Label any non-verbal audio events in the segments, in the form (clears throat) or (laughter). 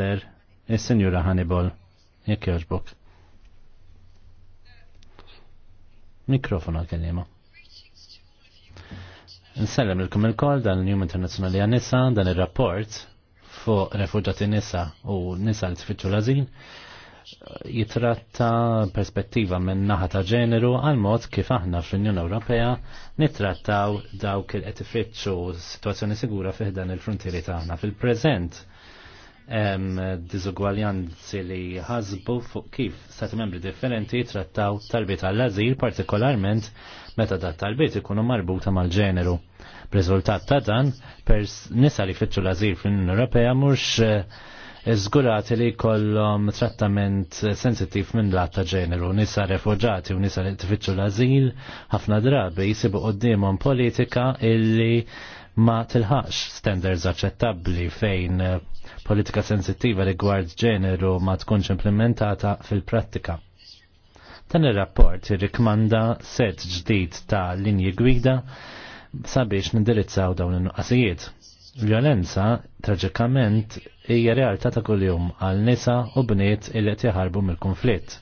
rapporter il-Senjura Hannibal. Jekk joġbok. Mikrofon għal-kelima. Nsellem il kum il-kol dan il-Jum Internazjonali għan-Nisa, dan il-rapport fuq refugġati nisa u nisa li tfittxu l-azin jitratta perspettiva minn naħa ta' ġeneru għal mod kif aħna fl-Unjoni Ewropea nittrattaw dawk il qed ifittxu situazzjoni sigura fih dan il-frontieri tagħna fil-preżent diżugwaljanzi li ħasbu fuq kif stati membri differenti trattaw talbiet għall-azil partikolarment meta dat talbiet ikunu marbuta mal-ġeneru. B'riżultat ta' dan, pers nisa li fitxu l-azil fl-Unjoni Ewropea mhux Zgurati eh, li kollom trattament sensittiv minn lat ta' ġeneru, nisa refugġati u nisa li tfittxu l-azil, ħafna drabi jisibu qoddimhom politika illi ma tilħax standards aċċettabbli fejn eh, politika sensittiva rigward ġeneru ma tkunx implementata fil-prattika. Dan ir-rapport irrikmanda set ġdid ta' linji gwida sabiex nindirizzaw dawn in-nuqqasijiet. Violenza, traġikament, hija realtà ta' kuljum għal nisa u bniet illi qed jaħarbu mill-konflitt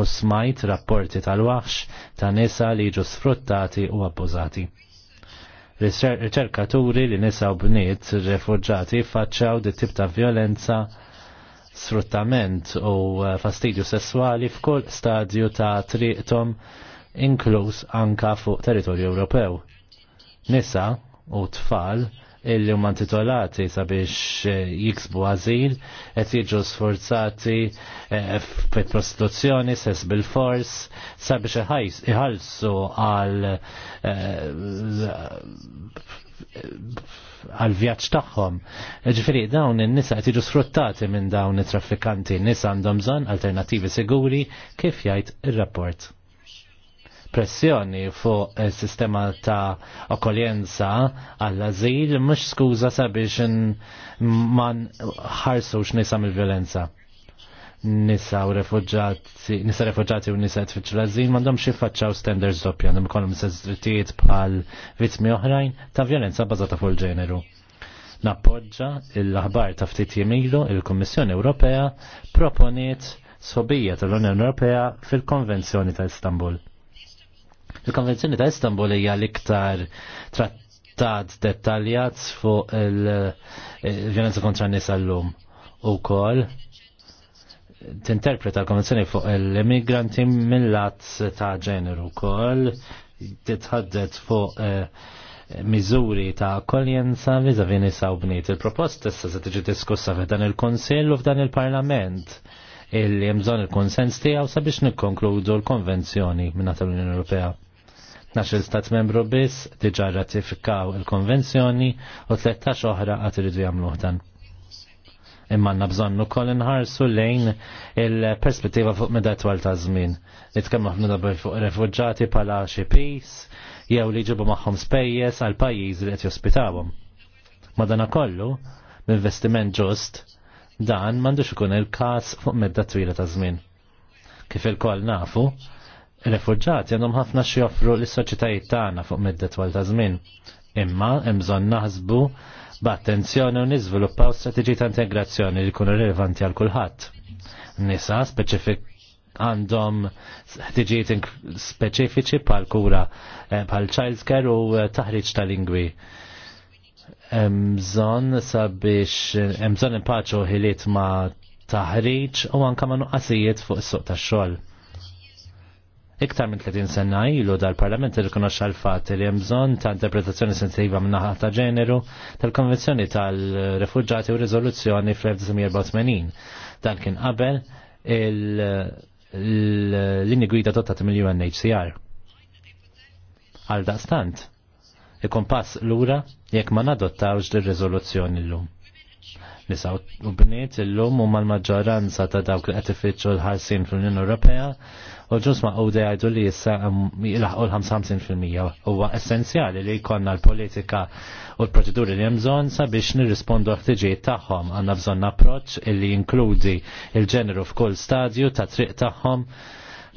u smajt rapporti tal-waħx ta' nisa li jiġu sfruttati u abbużati riċerkaturi li nisa u bniet refugġati faċċaw di tip ta' violenza, sfruttament u eh, fastidju sessuali f'kull stadju ta' triqtom inkluż anka fuq territorju Ewropew. Nisa u tfal illi huma titolati sabiex eh, jiksbu għażil qed jiġu sforzati eh, fit prostituzzjoni sess bil-fors sabiex iħallsu għal eh, għal vjaġġ tagħhom. Ġifieri dawn in-nisa qed jiġu sfruttati minn dawn it-traffikanti. Nisa għandhom bżonn alternattivi siguri kif jgħid ir-rapport pressjoni fuq sistema ta' okoljenza għall-azil mhux skuża sabiex ma ħarsu nisa mill-violenza. Nisa u refugġati, nisa refugġati u nisa tfittxu l-azil mandom xifacċaw standards doppja, għandhom kolom drittijiet bħal vittmi oħrajn ta' violenza bazata fuq il-ġeneru. Nappoġġa l-aħbar ta' ftit jemilu il-Kommissjoni Ewropea proponiet sobija tal-Unjoni Ewropea fil-Konvenzjoni ta' Istanbul Il-Konvenzjoni ta' Istanbul hija l-iktar trattat dettaljat fuq il-vjolenza eh, kontra n-nisa l-lum u kol tinterpreta l-konvenzjoni fuq l-immigranti mill-lat ta' ġeneru kol t-tħaddet fuq eh, miżuri ta' akkoljenza viza vini sa' bniet. Il-proposta issa se tiġi diskussa f'dan il-Konsill u f'dan il-Parlament illi jemżon il-konsens tiegħu sabiex nikkonkludu l-konvenzjoni minn l-Unjoni Ewropea. 12 stat membru biss diġa ratifikaw il-konvenzjoni u 13 oħra għat iridu jagħmluh dan. Imma għandna bżonn ukoll inħarsu lejn il-perspettiva fuq meda twal ta' żmien. Nitkemmu ħafna darba fuq refugġati bħala xi pis jew li ġibu magħhom spejjeż għal pajjiż li qed jospitawhom. Madana kollu, investiment ġust, dan m'għandux ikun il-każ fuq medda twila ta' żmien. Kif il-koll nafu, refugġati għandhom ħafna x'joffru joffru lis soċitajiet tagħna fuq medda twal ta' żmien. Imma hemm bżonn naħsbu b'attenzjoni u niżviluppaw strateġiji ta' integrazzjoni li jkunu rilevanti għal kulħadd. Nisa speċifik għandhom ħtiġijiet speċifiċi bħal kura eh, bħal child care u eh, taħriġ tal-lingwi. Mżon sabiex mżon impaċu ħiliet ma' taħriġ u anka ma' nuqqasijiet fuq is-suq tax-xogħol Iktar minn 30 sena ilu dal-Parlament irrikonoxxa l-fatt li hemm bżonn ta' interpretazzjoni sensittiva minn naħa ta' ġeneru tal-Konvenzjoni tal-Refuġġati u Riżoluzzjoni fl-1984. Dan kien qabel l-linji gwida ta' mill-UNHCR. Għal daqstant, pass l-ura jekk ma nadottawx ir riżoluzzjoni l-lum. Nisaw u bniet illum u mal-maġġoranza ta' dawk li qed l-ħarsin fl-Unjoni Ewropea u ġus ma' għawde għajdu li jissa um, jilaħqu l-55% huwa essenzjali li jkollna l-politika u l-proċeduri li jemżon sabiex nirrispondu għal-ħtiġijiet tagħhom għandna bżonn approċċ illi jinkludi il-ġeneru f'kull stadju ta' triq tagħhom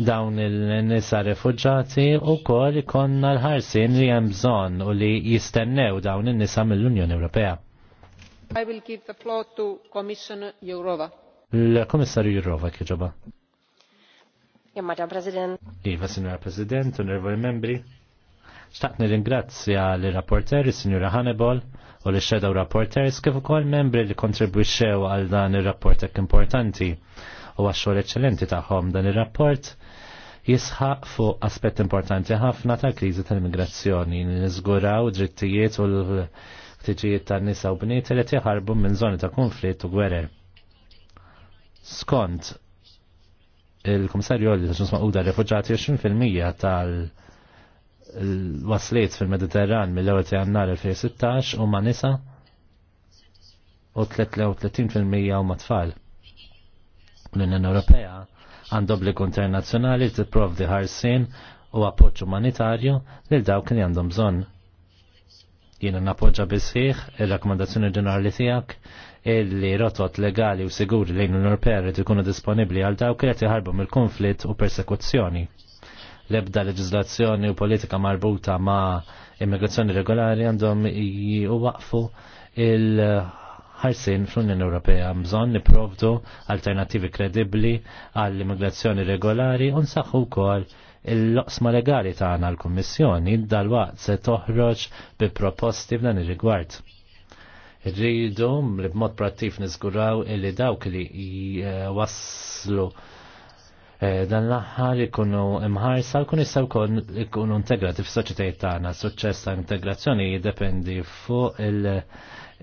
dawn il-nisa refugġati u kol ikonna l-ħarsin li jemżon u li jistennew dawn il-nisa mill-Unjoni Ewropea. I will give the floor to Commissioner Jourova. L-Komissarju Jourova kieġoba. Madam President. Iva, Signora President, onorevoli membri. Xtaqt nirringrazzja l-rapporter, Signora Hannibal, u l shadow rapporters kif ukoll membri li kontribwixxew għal dan ir-rapport hekk importanti u għax-xogħol eċċellenti tagħhom dan ir-rapport jisħaq fuq aspett importanti ħafna tal-kriżi tal-immigrazzjoni, niżguraw drittijiet u l ħtiġijiet ta' nisa u bniet li tiħarbu minn zoni ta' konflitt u gwerer. Skont il-Komissarju għalli ta' ġusma uda refuġati 20% tal waslit fil-Mediterran mill-ewel ta' jannar 2016 u ma' nisa u 33% u ma' tfal. L-Unjoni Ewropea għand obbligu internazzjonali tipprovdi ħarsien u appoġġ umanitarju lil dawk li għandhom bżonn Jiena napoġġa bisħiħ ir-rakkomandazzjoni ġenerali tiegħek illi rotot legali u siguri lejn l-Europea rrid ikunu disponibbli għal dawk li qed iħarbu mill-konflitt u persekuzzjoni. L-ebda leġiżlazzjoni u politika marbuta ma' immigrazzjoni regolari għandhom waqfu il ħarsin fl-Unjoni Ewropea bżonn niprovdu alternattivi kredibbli għall-immigrazzjoni regolari u nsaħħu wkoll il-loqsma legali tagħna l-Kummissjoni dal-waqt se toħroġ bi proposti f'dan ir-rigward. Rridu li b'mod prattiv niżguraw illi dawk li e, waslu e, dan l-aħħar ikunu imħarsa kun jistaw ikunu integrati f'soċjetajiet tagħna. Suċċess ta' integrazzjoni jiddependi fuq il-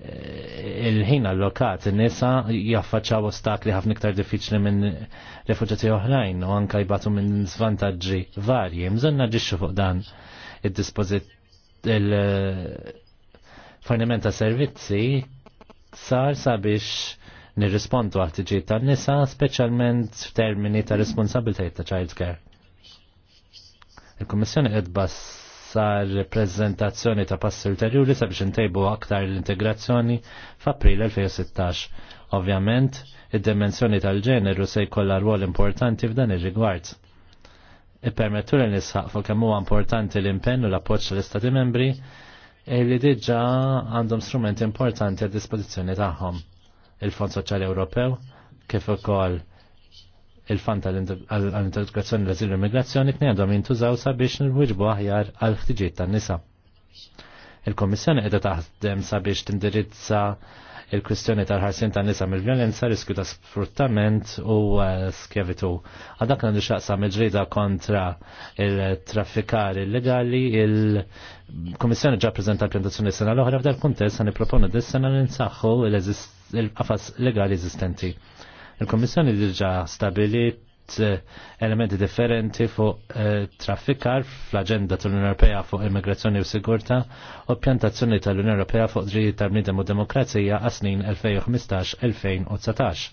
Eh, il-ħin allokat n-nisa jaffaċċaw ostakli ħafna iktar diffiċli minn refuġati oħrajn u anka jbatu minn svantaġġi varji. Mżon ġiċu fuq dan il-dispozit il eh, fornimenta ta' servizzi sar sabiex nirrispondu għal tan ta' nisa specialment f'termini ta' responsabilitajt ta' child care. Il-Kommissjoni qed bass sar prezentazzjoni ta' passi ulterjuri sabiex intejbu aktar l-integrazzjoni f'April 2016. Ovvjament, id-dimensjoni tal-ġeneru se jkollha rwol importanti f'dan ir-rigward. Ippermettu li nisħaq fuq kemm huwa importanti l-impenn u l-appoġġ tal-Istati membri e li diġà għandhom strumenti importanti għad dispożizzjoni tagħhom. Il-Fond Soċjali Ewropew, kif ukoll il-fond għall-integrazzjoni l-azil immigrazzjoni tnejn għandhom jintużaw sabiex nirwiġbu aħjar għal ħtiġiet tan-nisa. Il-Kommissjoni qiegħda taħdem sabiex tindirizza il-kwistjoni tal-ħarsin tan nisa mill-vjolenza, riskju ta' sfruttament u eh, skjavitu. Għadak għandu xaqsa meġrida kontra il-traffikar illegali, il-Komissjoni ġa prezenta l-pjantazzjoni sena l-oħra f'dal kuntest għan proponu dis-sena l-insaxħu il-qafas legali eżistenti. Il-Komissjoni diġa stabilit eh, elementi differenti fuq eh, traffikar fl-agenda tal-Unjoni Ewropea fuq immigrazzjoni u sigurta u pjantazzjoni tal-Unjoni Ewropea fuq drijiet tal-bniedem u demokrazija għas-snin 2015-2019.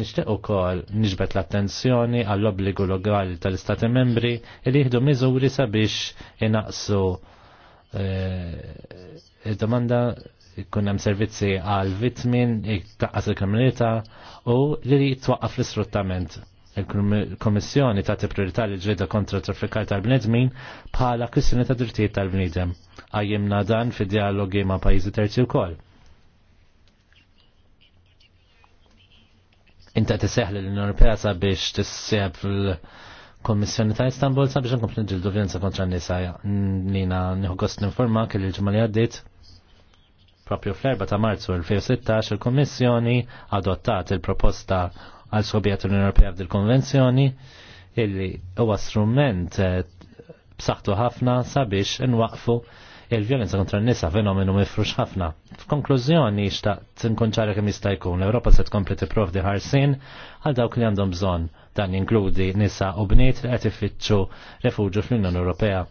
Nixtieq ukoll niġbet l-attenzjoni għall-obbligu legali tal-Istati membri li jieħdu miżuri sabiex inaqsu eh, id-domanda jkun hemm servizzi għal vitmin, taqqas il-kriminalità u li twaqqaf l-isfruttament. il kummissjoni tagħti priorità li ġrieda kontra traffikar tal-bnedmin bħala kwistjoni ta' drittijiet tal-bniedem. Għajjimna dan fi dialogi ma' pajjiżi terzi wkoll. Inta tiseħ li l-Unjoni Ewropea sabiex tissieħ fil- kummissjoni ta' Istanbul sabiex nkompli ġildu vjenza kontra n-nisa. Nina nieħu gost n-informa kelli l ġimgħa li għaddit Propju fl-4 ta' marzu 2016 il-Kommissjoni adottat il-proposta għal sobiet l-Unjoni Ewropea fil konvenzjoni illi huwa strument eh, b'saħħtu ħafna sabiex inwaqfu il-vjolenza kontra n-nisa fenomenu mifrux ħafna. F'konklużjoni xtaqt nkun kemm jista' jkun l-Ewropa se tkompli tipprovdi ħarsin għal dawk li għandhom bżonn dan jinkludi nisa u bniet li qed ifittxu refuġu fl-Unjoni Ewropea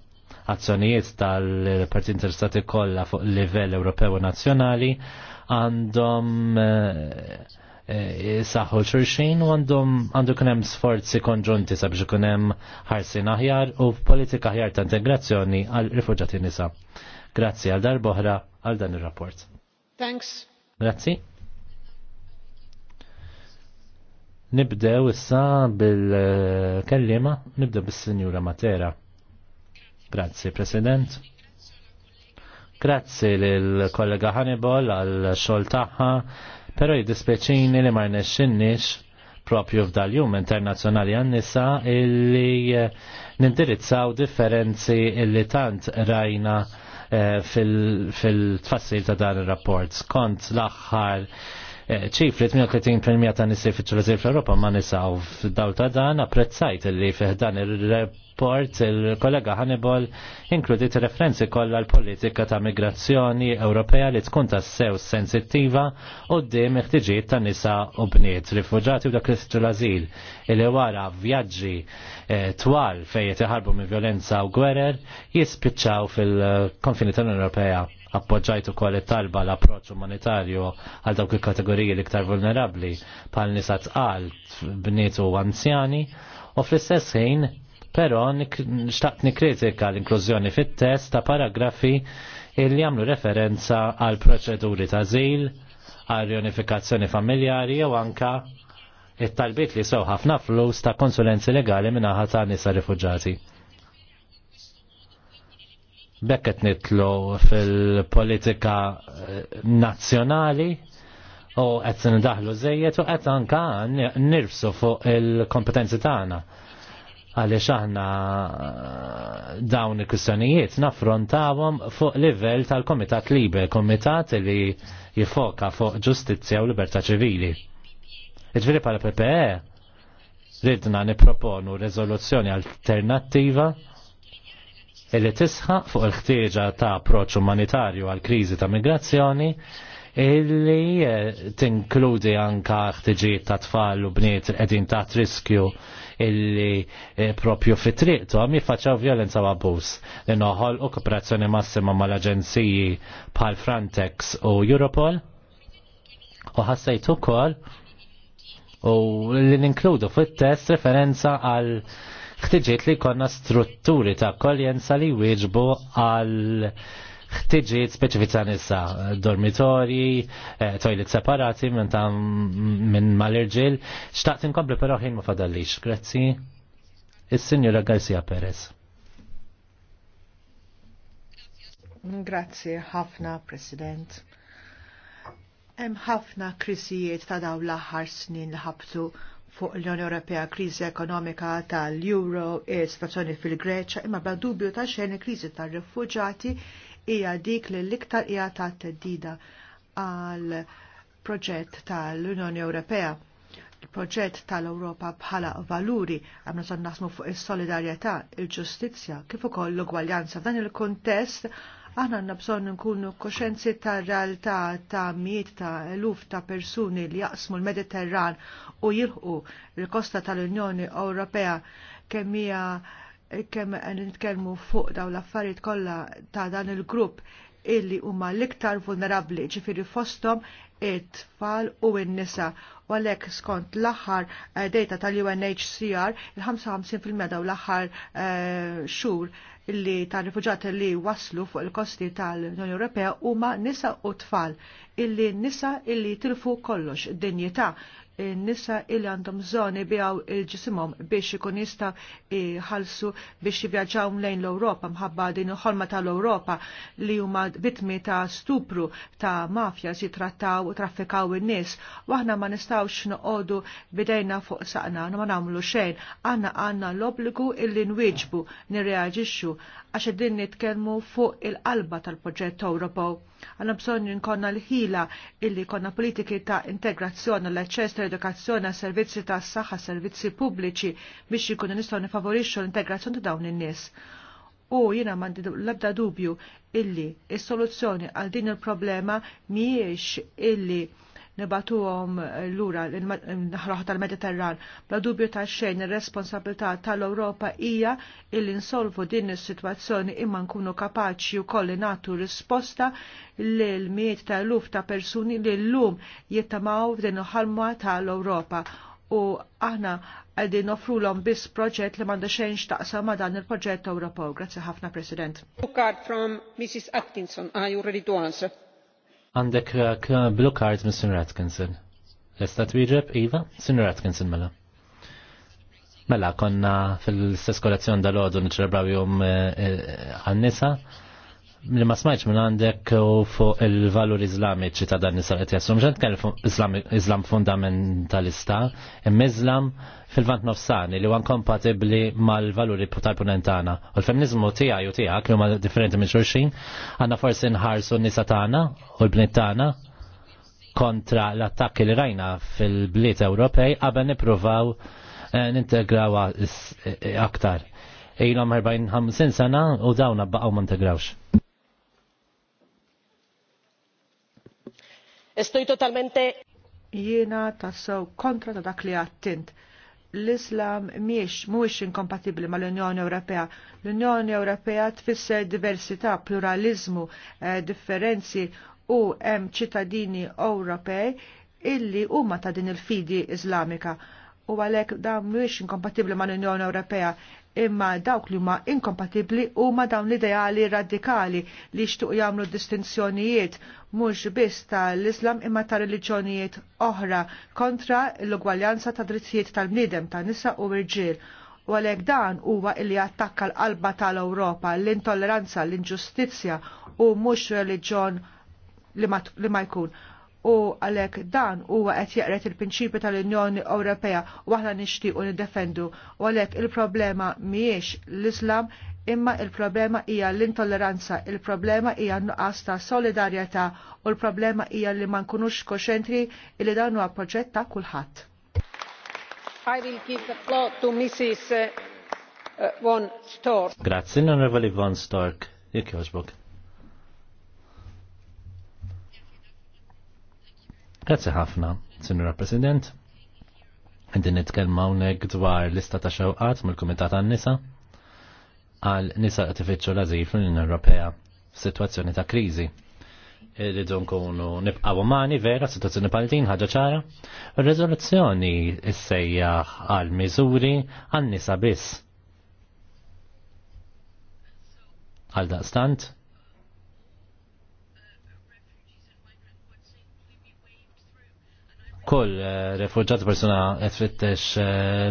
azzjonijiet tal-parti interessati kollha fuq livell Ewropew u nazzjonali għandhom eh, eh, saħħu xurxin u għandhom għandu kunem sforzi konġunti sabiex kunem ħarsin aħjar u politika aħjar ta' integrazzjoni għal rifuġati nisa. Grazzi għal darboħra għal dan ir-rapport. Thanks. Grazzi. Nibdew issa bil-kellima, eh, nibdew bis-Sinjura Matera. Grazzi, President. Grazzi l-kollega Hannibal għal xol taħħa, pero jiddispeċini li ma xinnix propju f'dal-jum internazzjonali għannisa illi eh, nindirizzaw differenzi illi tant rajna eh, fil-tfassil ta' dan il-rapport. Kont l-axħar ċif li 38% ta' nisir fit fl-Europa ma nisaw f'dawl ta' dan apprezzajt li fiħdan il-report il-kollega Hannibal inkludi referenzi kollha l-politika ta' migrazzjoni Ewropea li tkun ta' sew sensittiva u d-dim iħtiġiet ta' nisa u bniet, rifugġati u dak l li wara vjaġġi eh, twal fejn iħarbu minn violenza u gwerer jispiċċaw fil-konfini tal-Ewropea appoġġajt ukoll it-talba l-approċċ umanitarju għal dawk il-kategoriji l-iktar vulnerabbli bħal nisa tqal bniet u anzjani u fl-istess ħin però xtaqt nikkritika l-inklużjoni fit-test ta' paragrafi illi jagħmlu referenza għal proċeduri ta' żil, għal rjonifikazzjoni familjari jew anka it-talbiet li sew ħafna flus ta' konsulenzi legali minnaħa ta' nisa rifuġati bekket nitlu fil-politika eh, nazzjonali u qed daħlu żejjed u qed anka nirfsu fuq il-kompetenzi tagħna. Għaliex aħna eh, dawn il-kwistjonijiet naffrontawhom fuq livell tal-Komitat Liber, komitat li jifoka fuq ġustizzja u libertà ċivili. Iġviri pala PPE, ridna niproponu rezoluzzjoni alternattiva illi tisħa fuq il-ħtieġa ta' approċċ umanitarju għal kriżi ta' migrazzjoni illi eh, tinkludi anka ħtiġijiet ta' tfal u bniet qegħdin ta' riskju illi eh, propju fitriqtu għam jiffaċċaw violenza u abbuż li noħol u kooperazzjoni massima mal-aġenziji bħal Frontex u Europol u ħassejt ukoll u li ninkludu fit-test referenza għal ħtiġiet li konna strutturi ta' koljenza li wieġbu għal ħtiġiet speċifita nisa, dormitori, eh, toilet separati minn ta' minn mal-irġil. Xtaqt inkompli però ħin ma fadallix. Grazzi. Is-Sinjora Garcia Perez. Grazzi ħafna, President. Hemm ħafna krisijiet ta' dawn l-aħħar snin li ħabtu fuq l-Unjoni Ewropea kriżi ekonomika tal-Euro e situazzjoni fil-Greċa imma bla dubju ta' xejn il-kriżi tar-refuġati hija dik li l-iktar hija ta' teddida għal proġett tal-Unjoni Ewropea il-proġett tal-Ewropa bħala valuri għamna son nasmu fuq is-solidarjetà, il-ġustizzja, kif ukoll l-ugwaljanza. F'dan il-kontest Aħna għanna bżon nkunu koxenzi ta' realtà ta' miet ta' eluf ta' persuni li jaqsmu l-Mediterran u jilħu l-kosta tal-Unjoni Ewropea kemmija kemm nitkellmu fuq daw l-affarijiet kollha ta' dan il-grupp illi huma l-iktar vulnerabbli ġifiri fostom it-tfal u n-nisa. U għalhekk skont l-aħħar eh, data tal-UNHCR, il-55% daw l-aħħar eh, xhur li tal-rifuġati li waslu fuq il-kosti tal-Unjoni Ewropea huma nisa u tfal illi nisa illi tilfu kollox dinjità nisa illi għandhom zoni bijaw il-ġisimom biex ikun jista ħalsu biex jivjaġaw lejn l-Europa mħabba din ħolma tal-Europa li huma vitmi ta' stupru ta' mafja si trattaw u traffikaw in-nies. Waħna ma nistawx noqogħdu bidejna fuq saqna ma nagħmlu xejn. għanna għandna l-obbligu illi nwieġbu nirreaġixxu għax din nitkellmu fuq il-qalba tal-proġett Ewropew. Għanna bżonni nkonna l-ħila illi konna politiki ta' integrazzjoni l-eċċess edukazzjoni, servizzi ta' saħħa, servizzi pubbliċi biex jikunu nistgħu nifavorixxu l-integrazzjoni ta' dawn in-nies. U jiena mandi l-ebda dubju illi is-soluzzjoni għal din il-problema mhijiex illi nibatuhom l naħroħ tal-Mediterran. Bla dubju ta' xejn ir-responsabilità tal-Ewropa hija il insolvu din is-sitwazzjoni imma nkunu kapaċi wkoll nagħtu risposta lil miet ta' luf ta' persuni li llum jittamaw f'din ħalma tal-Ewropa u aħna għaddi nofru l biss proġett li manda xejn xtaqsa ma dan il-proġett Ewropew. Grazzi ħafna, President. from Mrs. Atkinson. answer? Għandek uh, blue card minn Sinner Atkinson. Lesta twieġeb, Iva? Sr. Atkinson mela. Mela, konna fil-seskolazzjon dal-ħodu nċelebraw jom eh, eh, għannisa. E, li ma smajċ minn għandek u fuq il-valur islamiċi ta' dan nisar qed jassum ġent kell islam fundamentalista, imma islam fil-vant nofsani li huwa kompatibbli mal-valuri tal-punentana. U l-femniżmu tiegħi u tiegħek li huma differenti minn xulxin, għandna forsi nħarsu n-nisa tagħna u l bnittana tagħna kontra l-attakki li rajna fil-bliet Ewropej qabel nippruvaw eh, nintegraw eh, aktar ilhom 45 sena u dawna baqaw ma integrawx. Estoy totalmente jiena tassew kontra ta' dak li għattint. L-Islam miex mhuwiex inkompatibbli mal-Unjoni Ewropea. L-Unjoni Ewropea tfisser diversità, pluralizmu, eh, differenzi u hemm ċittadini Ewropej illi huma ta' din il-fidi Islamika u għalek dan mhuwiex inkompatibbli mal-Unjoni Ewropea imma dawk li huma inkompatibbli huma dawn l-ideali radikali li xtuq jagħmlu distinzjonijiet mhux biss tal-Islam imma ta' reliġjonijiet oħra kontra l-ugwaljanza ta' drittijiet tal-bniedem ta' nisa u irġiel u għalhekk dan huwa li attakka l-qalba tal-Ewropa, l-intolleranza, l-inġustizzja u mhux reliġjon li ma jkun u għalek dan huwa qed jaqret il-prinċipi tal-Unjoni Ewropea u aħna nixtiequ niddefendu u għalek il-problema mhijiex l-Islam imma il-problema hija l-intolleranza, il-problema hija nuqqas ta' solidarjetà u l-problema hija li ma nkunux koxentri li dan huwa proġett ta' kulħadd. I will give the floor to Mrs. Eh, eh, von Stork. Grazie, onorevoli Von Stork. Grazzi ħafna, Sinjura President. Għandin nitkelma unek dwar lista ta' xewqat mill-Kumitat għan-nisa għal nisa artifiċċju l-azil fl-Unjoni Ewropea f'sitwazzjoni ta' kriżi. Irridu nkunu nibqgħu umani vera situazzjoni pal-din ħaġa ċara. Ir-riżoluzzjoni ssejjaħ għal miżuri għan nisa biss. Għal daqstant, kull eh, refugġat persuna qed eh,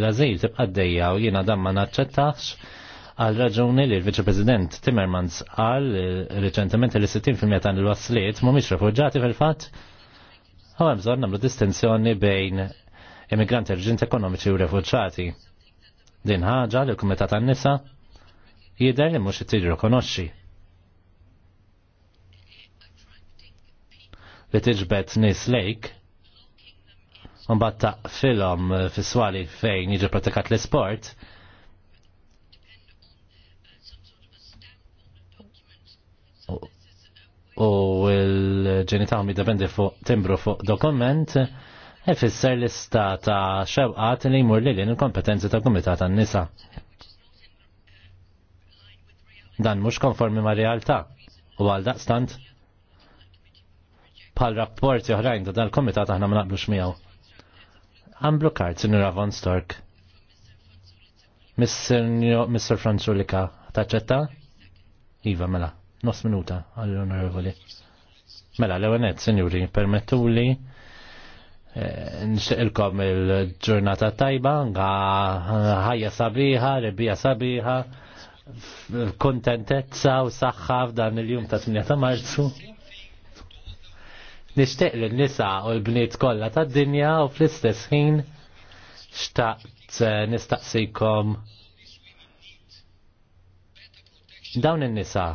l-azil tibqa' d-dejja u jiena dan ma naċċettax għal raġuni li l-Viċi President Timmermans għal eh, reċentement li 60% ta' l-wasliet mhumiex refugġati fil-fatt. u bżonn nagħmlu distinzjoni bejn immigranti rġint ekonomiċi u refugġati. Din ħaġa li l-Kumitat tan-nisa jidher li mhux ittir rikonoxxi. Li tiġbed nies lejk Mbagħad taqfilhom eh, fis-swali fejn jiġi pratikat l-isport. U l-ġenitali dependi fuq timbru fuq dokument ifisser e lista ta' xewqat li jmur li lin il-kompetenzi ta' kumitat tan-nisa. Dan mhux konformi ma' realtà u għal daqstant pal rapporti oħrajn ta' dal-komitat aħna ma naqblux miegħu. Għan blokkart, sinjura Von Stork. Mr. Franzulika, taċċetta? Iva, mela, nos minuta, għall-onorevoli. Mela, l-ewenet, sinjuri, permettu li eh, nxilkom il-ġurnata tajba, ħajja sabiħa, rebija sabiħa, kontentezza u saħħa f'dan il-jum ta' 8 ta' marzu nishtiq li nisa u l-bniet kollha ta' dinja u fl-istess ħin xtaqt eh, nistaqsikom dawn in-nisa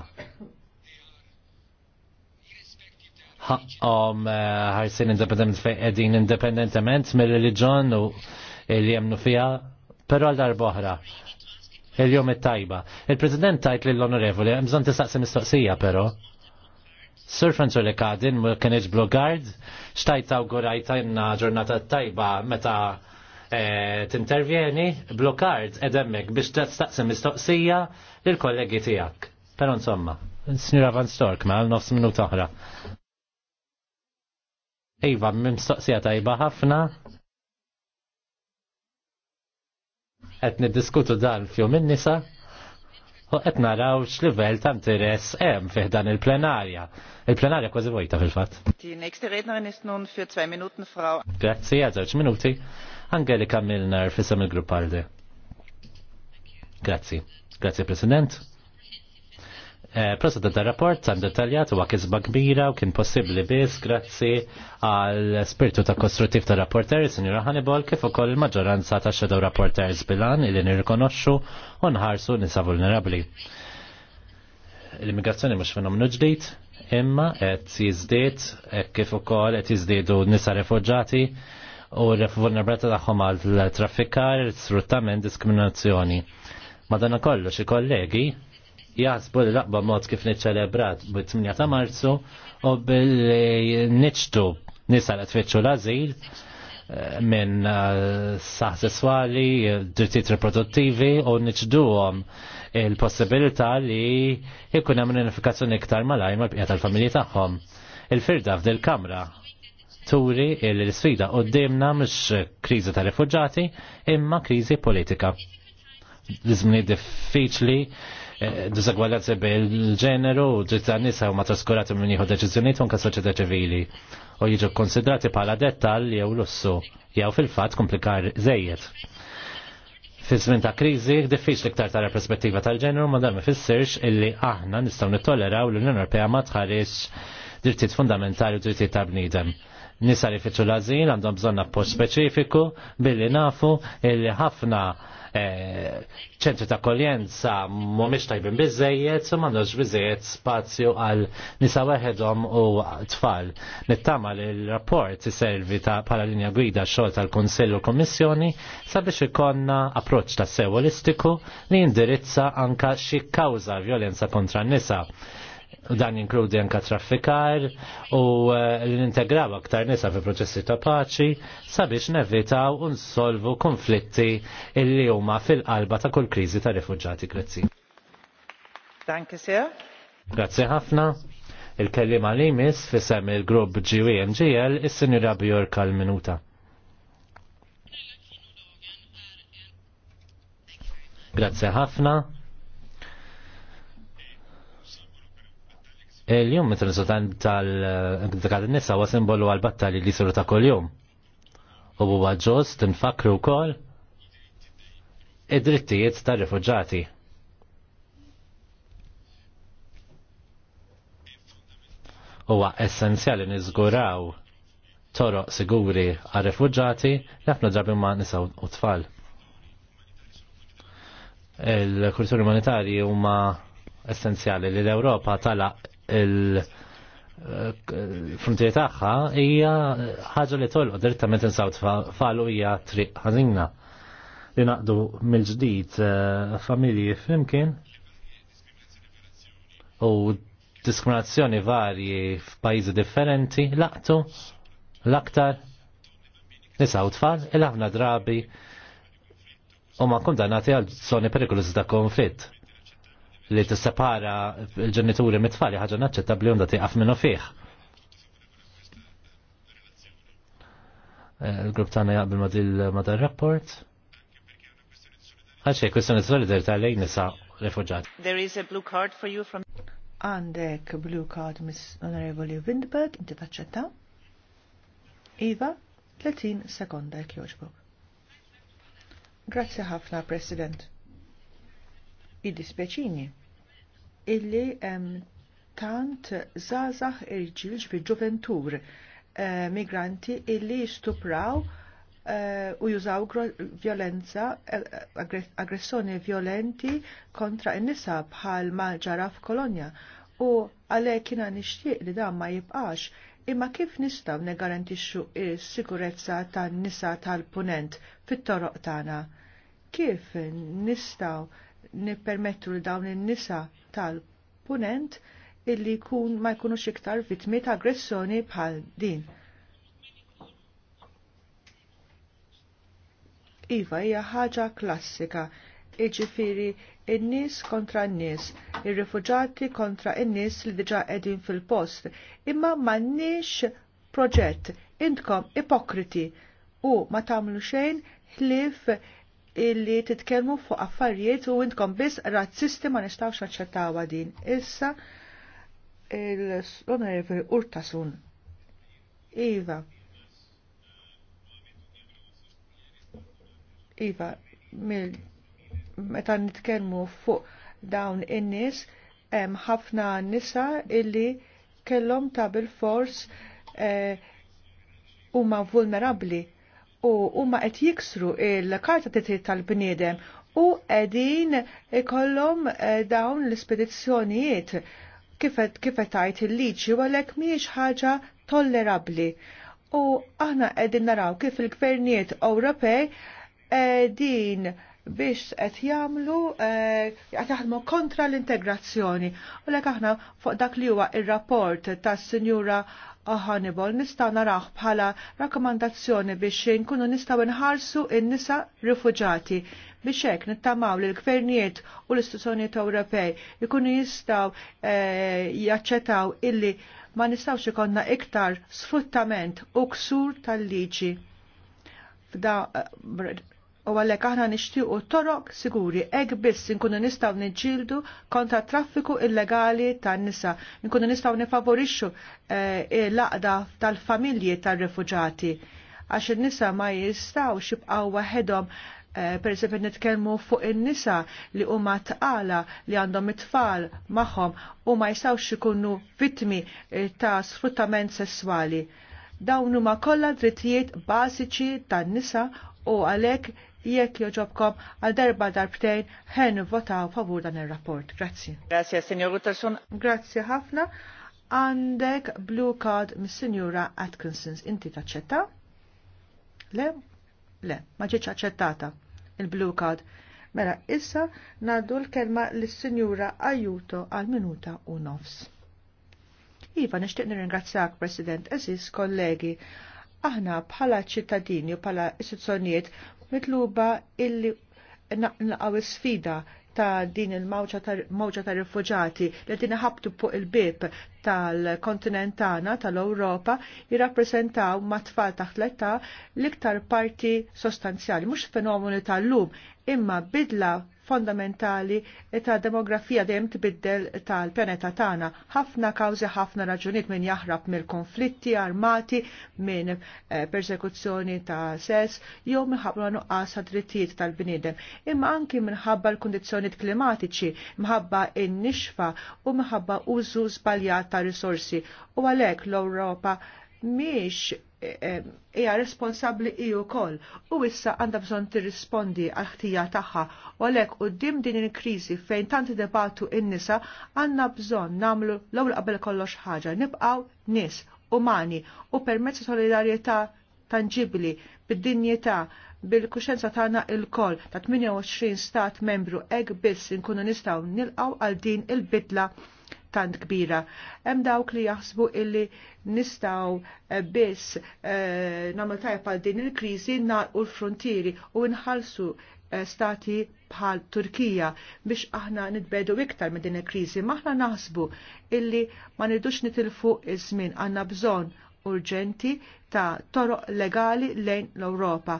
ħaqqom eh, ħarsin independent fejn qegħdin independentement mir reliġjon u li jemnu fiha, però għal darboħra. Il-jom it-tajba. Il-President tajt lill-onorevoli, mżon tistaqsi mistoqsija però. Sir Franzo li kadin, ma kienieġ blogard, xtajta u għurajta jenna ġurnata tajba meta eh, t-intervjeni, blogard edemmek biex t-staqsim mistoqsija l-kollegi tijak. Pero insomma, s nira van stork ma għal nofs minu toħra. Iva, mistoqsija tajba ħafna. Etni diskutu dan fjum in-nisa u qed naraw x'livell ta' interess hemm fih dan il-plenarja. Il-plenarja kważi vojta fil-fatt. Die nächste Rednerin ist nun für zwei Minuten Frau. Grazzi, għal żewġ minuti. Angelika Milner fisem il-Grupp Alde. Grazzi. Grazzi President. Eh, President da rapport tan detaljat u għakiz kbira u kien possibli biss grazzi għal spiritu ta' kostruttiv ta' rapporter, Sinjura Hannibal, kif ukoll il-maġġoranza ta' xedaw rapporters bilan li nirrikonoxxu u nħarsu nisa vulnerabli. L-immigrazzjoni mhux fenomenu ġdid, imma qed jiżdied eh, kif ukoll qed jiżdiedu nisa refuġati u vulnerabilità tagħhom għal traffikar, sfruttament, diskriminazzjoni. Madonna kollox, i kollegi, jasbu l-laqba mod kif niċċelebrat b-8 ta' marzu u bil-niċtu nisa l tfittxu l-azil eh, minn eh, saħ sessuali, drittijiet riproduttivi u niċduhom il-possibilità li jkun hemm unifikazzjoni iktar malajr mal-bqija tal-familji tagħhom. Il-firda f'dil kamra turi l-sfida qoddimna mhux kriżi ta' rifuġġati imma kriżi politika. l diffiċli diżegwaljanza be il-ġeneru u ġitta nisa u ma traskurati minn jieħu deċiżjonijiet anke soċjetà ċivili u jiġu konsidrati bħala dettal jew lussu jew fil-fatt komplikar żejjed. Fi żmien ta' kriżi diffiċli iktar tara perspettiva tal-ġeneru ma dan fissirx illi aħna nistgħu nittoleraw l-Unjoni Ewropea ma tħarix drittijiet fundamentali u drittijiet ta' bniedem nisa li fitxu l għandhom bżonn appoġġ speċifiku billi nafu li ħafna eh, ċentri ta' koljenza mhumiex tajbin bizzejiet u m'għandux biżejjed spazju għal nisa waħedhom u tfal. Nittama li l-rapport iservi ta' bħala linja gwida xogħol tal kunsell u Kommissjoni sabiex ikonna approċċ ta' sewolistiku li jindirizza anka xi kawza violenza kontra n-nisa u dan jinkludi anka traffikar u eh, l-integraw aktar nisa fi proċessi ta' paċi sabiex nevitaw u nsolvu konflitti illi huma fil-qalba ta' kull kriżi ta' rifugġati Grazzi. Danke sir. Grazzi ħafna. Il-kellima li mis fi sem il-grupp GWMGL e is-sinjura Bjork għal-minuta. Grazzi ħafna. Il-jum mit-rizultant tal-nisa huwa simbolu għal-battalji li siru ta' kol-jum. U huwa ġust infakru wkoll id-drittijiet tar-rifuġġati. Huwa essenzjali niżguraw toroq siguri għar refugġati, li ħafna drabi ma' nisa u tfal. Il-kulturi umanitarji huma essenzjali li l-Ewropa tala' il-frontier tagħha hija ħaġa li tolqod direttament insawt falu hija triq ħażina li naqdu mill-ġdid eh, familji flimkien u diskriminazzjoni varji f'pajjiżi differenti laqtu l-aktar nisaw tfal il-ħafna drabi u ma kundanati għal zoni perikolużi ta' konflitt li tissepara il-ġenituri mit-tfali ħaġa naċċettabbli għandha għaf minnu fih. Eh, il-grupp Tana jaqbil ma' dil ma' rapport. Għalxej, kwistjoni solidarità lejn nisa refuġati. There is a blue card for you from Għandek blue card Miss Honorable Windberg, inti faċċetta. Iva, 30 sekonda jek joġbok. Grazzi ħafna, President id-dispeċini illi hemm tant zazax irġil fil-ġuventur eh, migranti illi jistupraw eh, u jużaw violenza, eh, aggressjoni violenti kontra n-nisa bħal maġara f'Kolonja. U għalhekk kina nixtieq li dan ma jibqax imma kif nistgħu negarantixxu s-sikurezza tan-nisa tal-punent fit-toroq tagħna? Kif nistgħu nippermettu li dawn in-nisa tal-punent illi kun ma jkunux iktar vittmi ta' aggressjoni bħal din. Iva hija ħaġa klassika, iġifiri in-nies kontra n-nies, ir-rifuġati kontra n-nies li diġa qegħdin fil-post, imma m'għandniex proġett, intkom ipokriti u ma tagħmlu xejn ħlief illi titkellmu fuq affarijiet u intkom biss razzisti ma nistawx naċċettawha din. Issa l-onorevoli Urtasun. Iva. Iva, mill meta nitkellmu fuq dawn in-nies hemm ħafna nisa illi kellhom ta' bil-fors eh, huma eh, vulnerabbli u huma qed jiksru il-karta titrit tal-bniedem u qegħdin ikollhom eh, dawn l-ispedizzjonijiet kifet kifet tajt il-liġi u għalhekk mhijiex ħaġa tollerabbli. U aħna qegħdin naraw kif il-gvernijiet Ewropej qegħdin eh, biex qed jagħmlu eh, qed jaħdmu kontra l-integrazzjoni. U lek aħna fuq dak li huwa ir-rapport tas-Sinjura Honeyball nista' naraħ bħala rakkomandazzjoni biex nkunu nistgħu nħarsu n-nisa rifuġati biex hekk nittamaw li l-gvernijiet u l-istituzzjonijiet Ewropej jkunu jistgħu eh, jaċċettaw illi ma nistgħux ikonna iktar sfruttament u ksur tal-liġi u għallek aħna nixtiequ torok siguri, ek biss nkunu nistaw nġildu kontra traffiku illegali tan nisa, nkunu nistaw nifavorixxu eh, laqda tal-familji tal-refuġati, għax nisa ma jistaw xibqaw waħedhom eh, per esempio nitkellmu fuq in-nisa li huma tqala li għandhom it-tfal magħhom u ma jistgħux ikunu vittmi eh, ta' sfruttament sesswali. Dawn huma kollha drittijiet bażiċi tan-nisa u għalhekk jekk joġobkom għal darba darbtejn ħen votaw favur dan ir-rapport. Grazzi. Grazzi, Senjor Utterson. Grazzi ħafna. Għandek blue card mis-Sinjura Atkinsons. Inti taċċetta? Le? Le, ma ġietx aċċettata il-blue card. Mela, issa naddu l-kelma l-Sinjura Ajuto għal minuta u nofs. Iva, nishtiq nirringrazzjak, President, eżis, kollegi, aħna bħala ċittadini u bħala istituzzjonijiet mitluba illi naqaw sfida ta' din il-mawġa ta', ta li din ħabtu fuq il-bib tal-kontinent tagħna tal-Ewropa jirrappreżentaw ma' tfal taħt l-età l-iktar parti sostanzjali, mhux fenomenu tal-lum, imma bidla fondamentali ta' demografija dejjem tbiddel tal-pjaneta tagħna. Ħafna kawżi ħafna raġunijiet minn jaħrab mill-konflitti armati, minn eh, persekuzzjoni ta' sess, jew minħabba nuqqas drittijiet tal-bniedem. Imma anki minħabba l-kundizzjonijiet klimatiċi, minħabba in-nixfa u minħabba użu żbaljat ta' risorsi. U għalhekk l-Ewropa miex hija responsabbli hi wkoll u issa għandha bżonn tirrispondi għal ħtija tagħha u għalhekk quddiem din il-kriżi fejn tant debatu in-nisa għandna bżonn nagħmlu l-ewwel qabel kollox ħaġa nibqgħu nies umani u permezz solidarjetà tangibbli bid-dinjetà bil-kuxenza tagħna il-koll ta' 28 stat membru hekk biss inkunu nistgħu nilqgħu għal din il-bidla tant kbira. Hemm dawk li jaħsbu illi nistgħu eh, biss eh, nagħmel tajjeb għal din il-kriżi narqu l-frontieri u nħallsu eh, stati bħal Turkija biex aħna nitbedu iktar minn din il-kriżi. Maħna naħsbu illi ma nirdux nitilfu iż-żmien għandna bżonn urġenti ta' toroq legali lejn l-Ewropa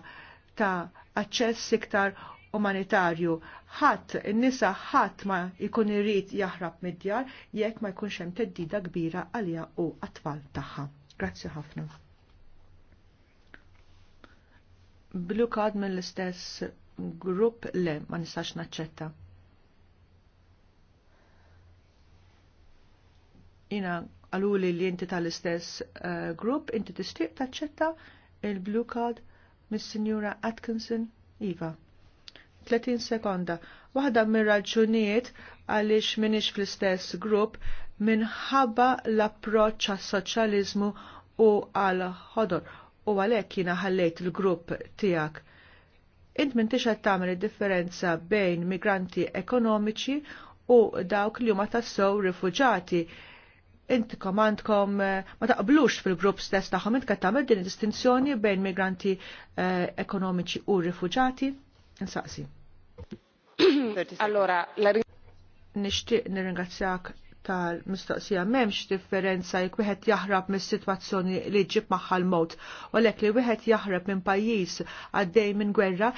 ta' aċċess iktar umanitarju. Ħadd in-nisa ħadd ma jkun irid jaħrab mid-djar jekk ma jkunx hemm teddida kbira għalija u għat-tfal tagħha. Grazzi ħafna. Blue card mill-istess grupp le ma nistax naċċetta. Jina għaluli li inti tal-istess uh, grupp, inti tixtieq taċċetta il-blue card mis-Sinjura Atkinson Iva. 30 sekonda. Waħda mir raġunijiet għaliex minix fl-istess grupp minħabba l-approċċ għas-soċjaliżmu u għal ħodor u għalhekk jiena ħallejt il-grupp tiegħek. Int minn tixed tagħmel differenza bejn migranti ekonomiċi u dawk li huma tassew rifuġati Int komandkom eh, ma taqblux fil-grupp stess tagħhom int tagħmel din id distinzjoni bejn migranti eh, ekonomiċi u rifuġati? Nsaqsi. (clears throat) allora, la nishtiq nirringrazzjak tal-mistoqsija memx differenza jekk wieħed jaħrab mis-sitwazzjoni li ġib magħha l-mod. U lek li wieħed jaħrab minn pajjiż għaddej minn gwerra,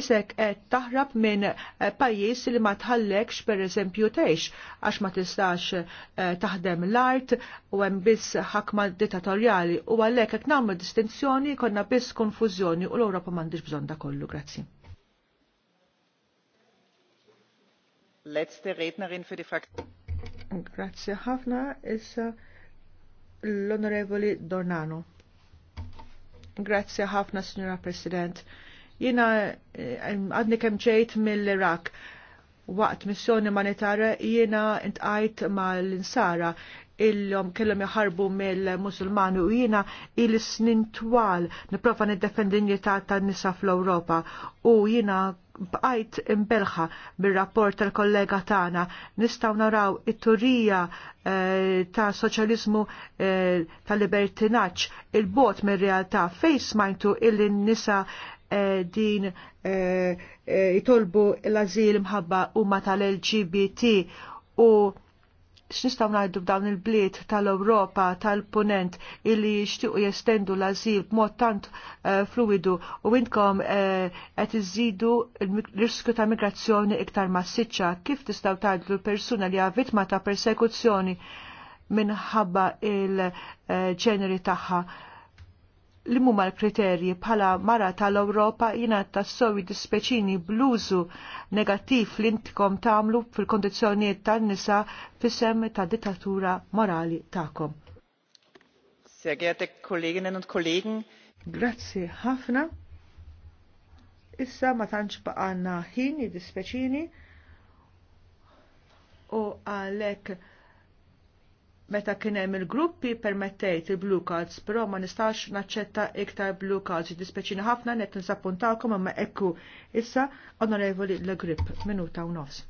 isek qed taħrab minn eh, pajjiż li ma tħallekx pereżempju tgħix għax ma tistax eh, taħdem l-art u hemm biss ħakma dittatorjali u għalhekk hekk nagħmlu distinzjoni konna biss konfużjoni u l-Ewropa m'għandix bżonn da kollu. Grazzi. letzte Rednerin für die Fraktion. Grazie Hafna ist l-Onorevoli Dornano. Grazie Hafna, Signora President. Jina eh, għadni kem ġejt mill-Irak waqt missjoni humanitarja jiena intqajt mal-insara illum kellhom jaħarbu mill-Musulmani u jina il snin twal nipprova niddefend ta' tan-nisa fl-Ewropa u jiena bqajt imbelħa bil rapport tal-kollega tagħna nistgħu naraw it-turija eh, ta' soċjaliżmu eh, ta' tal-libertinaġġ il-bot mir-realtà fejn smajtu il-nisa eh, din jitolbu l-azil mħabba u ma tal-LGBT u x'nistgħu ngħidu b'dawn il-bliet tal-Ewropa tal-Punent illi jixtiequ jestendu l-azil b'mod tant eh, fluidu u intkom eh, qed iżidu l-riskju ta' migrazzjoni iktar massiċċa kif tistgħu tgħidlu persuna li vittma ta' persekuzzjoni minħabba il-ġeneri eh, tagħha li mumma l-kriterji bħala mara tal-Europa jina tassowi dispeċini bluzu negattiv li intkom tamlu fil-kondizjoniet tan-nisa fissem ta' dittatura morali ta'kom. Sehr geehrte Kolleginnen und Kollegen, Grazzi ħafna. Issa ma tantx baqanna ħin dispeċini u għalek meta kien hemm il-gruppi permettejt il-blue cards, però ma nistax naċċetta iktar blue cards. Dispeċina ħafna nett nisappuntawkom imma ekku issa onorevoli le grip minuta u nofs.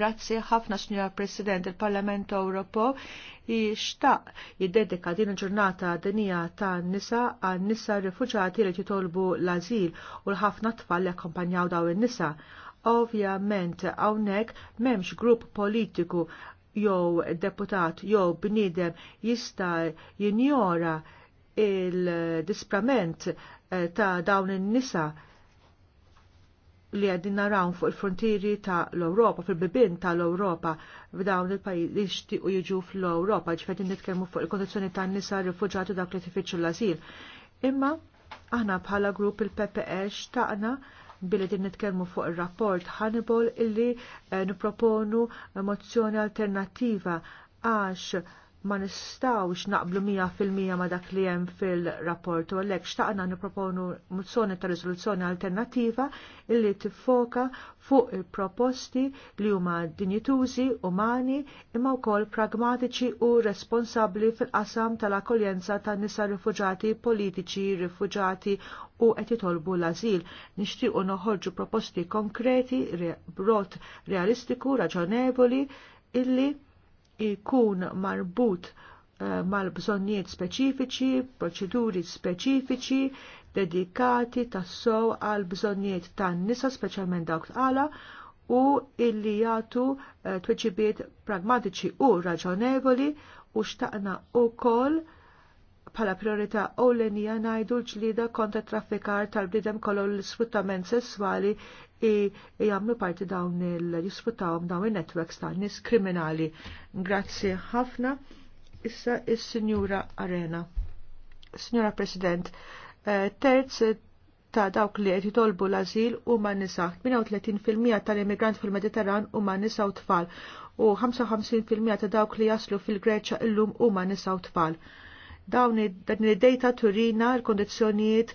Grazzi ħafna Sinjora President il-Parlament Ewropew jixtaq jiddedika din il-ġurnata dinija ta' nisa għan nisa rifuġati li titolbu l-azil u l-ħafna tfal li akkompanjaw daw in-nisa ovvjament hawnhekk m'hemmx grupp politiku jew deputat jew bniedem jista' jinjora il-disprament eh, ta' dawn in-nisa li għaddin narawn fuq il-frontieri ta' l-Europa, fil-bibin ta' l-Europa, b'dawn il-pajis li xtiqu jiġu fl-Europa, ġifedin nitkellmu fuq il-kondizjoni ta' nisa rifugġati dak li tifittxu l-azil. Imma aħna bħala grupp il-PPE ta' billi din nitkellmu fuq ir-rapport Hannibal illi eh, niproponu mozzjoni alternattiva għax ma nistawx naqblu 100% ma dak li hemm fil-rapport u xtaqna nipproponu mozzjoni ta' riżoluzzjoni alternattiva illi tiffoka fuq il-proposti li huma dinjitużi, umani, imma wkoll pragmatiċi u responsabbli fil-qasam tal-akkoljenza ta' nisa rifuġati politiċi, rifuġati u qed jitolbu l-azil. Nixtiequ noħorġu proposti konkreti, brot realistiku, raġonevoli, illi ikun marbut eh, mal-bżonniet speċifiċi, proċeduri speċifiċi, dedikati tassow għal bżonniet tan nisa speċjalment dawk tqala u illi jagħtu eh, tweġibiet pragmatiċi u raġonevoli u xtaqna u koll bħala priorità ewlenija ngħidu l-ġlida kontra traffikar tal-bidem kollu l-sfruttament sessuali i jagħmlu parti dawn il-jisfruttawhom dawn in-netwerks ta' nies kriminali. Grazzi ħafna. Issa is-Sinjura Arena. Sinjura President, eh, terz ta' dawk li qed jitolbu l-azil huma nisa. 38% tal-immigrant fil-Mediterran huma nisa u tfal u 55% ta' dawk li jaslu fil-Greċja illum huma nisa u tfal. Dawn id-data turina l-kondizzjonijiet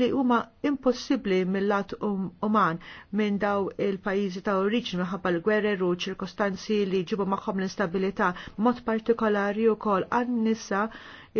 li huma impossibbli mill-lat um, uman minn daw il-pajjiżi ta' oriġini minħabba l-gwerer u ċirkostanzi li ġibu magħhom l-instabilità mod partikolari wkoll għan-nisa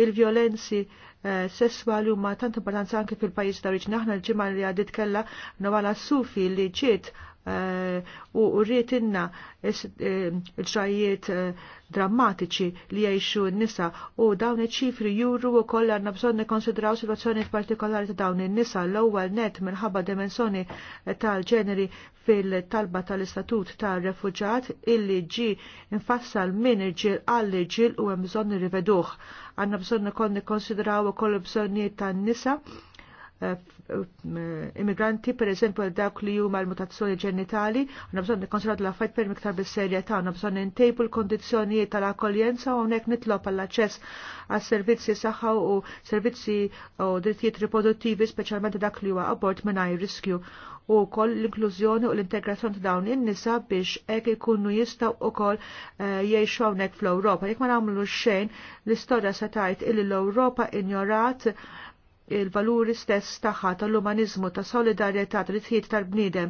il-vjolenzi eh, sessuali huma tant importanza anke fil-pajjiżi ta' oriġini. Aħna l-ġimgħa li għadit kella Nawala Sufi li ġiet Eh, u rrit inna ġrajiet eh, eh, drammatiċi li jgħixu n-nisa u dawn iċ-ċifri juru u koll għanna bżon nikonsidraw situazzjoni partikolari ta' dawn in-nisa l-ewwel net minħabba dimensjoni tal-ġeneri fil-talba tal-istatut tal-refuġat illi ġi infassal minn irġil għall irġil u hemm bżonn nirriveduh. Għanna bżonn nikon nikkonsidraw ukoll bżonnijiet tan-nisa Eh, immigranti, per eżempju, dawk li huma l-mutazzjoni ġenitali, għandna bżonn nikkonsidratu l-affajt per miktar bis-serjetà, għandna bżonn intejbu l-kondizzjonijiet tal-akkoljenza u hawnhekk nitlob għall-aċċess għas servizzi saħħa u servizzi u drittijiet riproduttivi, speċjalment dak li huwa abort mingħajr riskju u koll l-inklużjoni u l-integrazzjoni ta' dawn in-nisa biex hekk ikunu jistgħu wkoll eh, jgħixu hawnhekk fl-Ewropa. Jekk ma nagħmlu xejn, l-istorja se tgħid illi l-Ewropa injorat il-valuri stess tagħha tal-umanizmu, ta' solidarjetà, tal-itħid tal-bniedem.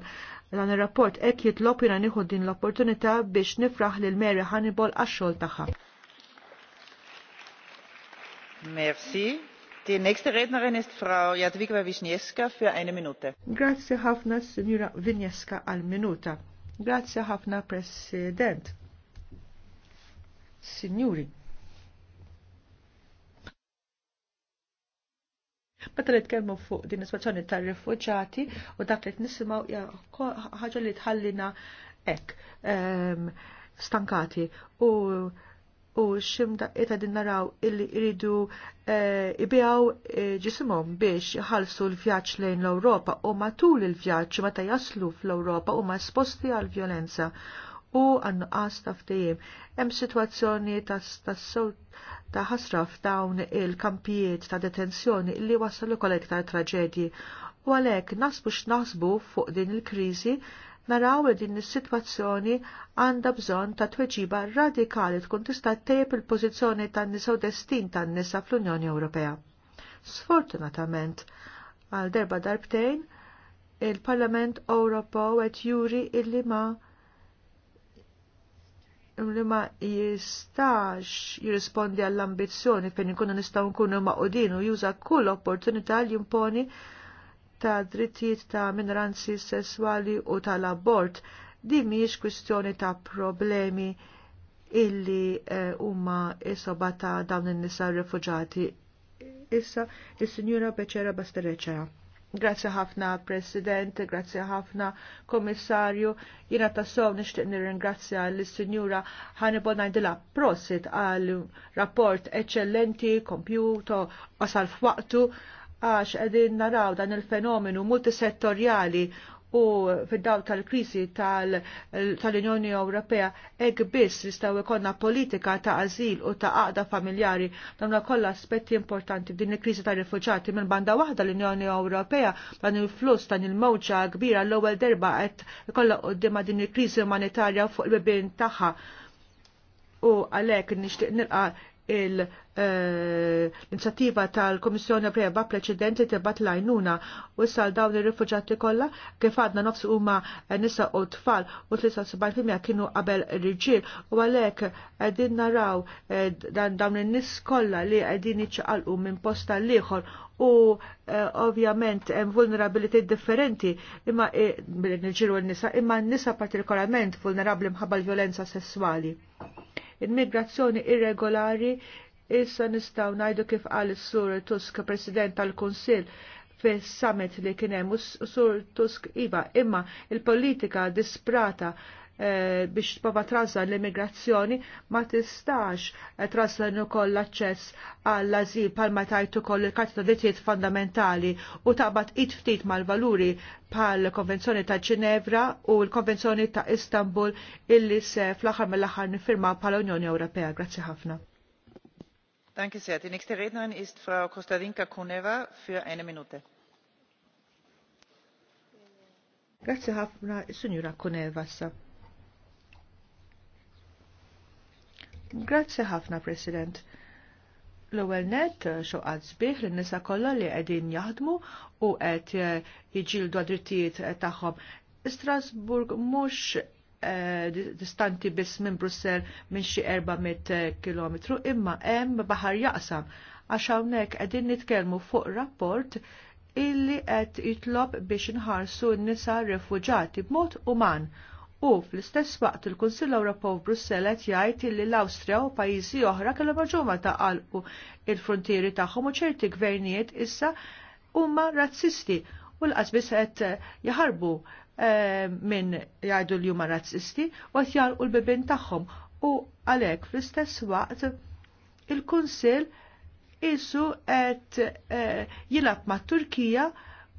Dan ir-rapport hekk jitlob jiena nieħu din l-opportunità biex nifraħ lil Mary Hannibal għax-xogħol tagħha. Merci. Die nächste Rednerin ist Frau Jadwiga Wisniewska für eine Minute. Grazie ħafna, Signora Wisniewska, għal minuta. Grazie ħafna, President. Signori. Meta li tkellmu fuq din is-sitwazzjoni tar-rifuġati u dak li nisimgħu ħaġa li tħallina hekk ehm, stankati u u ximda eta din naraw illi iridu eh, ibijaw eh, ġisimhom biex jħalsu l-vjaġġ lejn l-Ewropa u matul il-vjaġġ meta jaslu fl-Ewropa huma sposti għal vjolenza u qas ta' ftehim. Hemm sitwazzjoni ta' ħasra f'dawn il-kampijiet ta' detenzjoni li wassalu ukoll iktar traġedji. U għalhekk nasbu x'naħsbu fuq din il-kriżi naraw li din is-sitwazzjoni għandha bżonn ta' tweġiba radikali tkun tista' tejb il-pożizzjoni tan-nisa u destin tan-nisa fl-Unjoni Ewropea. Sfortunatament, għal darba darbtejn, il-Parlament Ewropew qed juri illi ma' li ma jistax jirrispondi għall-ambizzjoni fejn ikunu nistgħu nkunu maqudin u juża kull opportunità li jimponi ta' drittijiet ta' minoranzi sesswali u tal-abort. Di mhijiex kwistjoni ta' problemi illi eh, huma uh, isoba ta' dawn in-nisa rifuġati. Issa is-Sinjura Beċera Basterreċera. Grazie ħafna President, grazie ħafna Komissarju. Jina tassow nishtiq nirringrazzja l-Sinjura Hannibal Najdila prosit għal rapport eccellenti, kompjuto, asal f'waqtu għax edin naraw dan il-fenomenu multisettorjali u fid-daw tal-krisi tal-Unjoni tal Ewropea ek biss jistgħu jkollna politika ta' azil u ta' għaqda familjari damna kollha aspetti importanti din il-krisi tar rifuġati minn banda waħda l-Unjoni Ewropea dan il-fluss dan il-mowġa kbira l-ewwel derba qed ikollha qudiema din il-krisi umanitarja fuq il-bibien tagħha u għalhekk nixtieq nilqa' Eh, l-inizjattiva tal-Komissjoni Ewropea ba' preċedenti tibat lajnuna u sal dawn ir-rifuġati kollha kif għadna nofs huma nisa u tfal u 73% kienu qabel riġiel u għalhekk qegħdin naraw eh, dawn in-nies kollha li qegħdin jiċċaqalqu minn posta l-ieħor u eh, ovvjament hemm vulnerabilità differenti imma bil u n-nisa imma n-nisa partikolarment vulnerabbli mħabba l-violenza sessuali Il-migrazzjoni irregolari issa nistaw najdu kif għal sur Tusk, President tal-Konsil, fis summit li kienem, u sur Tusk iva, imma il-politika disprata Eh, biex tprova trażla l-immigrazzjoni ma tistax eh, trażla ukoll l-aċċess għall-azil palma tajtu koll il-karta ta' drittijiet fondamentali u taqbat it ftit mal-valuri pal konvenzjoni ta' Ġinevra u l-konvenzjoni ta' Istanbul illi se fl-aħħar mill-aħħar nifirma pal-Unjoni Ewropea. Grazzi ħafna. Danke sehr. Die nächste Rednerin ist Frau Kostadinka Kuneva für eine Minute. Grazie ħafna, Signora Kuneva. Grazzi ħafna, President. L-ewwel net eh, xoqgħad sbieħ lin nisa kollha li qegħdin jaħdmu u qed eh, jiġildu drittijiet eh, tagħhom. Strasburg mhux distanti biss minn Brussel minn xi 400 km imma hemm baħar jaqsam għax hawnhekk qegħdin nitkellmu fuq rapport illi qed jitlob biex inħarsu n-nisa refuġati b'mod uman u fl-istess waqt il-Kunsill Ewropew Brussell qed jgħid li l-Awstrija u pajjiżi oħra kellhom raġuma ta' qalqu il-frontieri tagħhom u ċerti gvernijiet issa huma razzisti u l-qasbis qed eh, jaħarbu eh, minn jgħidu li huma razzisti u qed jgħalqu l-bibin tagħhom u għalhekk fl-istess waqt il-Kunsill isu qed eh, jilab ma' Turkija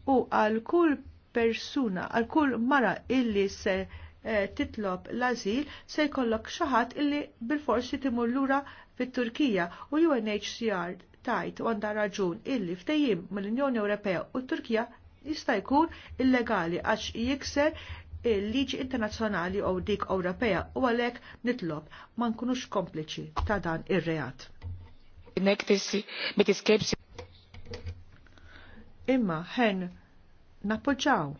u għal kull persuna, għal kull mara illi se Eh, titlob l-azil se jkollok xaħat illi bil-forsi timur lura fit-Turkija u UNHCR tajt u għandha raġun illi ftejjim mill-Unjoni Ewropea u Turkija jista' jkun illegali għax jikser il-liġi internazzjonali u dik Ewropea u għalhekk nitlob ma nkunux kompliċi ta' dan ir-reat. Imma hen, nappoġġaw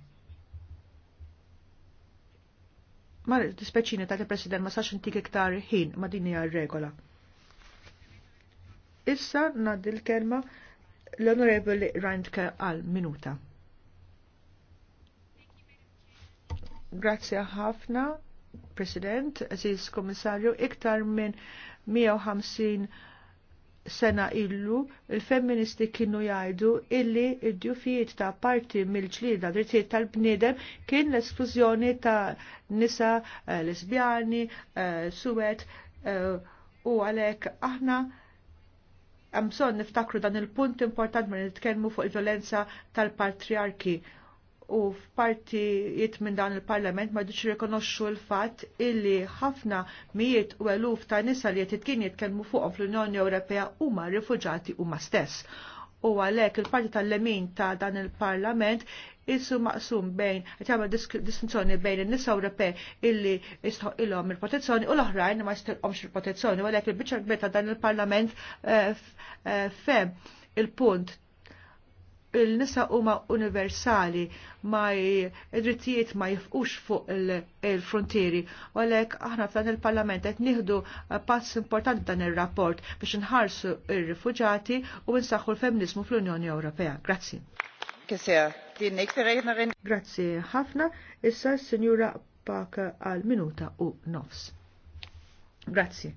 Ma dispeċini ta' president ma sax intik iktar ħin ma din hija regola. Issa nad il-kelma l-Onorevoli Randke għal minuta. Grazie ħafna, President, Aziz Komissarju, iktar minn 150 sena illu il-femministi kienu jgħidu illi id-djufijiet ta' parti mill-ġlida drittijiet tal-bniedem kien l-esklużjoni ta' nisa eh, lesbjani, eh, suwed eh, u għalek aħna għamson niftakru dan il-punt importanti ma nitkellmu fuq il-violenza tal-patriarki u f'partijiet minn dan il-Parlament ma diċi rikonoxxu l-fatt illi ħafna mijiet u eluf ta' nisa li qed kien jitkellmu fuqhom fl-Unjoni Ewropea huma u huma stess. U għalhekk il-parti tal-lemin ta' dan il-Parlament jissu maqsum bejn qed jagħmel distinzjoni bejn in-nisa Ewropej illi jistħu il-protezzjoni u l-oħrajn ma jistħoqhomx il-protezzjoni u għalek il bicċa ta' dan il-Parlament eh, eh, fem il-punt il-nisa huma universali ma id-drittijiet ma jifqux fuq il-frontieri. U għalhekk aħna f'dan il-Parlament qed nieħdu pass importanti dan ir-rapport biex inħarsu ir-rifuġati u nsaħħu l-femniżmu fl-Unjoni Ewropea. Grazzi. Grazzi ħafna. Issa s-Sinjura Paka għal minuta u nofs. Grazzi.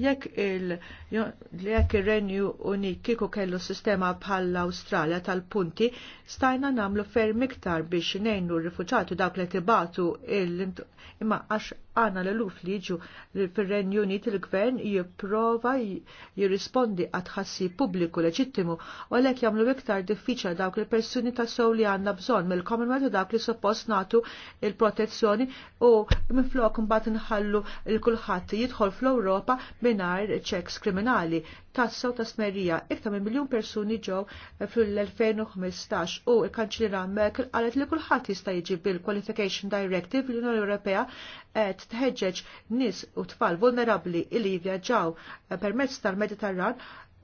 Jekk il jekk ir-Renju Unik kieku kellu sistema l awstralja tal-punti, stajna namlu ferm iktar biex ngħinu r-rifuġati dawk li tibatu il- imma għax għana l-luf li ġu fil-Renju Unit il-Gvern jipprova jirrispondi għad ħassi pubbliku leġittimu u għalek jamlu iktar diffiċa dawk li persuni ta' sow li għanna bżon mill-Commonwealth u dawk li suppost natu il-protezzjoni u minflok mbagħad nħallu il-kulħadd jidħol fl-Ewropa mingħajr ċeks kriminali. Tassa ta' smerija iktar minn miljun persuni ġew fl-2015 u il-Kanċlira Merkel qalet li kulħadd jista' jiġi bil-Qualification Directive l-Unjoni Ewropea qed tħeġġeġ nis u tfal vulnerabbli li jivjaġġaw eh, permezz tal-Mediterran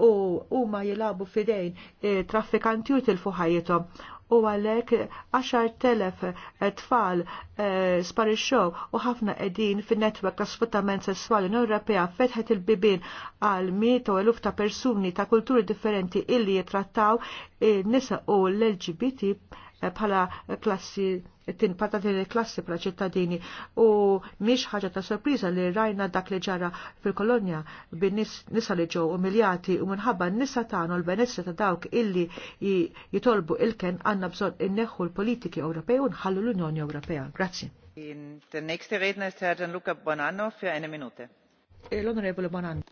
u huma jilabu fidejn eh, traffikanti u tilfu ħajjithom. U għalek 10.000 eh, tfal sparixxew u ħafna qegħdin fin-netwerk ta' sfruttament sesswali Ewropea fetħet il-bibin għal miet u eluf ta' persuni ta' kulturi differenti illi jitrattaw nisa u l-LGBT Eh, bħala klassi tin parta din klassi bħala ċittadini u miex ħaġa ta' sorpriza li rajna dak li ġara fil-kolonja bin nisa li ġo umiljati u minħabba n-nisa tagħna l benessi ta' dawk illi jitolbu il-ken għanna bżon inneħu l-politiki Ewropej u nħallu l-Unjoni Ewropea. Grazzi. Der next Redner ist Herr Gianluca Bonanno für eine Minute. Eh, l'onorevole Bonanno.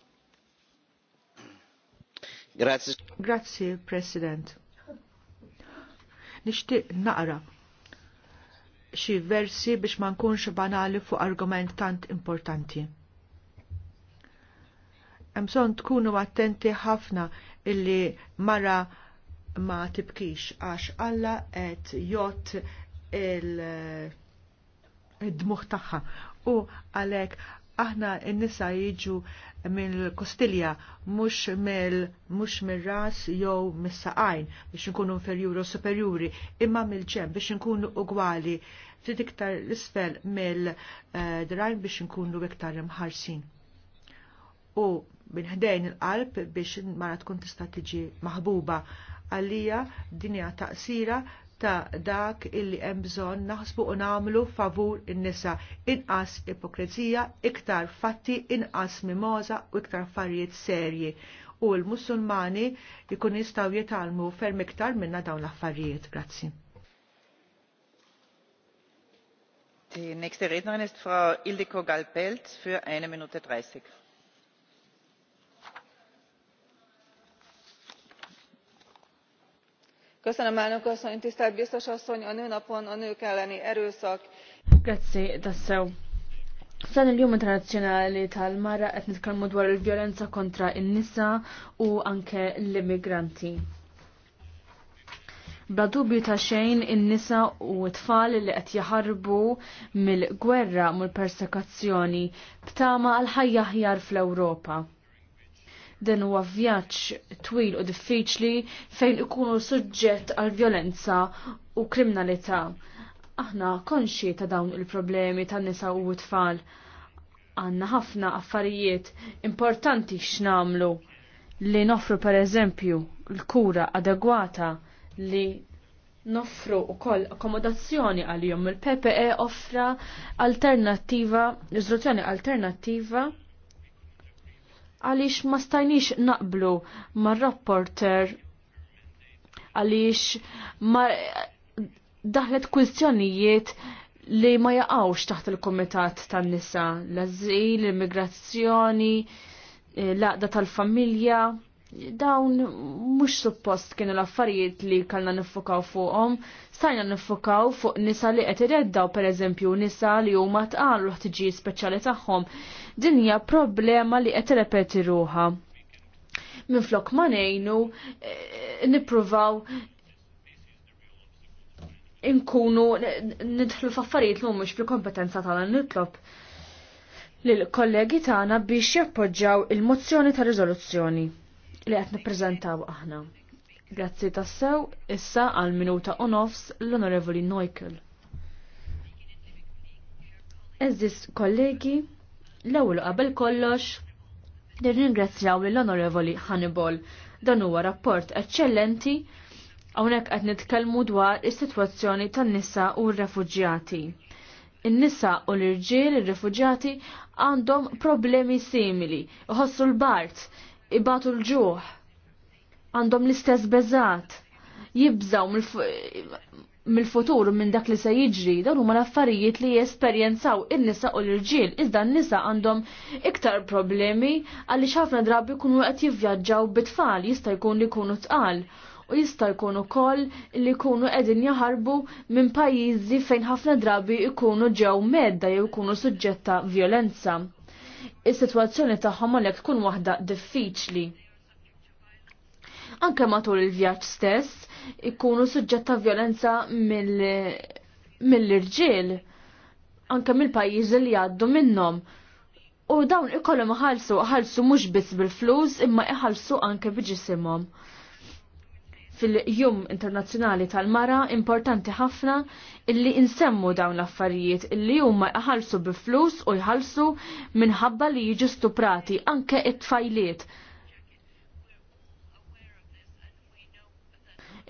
Grazie. Grazie, President nixtieq naqra xi versi biex ma nkunx banali fuq argument tant importanti. Emson tkunu attenti ħafna illi mara ma tibkix għax Alla qed jot il-dmuħ tagħha u għalek aħna n-nisa jiġu mill-kostilja mhux mill mux mir-ras jew mis-saqajn biex inkunu inferjuri u superjuri, imma mill-ġem biex inkunu ugwali ftit iktar l-isfel mill-drajn biex inkunu iktar imħarsin. U ħdejn il-qalb biex mara tkun tista' tiġi maħbuba għalija dinja taqsira ta' dak illi hemm bżonn naħsbu u nagħmlu favur in-nisa inqas ipokrizija, iktar fatti, inqas mimoza u iktar affarijiet serji. U l-Musulmani jkun jistgħu jitalmu ferm iktar minna dawn l-affarijiet. Grazzi. Die nächste Rednerin ist Frau Ildiko Galpelt für eine Minute 30. elnök tisztelt biztos asszony! a nőnapon a nők elleni erőszak. f'dan il-jum internazzjonali tal-mara qed nitkellmu dwar il-vjolenza kontra n-nisa u anke l-immigranti. Bla dubju ta' xejn in-nisa u t-tfal li qed jaħarbu mill-gwerra u mill-persekuzzjoni b'tama għal ħajja ħjar fl-Ewropa. Dan huwa vjaġġ twil u diffiċli fejn ikunu suġġett għal violenza u kriminalità. Aħna konxi ta' dawn il-problemi tan nisa u tfal. Għanna ħafna affarijiet importanti x'namlu li nofru per eżempju l-kura adegwata li nofru u koll akkomodazzjoni għal-jom. Il-PPE offra alternativa, istruzzjoni alternativa għaliex ma stajniex naqblu mar-rapporter għaliex ma daħlet kwistjonijiet li ma jaqawx taħt il-Komitat tan-nisa, l azzil l-immigrazzjoni, eh, l-aqda tal-familja dawn mhux suppost kienu l-affarijiet li kellna nifukaw fuqhom, stajna nifukaw fuq nisa li qed ireddaw pereżempju nisa li huma tqal u ħtiġi speċjali tagħhom. Din hija problema li qed irrepeti ruha. Minflok ma ngħinu eh, nippruvaw inkunu nidħlu f'affarijiet li mhumiex fil-kompetenza tagħna nitlob lil kollegi tagħna biex jappoġġjaw il-mozzjoni ta' riżoluzzjoni li qed nippreżentaw aħna. Grazzi tassew, issa għal minuta u nofs l-Onorevoli Neukel. Eżis kollegi, l-ewwel qabel kollox, nirringrazzjaw l-Onorevoli Hannibal dan huwa rapport eċċellenti hawnhekk qed nitkellmu dwar is-sitwazzjoni tan-nisa u r-refuġjati. In-nisa u l-irġiel ir-refuġjati għandhom problemi simili, Uħossu l-bart, ibatu l-ġuħ, għandhom l-istess beżat, jibżaw mill-futur minn dak li se jiġri, dawn huma l-affarijiet li jesperjenzaw in-nisa u l-irġiel, iżda n-nisa għandhom iktar problemi għaliex ħafna drabi jkunu qed jivvjaġġaw bit-tfal, jista' jkun li jkunu tqal u jista' jkun ukoll li jkunu qegħdin jaħarbu minn pajjiżi fejn ħafna drabi jkunu ġew medda jew jkunu suġġetta violenza is-sitwazzjoni tagħhom għalhekk tkun waħda diffiċli. Anke matul il-vjaġġ stess ikunu suġġett ta' violenza mill-irġiel, anke mill-pajjiżi li għaddu minnhom. U dawn ikollhom iħallsu ħalsu mhux biss bil-flus imma iħalsu anke biġisimhom fil-jum internazzjonali tal-mara importanti ħafna illi insemmu dawn l-affarijiet illi huma jħallsu bi flus u jħallsu minħabba li jiġu stuprati anke it-tfajliet.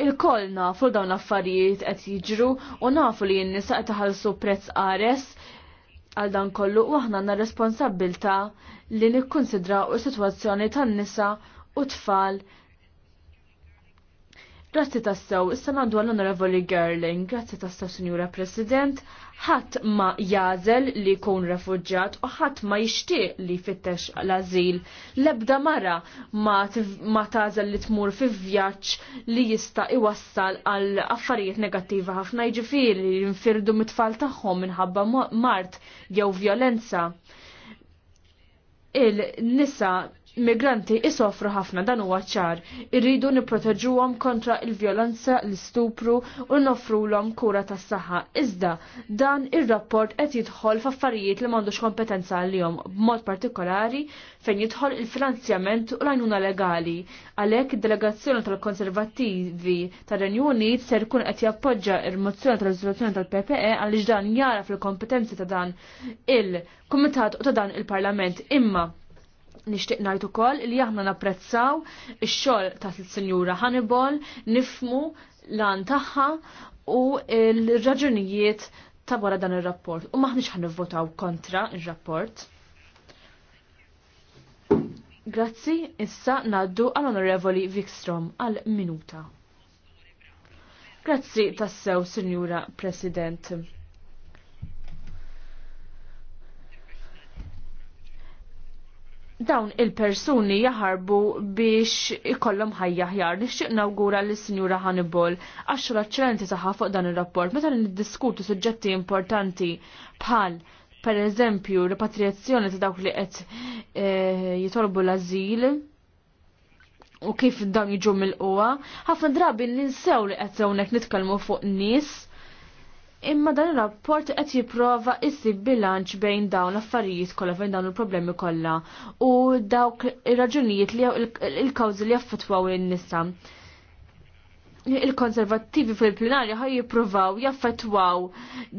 Il-koll nafu dawn l-affarijiet qed jiġru u nafu li n-nisa qed iħallsu prezz qares għal dan kollu u aħna għandna responsabilta li nikkonsidraw is-sitwazzjoni tan-nisa u tfal Grazzi tassaw, issa għal onorevoli Gerling, grazzi tassaw, Sinjura President, ħadd ma jażel li jkun refugġat u ħadd ma jixtieq li jfittex l-azil. Lebda mara ma tazel li tmur fi vjaġġ li jista' iwassal għal affarijiet negattiva ħafna jiġifieri li nfirdu mit-tfal tagħhom minħabba mart jew vjolenza. Il-nisa migranti isofru ħafna dan huwa ċar. Irridu nipproteġuhom kontra il vjolanza l-istupru u noffrulhom kura tas-saħħa. Iżda dan ir-rapport qed jidħol f'affarijiet li m'għandux kompetenza għalihom b'mod partikolari fejn jidħol il-finanzjament u l-għajnuna legali. Għalhekk id-delegazzjoni tal-Konservattivi tar-Renju Unit ser jkun qed jappoġġa r-mozzjoni tal-riżoluzzjoni tal-PPE għaliex dan jara fil-kompetenzi ta' dan il-Kumitat u ta' dan il-Parlament imma nixtieq ngħid ukoll li aħna napprezzaw ix-xogħol ta' sinjura Hannibal, nifmu lan tagħha u l-raġunijiet ta' wara dan ir-rapport. U maħniex nivvotaw kontra ir-rapport. Grazzi, issa naddu għal-Onorevoli Vikstrom għal-minuta. Grazzi tassew, Sinjura President. dawn il-persuni jaħarbu biex ikollhom ħajja ħjar. Nixtieq nawgura lis sinjura Hannibal għaxra eċċellenti saħħa fuq dan ir-rapport meta niddiskutu suġġetti importanti bħal per eżempju repatriazzjoni ta' dawk li qed e, jitolbu l-azil u kif dawn jiġu mill-qwa, ħafna drabi ninsew li qed hawnhekk nitkellmu fuq nies imma dan il-rapport qed jipprova issib bilanċ bejn dawn l-affarijiet kollha fejn dawn il-problemi kollha u dawk ir-raġunijiet li il-kawżi li jaffettwaw in-nisa. Il-konservattivi fil-plenarja ħaj jippruvaw jaffettwaw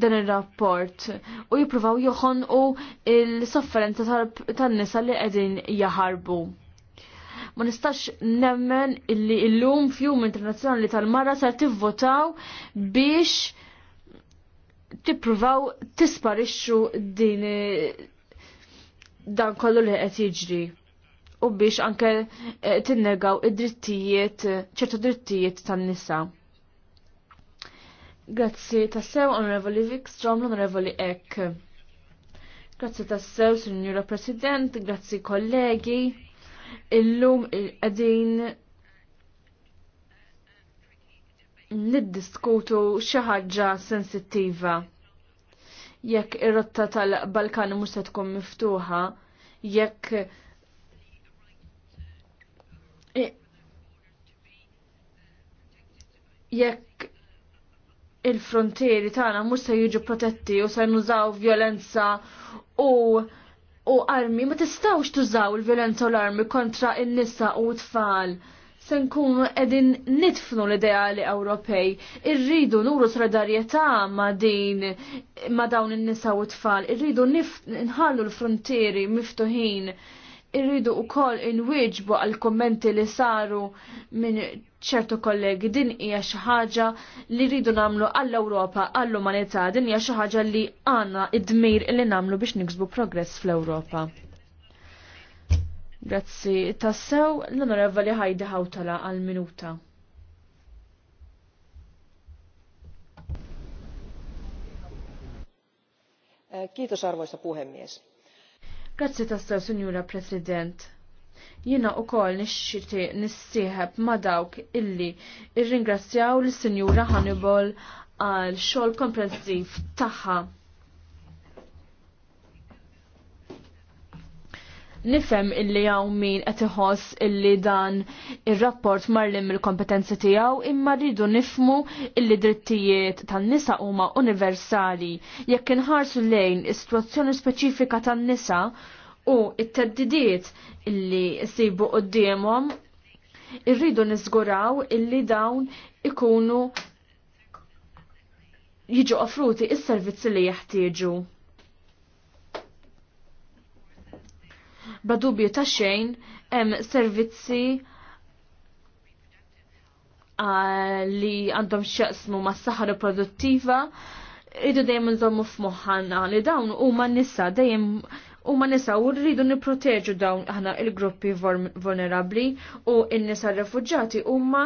dan ir-rapport u jippruvaw joħonqu il-sofferenza tan-nisa li qegħdin jaħarbu ma nistax nemmen illi illum fjum internazzjonali tal-marra ser tivvotaw biex tippruvaw tisparixxu din eh, dan kollu li qed jiġri u biex anke eh, tinnegaw id-drittijiet, ċertu drittijiet tan-nisa. Grazzi tassew, Onorevoli Vikstrom, Onorevoli Ek. Grazzi tassew, Signora President, grazzi kollegi. Illum għadin niddiskutu xi ħaġa sensittiva jekk ir-rotta tal-Balkani mhux se tkun miftuħa, jekk jekk il-frontieri tagħna mhux se jiġu protetti u se nużaw violenza u u armi ma tistawx tużaw il-violenza u l-armi kontra in-nisa u t-tfal se edin nitfnu l-ideali Ewropej. Irridu nuru solidarjetà ma din ma dawn in-nisa u tfal, irridu nħallu l-frontieri miftuħin, irridu wkoll inwieġbu għal kommenti li saru minn ċertu kollegi din hija xi ħaġa li rridu nagħmlu għall-Ewropa għall-umanità, din hija xi ħaġa li għandna id-dmir li nagħmlu biex niksbu progress fl-Ewropa. Grazzi, tassew l-onorevoli Ħajdi ħawtala għal-minuta. Eh, kiitos arvoisa puhemies. Grazzi tassew, Signora President jina u kol nixxiti nissieħeb ma dawk illi irringrazzjaw l-Sinjura Hannibal għal xol komprensiv taħħa nifem illi għaw min qed iħoss illi dan ir-rapport marlim il-kompetenzi tiegħu imma rridu nifmu illi drittijiet tan-nisa huma universali. Jekk inħarsu lejn is-sitwazzjoni speċifika tan-nisa u it-teddidiet illi jsibu qudiemhom, irridu niżguraw illi dawn ikunu jiġu offruti is-servizzi li jeħtieġu. bla dubju ta' xejn hemm servizzi ah, li għandhom x'jaqsmu mas-saħħa riproduttiva idu dejjem nżommu f'moħħana li dawn huma nisa dejjem huma nisa u rridu nipproteġu dawn aħna il-gruppi vulnerabbli u n-nisa refuġġati huma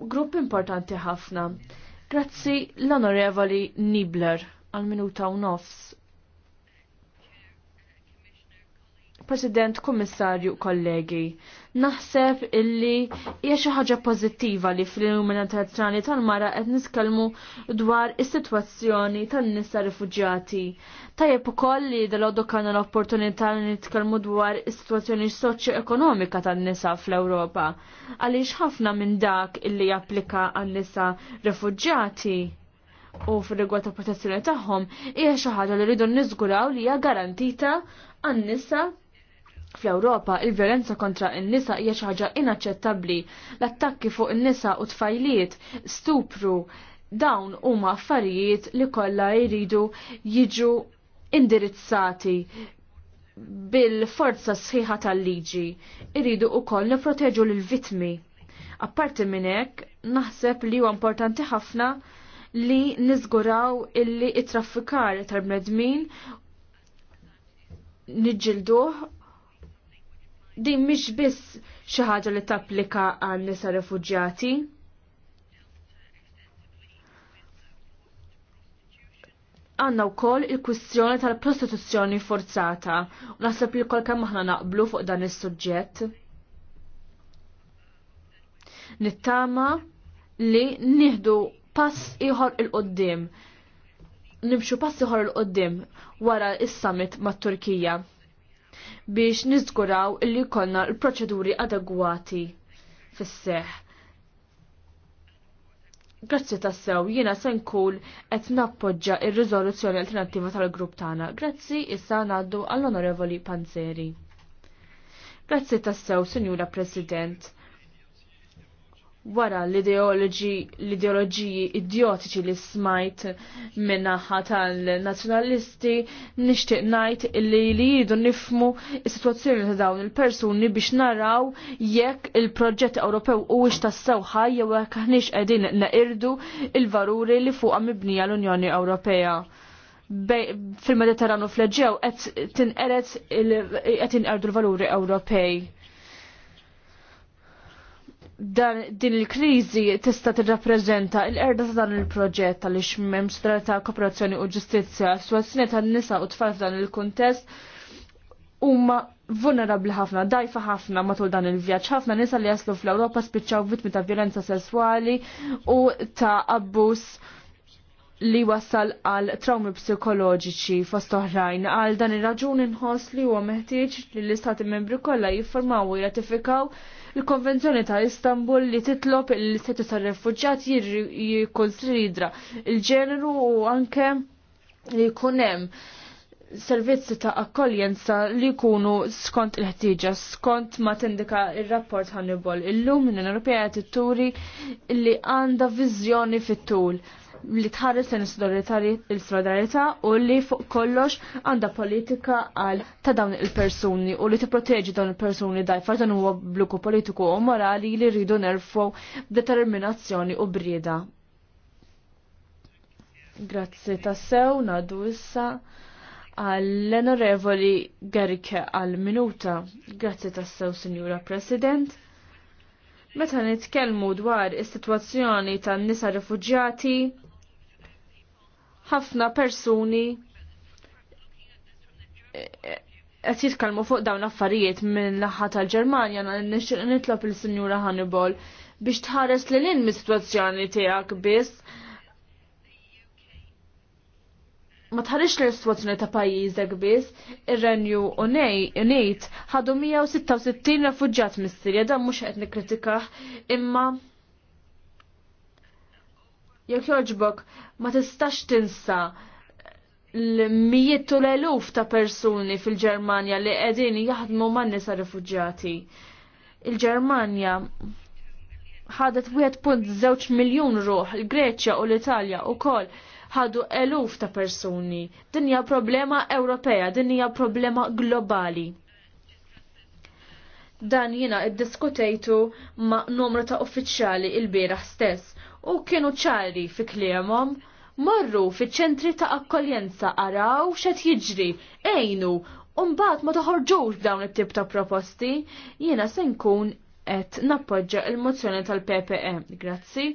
grupp importanti ħafna. Grazzi l-onorevoli Nibler għal minuta u nofs. President Kummissarju kollegi. Naħseb illi hija xi ħaġa pożittiva li fl-Unjoni Internazzjonali tal-Mara qed nitkellmu dwar is-sitwazzjoni tan-nisa rifuġjati. Tajjeb ukoll li dalgħodu kan l-opportunità li nitkellmu dwar is-sitwazzjoni soċjo-ekonomika tan-nisa fl-Ewropa. Għaliex ħafna minn dak illi japplika għan-nisa rifuġjati u fil-rigward ta' protezzjoni tagħhom hija xi ħaġa li rridu niżguraw li hija garantita għan-nisa Fl-Ewropa, il-violenza kontra n-nisa hija xi ħaġa inaċċettabbli. L-attakki fuq in-nisa u tfajliet, stupru, dawn huma affarijiet li kollha jridu jiġu indirizzati bil-forza sħiħa tal-liġi. Iridu wkoll nipproteġu lill-vittmi. Apparti minn hekk, naħseb li huwa importanti ħafna li niżguraw illi it-traffikar tal-bnedmin niġġilduh din mhix biss xi ħaġa li tapplika għan nisa refuġjati. Għanna u koll il-kwistjoni tal-prostituzzjoni forzata u naħseb li kol kemm aħna naqblu fuq dan is-suġġett. Nittama li nieħdu pass ieħor il-qoddim. Nimxu pass ieħor il-qoddim wara is-summit mat-Turkija biex niżguraw illi konna l-proċeduri adegwati fisseħ. Grazzi tassew, jiena se nkun qed nappoġġa il riżoluzzjoni alternattiva tal-grupp tagħna. Grazzi issa ngħaddu għall-Onorevoli Panzeri. Grazzi tassew, Sinjura President wara l-ideoloġiji idjotiċi li smajt minnaħa tal-nazjonalisti nishtiq najt li li jidu nifmu il-situazzjoni ta' dawn il-persuni biex naraw jekk il-proġett Ewropew u ix sewħa jew jekk aħniex qegħdin irdu il-varuri li fuqha mibnija l-Unjoni Ewropea fil-Mediterranu fl-ġew qed tinqered qed inqerdu l-valuri Ewropej Dan din il-krizi tista' tirrappreżenta l-erda ta' dan il-proġett għaliex m'hemmx strata ta' kooperazzjoni u ġustizzja, sitwazzjoni tan-nisa u tfal f'dan il-kuntest huma vulnerabli ħafna, dajfa ħafna matul dan il-vjaġġ, ħafna nisa li jaslu fl europa spiċċaw vittmi ta' violenza sesswali u ta' abbuż li wasal għal traumi psikoloġiċi fost oħrajn. Għal dan ir-raġuni nħoss li huwa meħtieġ li l-istati membri kollha jiffurmaw u jratifikaw Il-Konvenzjoni ta' Istanbul li titlob il-status tal-refugġat jikonsidra il-ġeneru u anke li kunem servizzi ta' akkoljenza li kunu skont il-ħtiġa, skont ma tindika il-rapport Hannibal. Illum l-Europea titturi li għanda vizjoni fit-tul li tħares il solidarita u li fuq kollox għanda politika għal ta' dawn il-persuni u li tipproteġi dawn il personi daj dan huwa bluku politiku u morali li rridu nerfu determinazzjoni u brieda. Grazzi tassew, nadu issa għall enorevoli Garike għal-Minuta. Grazzi tas-sew Signora President. Meta nitkellmu dwar is-sitwazzjoni tan-nisa rifuġjati, ħafna persuni qed jitkellmu fuq dawn l-affarijiet minn l-aħħa tal-Ġermanja nixtieq nitlob il-Sinjura Hannibal biex tħares lil in mis-sitwazzjoni tiegħek biss. Ma tħarix l sitwazzjoni ta' pajjiżek biss, ir-Renju unit ħadu 166 refuġġat mis-Sirja dan mhux qed nikkritikah imma jekk joġbok ma tistax tinsa l-mijiet l-eluf ta' persuni fil-Ġermanja li qegħdin jaħdmu man nisa rifuġġati. Il-Ġermanja ħadet 1.2 miljun ruħ, il-Greċja u l-Italja u kol ħadu eluf ta' persuni. Din hija problema Ewropea, din hija problema globali. Dan jina id-diskutejtu ma' numru ta' uffiċjali il-bieraħ stess u kienu ċari fi kliemom, Morru fiċ-ċentri ta' akkoljenza araw xed jiġri, ejnu, Umbat ma toħorġux dawn it-tip ta' proposti, jiena se nkun qed nappoġġa il-mozzjoni tal-PPE. Grazzi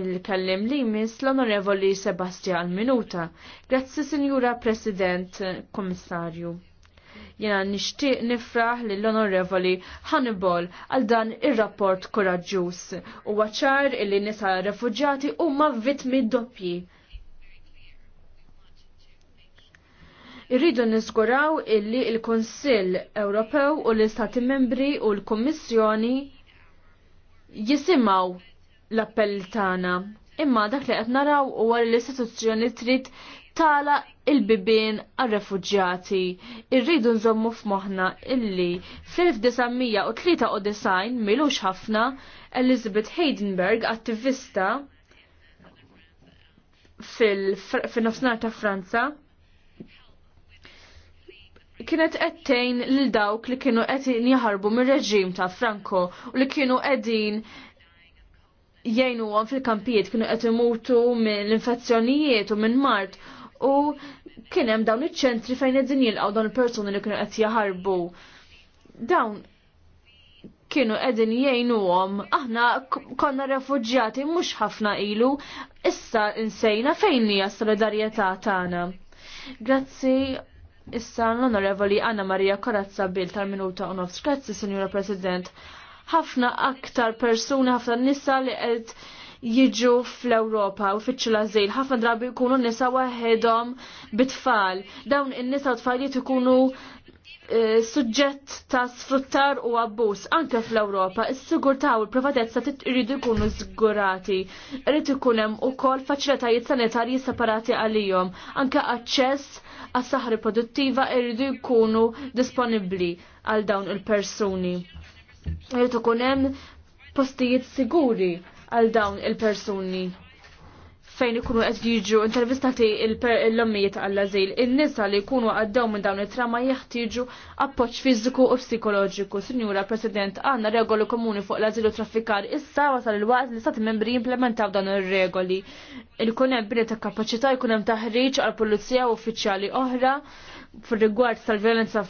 il-kallim li mis l-Onorevoli Sebastian Minuta. Grazzi Sinjura President Komissarju. Jena nixtieq nifraħ lill onorevoli Hannibal għal dan ir-rapport koraġġuż u waċar illi nisa u huma vittmi doppji. Irridu niżguraw illi il konsil Ewropew u l-Istati Membri u l-Kummissjoni jisimaw l-appell tagħna. Imma dak li qed naraw huwa l-istituzzjoni trid tala il-bibin għal-refugġati. Irridu nżommu f'moħna illi fl-1993 milux ħafna Elizabeth Heidenberg, attivista fil-nofsnar ta' Franza, kienet qedtejn lil dawk li kienu qegħdin jaħarbu mir-reġim ta' Franco u li kienu qegħdin jgħinu għan fil-kampijiet kienu qed imutu mill-infezzjonijiet u minn Mart u kien hemm dawn iċ-ċentri fejn qegħdin jilqaw dawn il-persuni li kienu qed jaħarbu. Dawn kienu qegħdin għom, aħna konna refuġjati mhux ħafna ilu, issa insejna fejn hija solidarjetà tagħna. Grazzi issa l-Onorevoli Anna Maria Korazza Bil tal-Minuta u Nofs. Grazzi, Sinjura President. Ħafna aktar persuni, ħafna nisa li qed jiġu fl-Ewropa u fitxu l-azil. ħafna drabi jkunu nisa waħedhom bit-tfal. Dawn in-nisa u tfajliet ikunu eh, suġġett ta' sfruttar u abbuż anke fl-Ewropa, is sigurta u l-privatezza iridu jkunu żgurati. Irid ikun hemm ukoll faċilitajiet sanitarji separati għalihom, anke aċċess għas saħħa riproduttiva irridu jkunu disponibbli għal dawn il-persuni. Rritu ikun hemm postijiet siguri għal dawn il-persuni fejn ikunu qed jiġu intervistati l-ommijiet għall-azil. In-nisa li jkunu għaddew minn dawn it-trama jeħtieġu appoġġ fiżiku u psikoloġiku. Sinjura President, għandna regoli komuni fuq l-azil u traffikar. Issa wasal il-waqt li stati membri jimplementaw dan ir-regoli. il kunem hemm bini ta' kapaċità jkun hemm taħriġ għal pulizija u uffiċjali oħra fil-rigward tal-violenza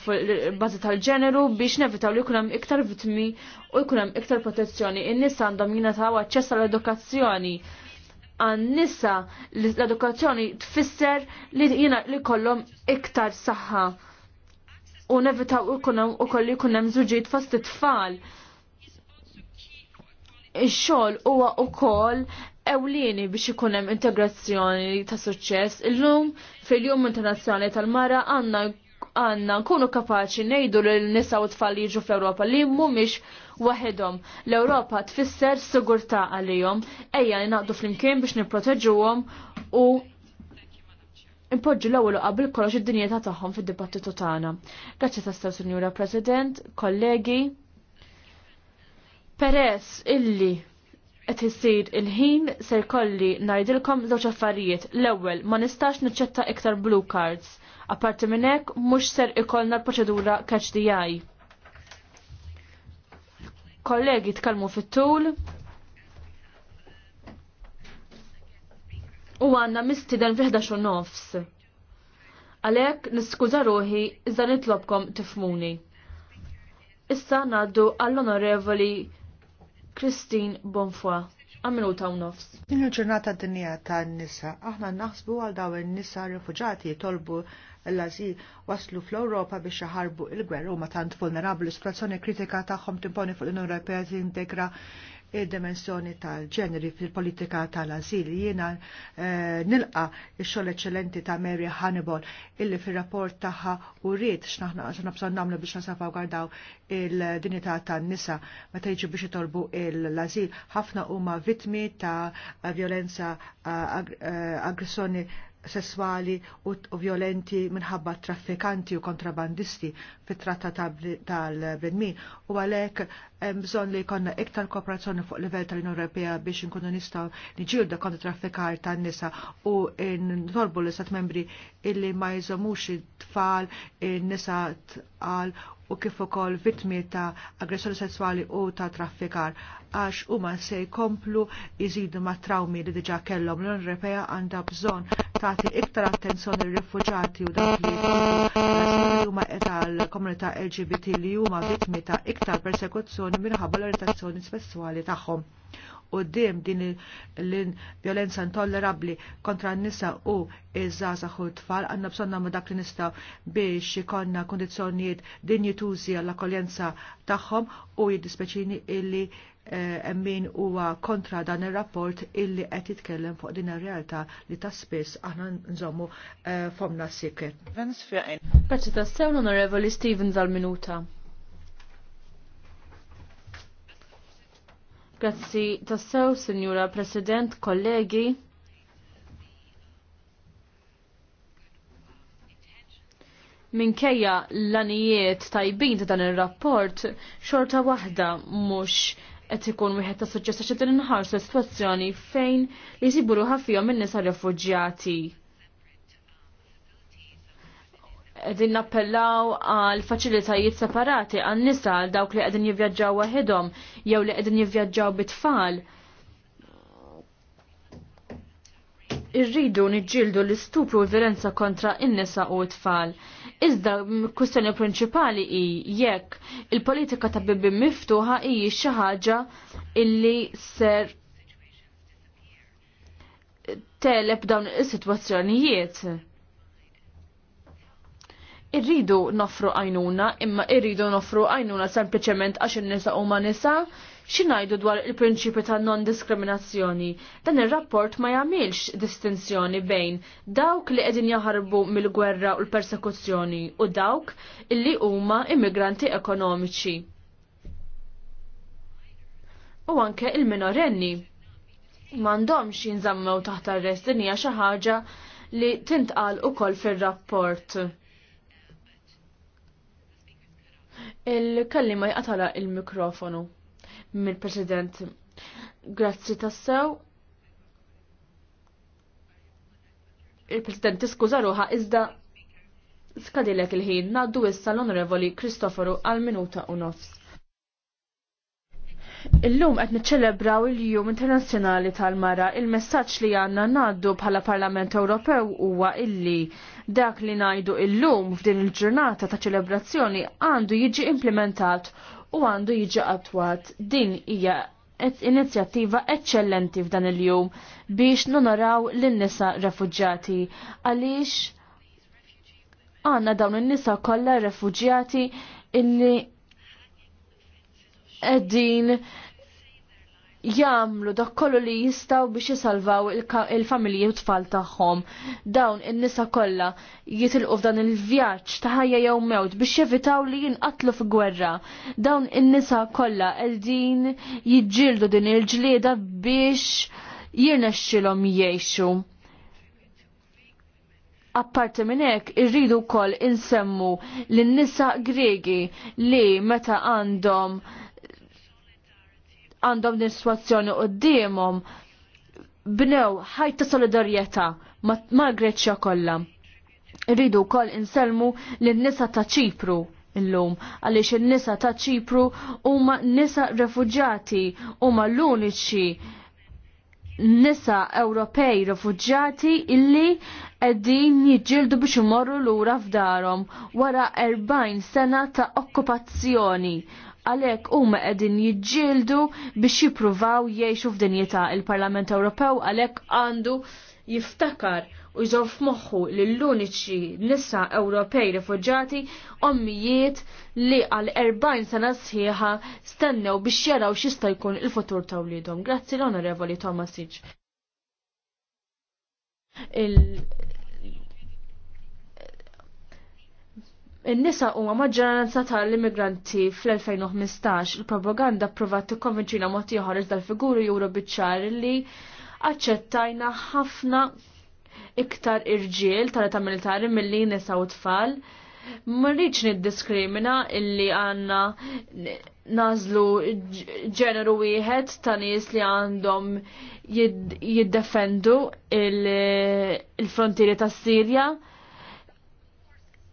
bazi tal-ġeneru biex nevitaw li kunem iktar vitmi u kunem iktar protezzjoni. In-nisa għandhom jingħataw aċċess għall-edukazzjoni. Għan-nisa l-edukazzjoni tfisser li jina li kollom iktar saħħa. U nevitaw kunem u kolli kunem żuġiet fost tfal Ix-xogħol huwa wkoll ewlieni biex ikun hemm integrazzjoni ta' suċċess. Illum fil-Jum Internazzjonali tal-Mara għandna għanna nkunu kapaċi nejdu l nisa u tfal jiġu fl-Europa li mumiex waħedhom. L-Europa tfisser sigurtà għalihom, ejja naqdu fl-imkien biex nipproteġuhom u impoġġu l-ewwel qabel kollox id-dinjetà tagħhom fid-dibattitu tagħna. Grazzi tassew Sinjura President, kollegi. Peress illi qed isir il-ħin ser kolli ngħidilkom żewġ affarijiet. L-ewwel ma nistax niċċetta iktar blue cards. Apparti minn hekk mhux ser ikollna l-proċedura catch the eye. Kollegi tkellmu fit-tul. U għanna mistiden fi 11 nofs. Għalek niskuża ruħi iżda nitlobkom tifmuni. Issa naddu għall-onorevoli Christine Bonfoy. Għamilu ta' nofs. Din il-ġurnata d-dinja ta' nisa, aħna naħsbu għal daw nisa rifuġati jitolbu l-azil waslu fl-Europa biex jaħarbu il gwerru ma tant vulnerabli. Situazzjoni kritika tagħhom timponi fuq l-Unjoni Ewropea integra id-dimensjoni tal-ġeneri fil-politika tal-azil. Jiena eh, nilqa il-xol eccellenti ta' Mary Hannibal illi fil-rapport taħħa u rrit xnaħna bżon namlu biex nasafaw gardaw il dinita tan-nisa meta jiġu biex jitolbu l-azil. Ħafna huma vitmi ta' violenza eh, aggressjoni ag ag ag sessuali u violenti minħabba traffikanti u kontrabandisti fit tratta tal-bredmi u għalek bżon li konna iktar kooperazzjoni fuq livell tal-Unjoni Ewropea biex inkunu nistgħu niġilda kontra traffikar tan-nisa u nħorbu l-istat membri illi ma jżomux it-tfal, in-nisa tqal u kif ukoll vittmi ta' aggressjoni sesswali u ta' traffikar għax huma se jkomplu jżidu ma' trawmi li diġà kellhom l-Unjoni Ewropea għandha bżonn tagħti iktar attenzjoni lir-rifuġati u dak li huma tal-komunità LGBT li huma vittmi ta' iktar persekuzzjoni minħabba l-orientazzjoni sessuali tagħhom dim din l-violenza intollerabbli kontra n-nisa u iż żaza u t-tfal għandna bżonna ma' dak li nistaw biex ikollna din dinjitużi għall-akkoljenza tagħhom u jiddispeċini illi eh, emmin huwa kontra dan ir-rapport illi qed jitkellem fuq din ir-realtà li ta' spiss aħna nżommu eh, fomna sikke. Grazzi tassew l-Onorevoli Stevens għal-minuta. Grazzi tassew, Signora President, kollegi. minkejja l-anijiet tajbin ta' dan il-rapport, xorta waħda mux qed ikun wieħed ta' suċċess għax qed inħarsu sitwazzjoni fejn li jsibu ħafna fihom nisa refuġjati qegħdin nappellaw għal faċilitajiet separati għan nisa għal dawk li qegħdin jivvjaġġaw waħedhom jew li qegħdin jivvjaġġaw bit-tfal. Irridu niġġieldu l-istupru violenza kontra in-nisa u t-tfal. Iżda kwistjoni prinċipali hi jekk il-politika ta' bibi miftuħa i xi ħaġa illi ser teleb dawn is-sitwazzjonijiet irridu nofru għajnuna, imma irridu nofru għajnuna sempliciment għax il-nisa u ma nisa, xinajdu dwar il-prinċipi ta' non-diskriminazzjoni. Dan il-rapport ma jagħmilx distinzjoni bejn dawk li qegħdin jaħarbu mill-gwerra u l-persekuzzjoni u dawk illi huma immigranti ekonomiċi. U anke il-minorenni m'għandhomx jinżammew taħt arrest din hija xi ħaġa li tintqal ukoll fir-rapport. Il-kallima jqatala il-mikrofonu mill-President. Grazzi tassew. Il-President tiskuża ruħa iżda skadilek il-ħin naddu issa l-Onorevoli Kristoforu għal minuta u nofs. Illum qed niċċelebraw il-Jum Internazzjonali tal-Mara. Il-messaġġ li għandna ngħaddu bħala Parlament Ewropew huwa illi dak li ngħidu illum f'din il-ġurnata ta' ċelebrazzjoni għandu jiġi implementat u għandu jiġi attwat. Din hija inizjattiva eccellenti f'dan il-jum biex nonoraw lin-nisa refuġġjati għaliex għanna dawn in-nisa kollha refuġġjati illi qegħdin jagħmlu dak kollu li jistgħu biex jisalvaw il-familji u tfal tagħhom. Dawn in-nisa kollha jitilqu f'dan il-vjaġġ ta' ħajja jew mewt biex jevitaw li jinqatlu f'gwerra. Dawn in-nisa kollha qegħdin jiġġieldu din il-ġlieda biex jirnexxilhom jgħixu apparti minn hekk irridu wkoll insemmu lin-nisa Gregi li meta għandhom għandhom din situazzjoni qoddimhom bnew ħajta solidarjetà ma greċja kollha. Rridu wkoll inselmu lin-nisa ta' Ċipru illum għaliex in-nisa ta' Ċipru huma nisa refuġjati huma l-uniċi nisa Ewropej refugġati illi qegħdin jiġġieldu biex imorru lura f'darhom wara 40 sena ta' okkupazzjoni għalek huma qegħdin jiġġieldu biex jippruvaw jgħixu f'dinjità il-Parlament Ewropew għalek għandu jiftakar u jżor f'moħħu li l-uniċi nisa Ewropej rifuġġati ommijiet li għal 40 sena sħiħa stennew biex jaraw xista jkun il-futur ta' wliedhom. Grazzi l-Onorevoli Thomas Siġ. In-nisa huwa maġġoranza tal-immigranti fl-2015 il-propaganda provat tikkonvinċina mod ieħor iżda l-figuri juru biċċar li aċċettajna ħafna iktar irġiel tal-età militari milli nisa u tfal. Marriċ niddiskrimina illi għanna nażlu ġeneru wieħed ta' nies li għandhom jiddefendu il-frontieri tas-Sirja. il frontieri tas sirja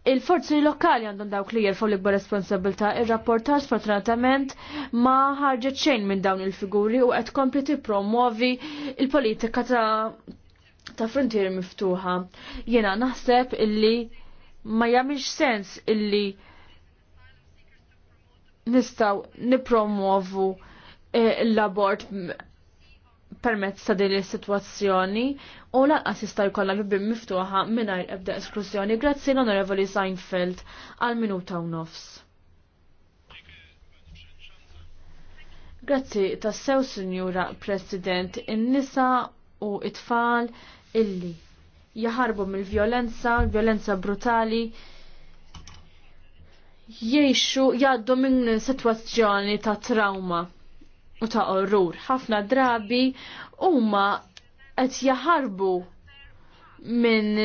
il-forzi lokali għandhom dawk li jirfu l-ikbar responsabilta il-rapportar sfortunatament ma ħarġet xejn minn dawn il-figuri u qed kompli promuovi il-politika ta' ta' frontier miftuħa. Jena naħseb illi ma jagħmilx sens illi nistaw nipromuovu eh, l-abort permezz ta' din is-sitwazzjoni u lanqas jista' jkollha bibin miftuħa mingħajr ebda esklużjoni. Grazzi l-Onorevoli Seinfeld għal minuta u nofs. Grazzi tassew, Sinjura President, in-nisa u it-tfal illi jaħarbu mill-violenza, violenza brutali, jiexu jgħaddu minn situazzjoni ta' trauma u ta' orrur. Ħafna drabi huma qed jaħarbu minn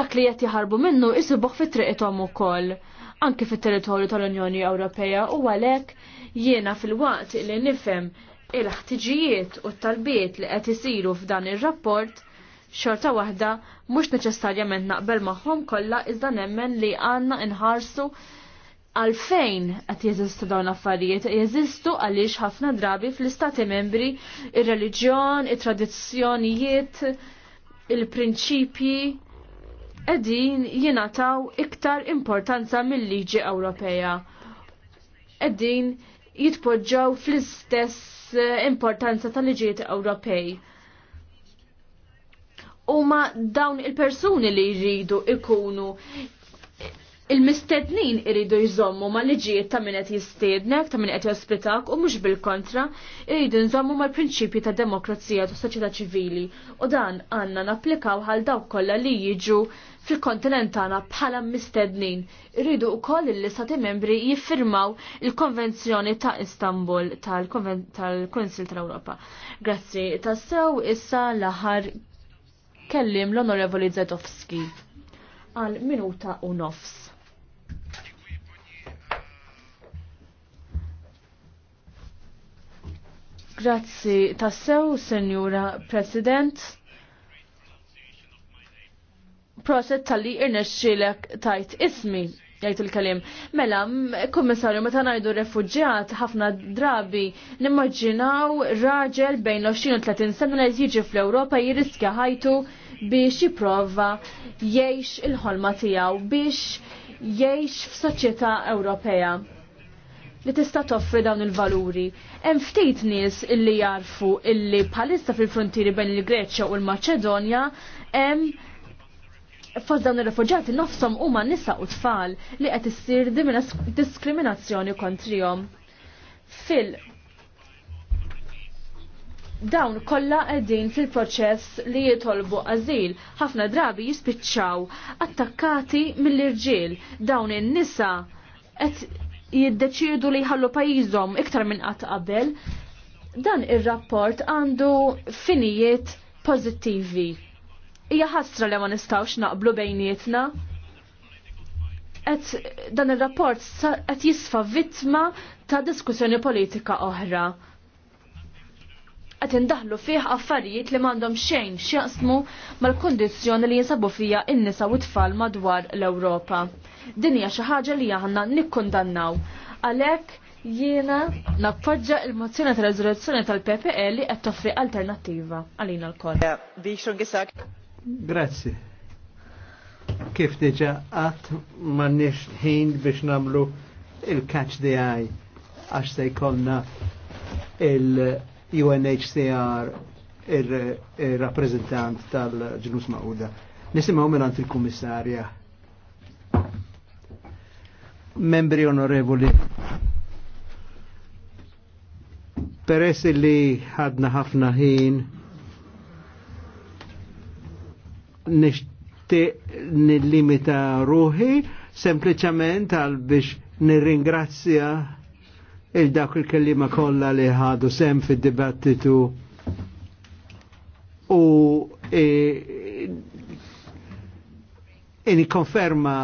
dak li qed jaħarbu minnu isibuh fit-triqithom ukoll anke fit-territorju tal-Unjoni Ewropea u għalhekk jiena fil-waqt li nifhem il-ħtiġijiet u t-talbiet li qed isiru f'dan ir-rapport xorta waħda mhux neċessarjament naqbel magħhom kollha iżda nemmen li għandna inħarsu għalfejn qed jeżistu dawn affarijiet jeżistu għaliex ħafna drabi fl-istati membri il reliġjon it-tradizzjonijiet, il-prinċipji qegħdin jingħataw iktar importanza mill-liġi Ewropea. Qegħdin jitpoġġaw fl-istess importanza tal-liġijiet Ewropej. Huma dawn il-persuni li jridu ikunu il-mistednin iridu jżommu ma liġijiet ta' min qed jistiednek, ta' min qed jospitak u mhux bil-kontra, iridu nżommu mal prinċipji ta' demokrazija u soċjetà ċivili u dan għandna napplikaw għal dawk kollha li jiġu fil-kontinent tagħna bħala mistednin. Iridu wkoll li stati membri jiffirmaw il-Konvenzjoni ta' Istanbul tal-Kunsil tal-Ewropa. Grazzi tassew issa l-aħħar kellim l-Onorevoli Zedowski għal minuta u nofs. Grazzi tassew, Senjura President. Proset tal-li irnexxilek tajt ismi jgħid il kalim Mela, kummissarju, meta ngħidu refuġjat ħafna drabi nimmaġinaw raġel bejn 20 u 30 sena li jiġi fl-Ewropa jiriskja ħajtu biex jipprova jgħix il-ħolma tiegħu biex jgħix f'soċjetà Ewropea li tista' toffri dawn il-valuri. Hemm ftit nies illi jarfu illi bħalissa fil-frontieri bejn il-Greċja u l-Maċedonja hemm fost dawn ir-refuġjati nofshom huma nisa u tfal li qed issir diskriminazzjoni kontrihom. Fil dawn kollha qegħdin fil-proċess li jitolbu għażil. Ħafna drabi jispiċċaw attakkati mill-irġiel dawn in-nisa qed jiddeċiedu li jħallu pajjiżhom iktar minn qatt qabel, dan ir-rapport għandu finijiet pożittivi. Hija ħasra li ma nistgħux naqblu bejnietna. dan ir-rapport qed jisfa' vittma ta' diskussjoni politika oħra qed indaħlu fih affarijiet li m'għandhom xejn x'jaqsmu mal-kundizzjoni li jinsabu fija in nisa u tfal madwar l-Ewropa. Din hija xi ħaġa li aħna nikkundannaw. Għalhekk jiena nappoġġa il-mozzjoni ta' rezoluzzjoni tal-PPE li qed toffri alternattiva għalina l-koll. Grazzi. Kif diġa qatt m'għandniex ħin biex nagħmlu il-catch the eye għax se jkollna il- UNHCR il-rappresentant tal-ġnus Mauda. Nisimaw minnant il-Kummissarja. Membri onorevoli, peress li ħadna ħafna ħin nishti nil-limita ruħi sempliciment għal biex nir-ringrazzja il-dak il-kellima kolla li ħadu sem fil-dibattitu u e, e, konferma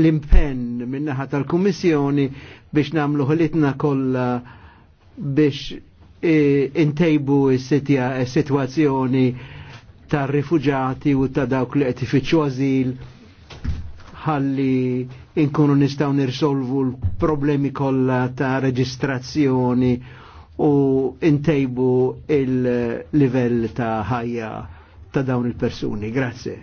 l-impenn minnaħa tal-Kummissjoni biex namlu ħolitna kolla biex e, intejbu s-situazzjoni tar-rifuġati u ta' dawk li qed ifittxu ħalli inkunu nistaw nirsolvu l-problemi kollha ta' reġistrazzjoni u intejbu il-livell ta' ħajja ta' dawn il-persuni. Grazie.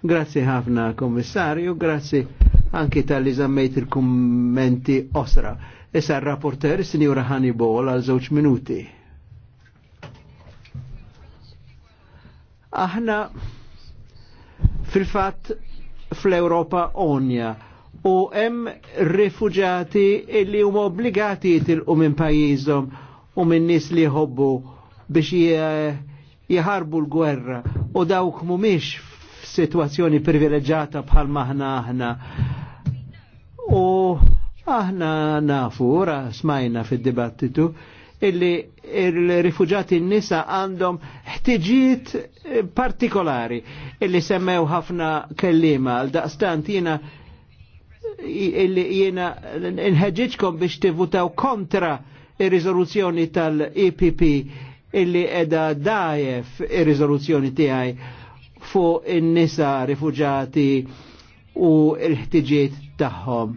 Grazie ħafna kommissarju, grazie anki tal-li zammejt il-kommenti osra. Issa rapporter sinjura Bol għal żewġ minuti. Aħna fil fat fl-Europa onja u hemm rifugjati illi huma obbligati jitilqu minn pajjiżhom u minn nies li jħobbu biex jħarbu l-gwerra u dawk mhumiex f'sitwazzjoni privileġġata bħal maħna aħna. U aħna nafu, ora smajna fid-dibattitu, illi il-rifugġati nisa għandhom ħtiġijiet eh, partikolari illi semmew ħafna kellima għal daqstant jina illi jina nħedġiġkom biex tivutaw kontra il-rizoluzzjoni tal-EPP illi edha dajef il-rizoluzzjoni tiegħi fuq in-nisa rifuġati u l-ħtiġiet tagħhom.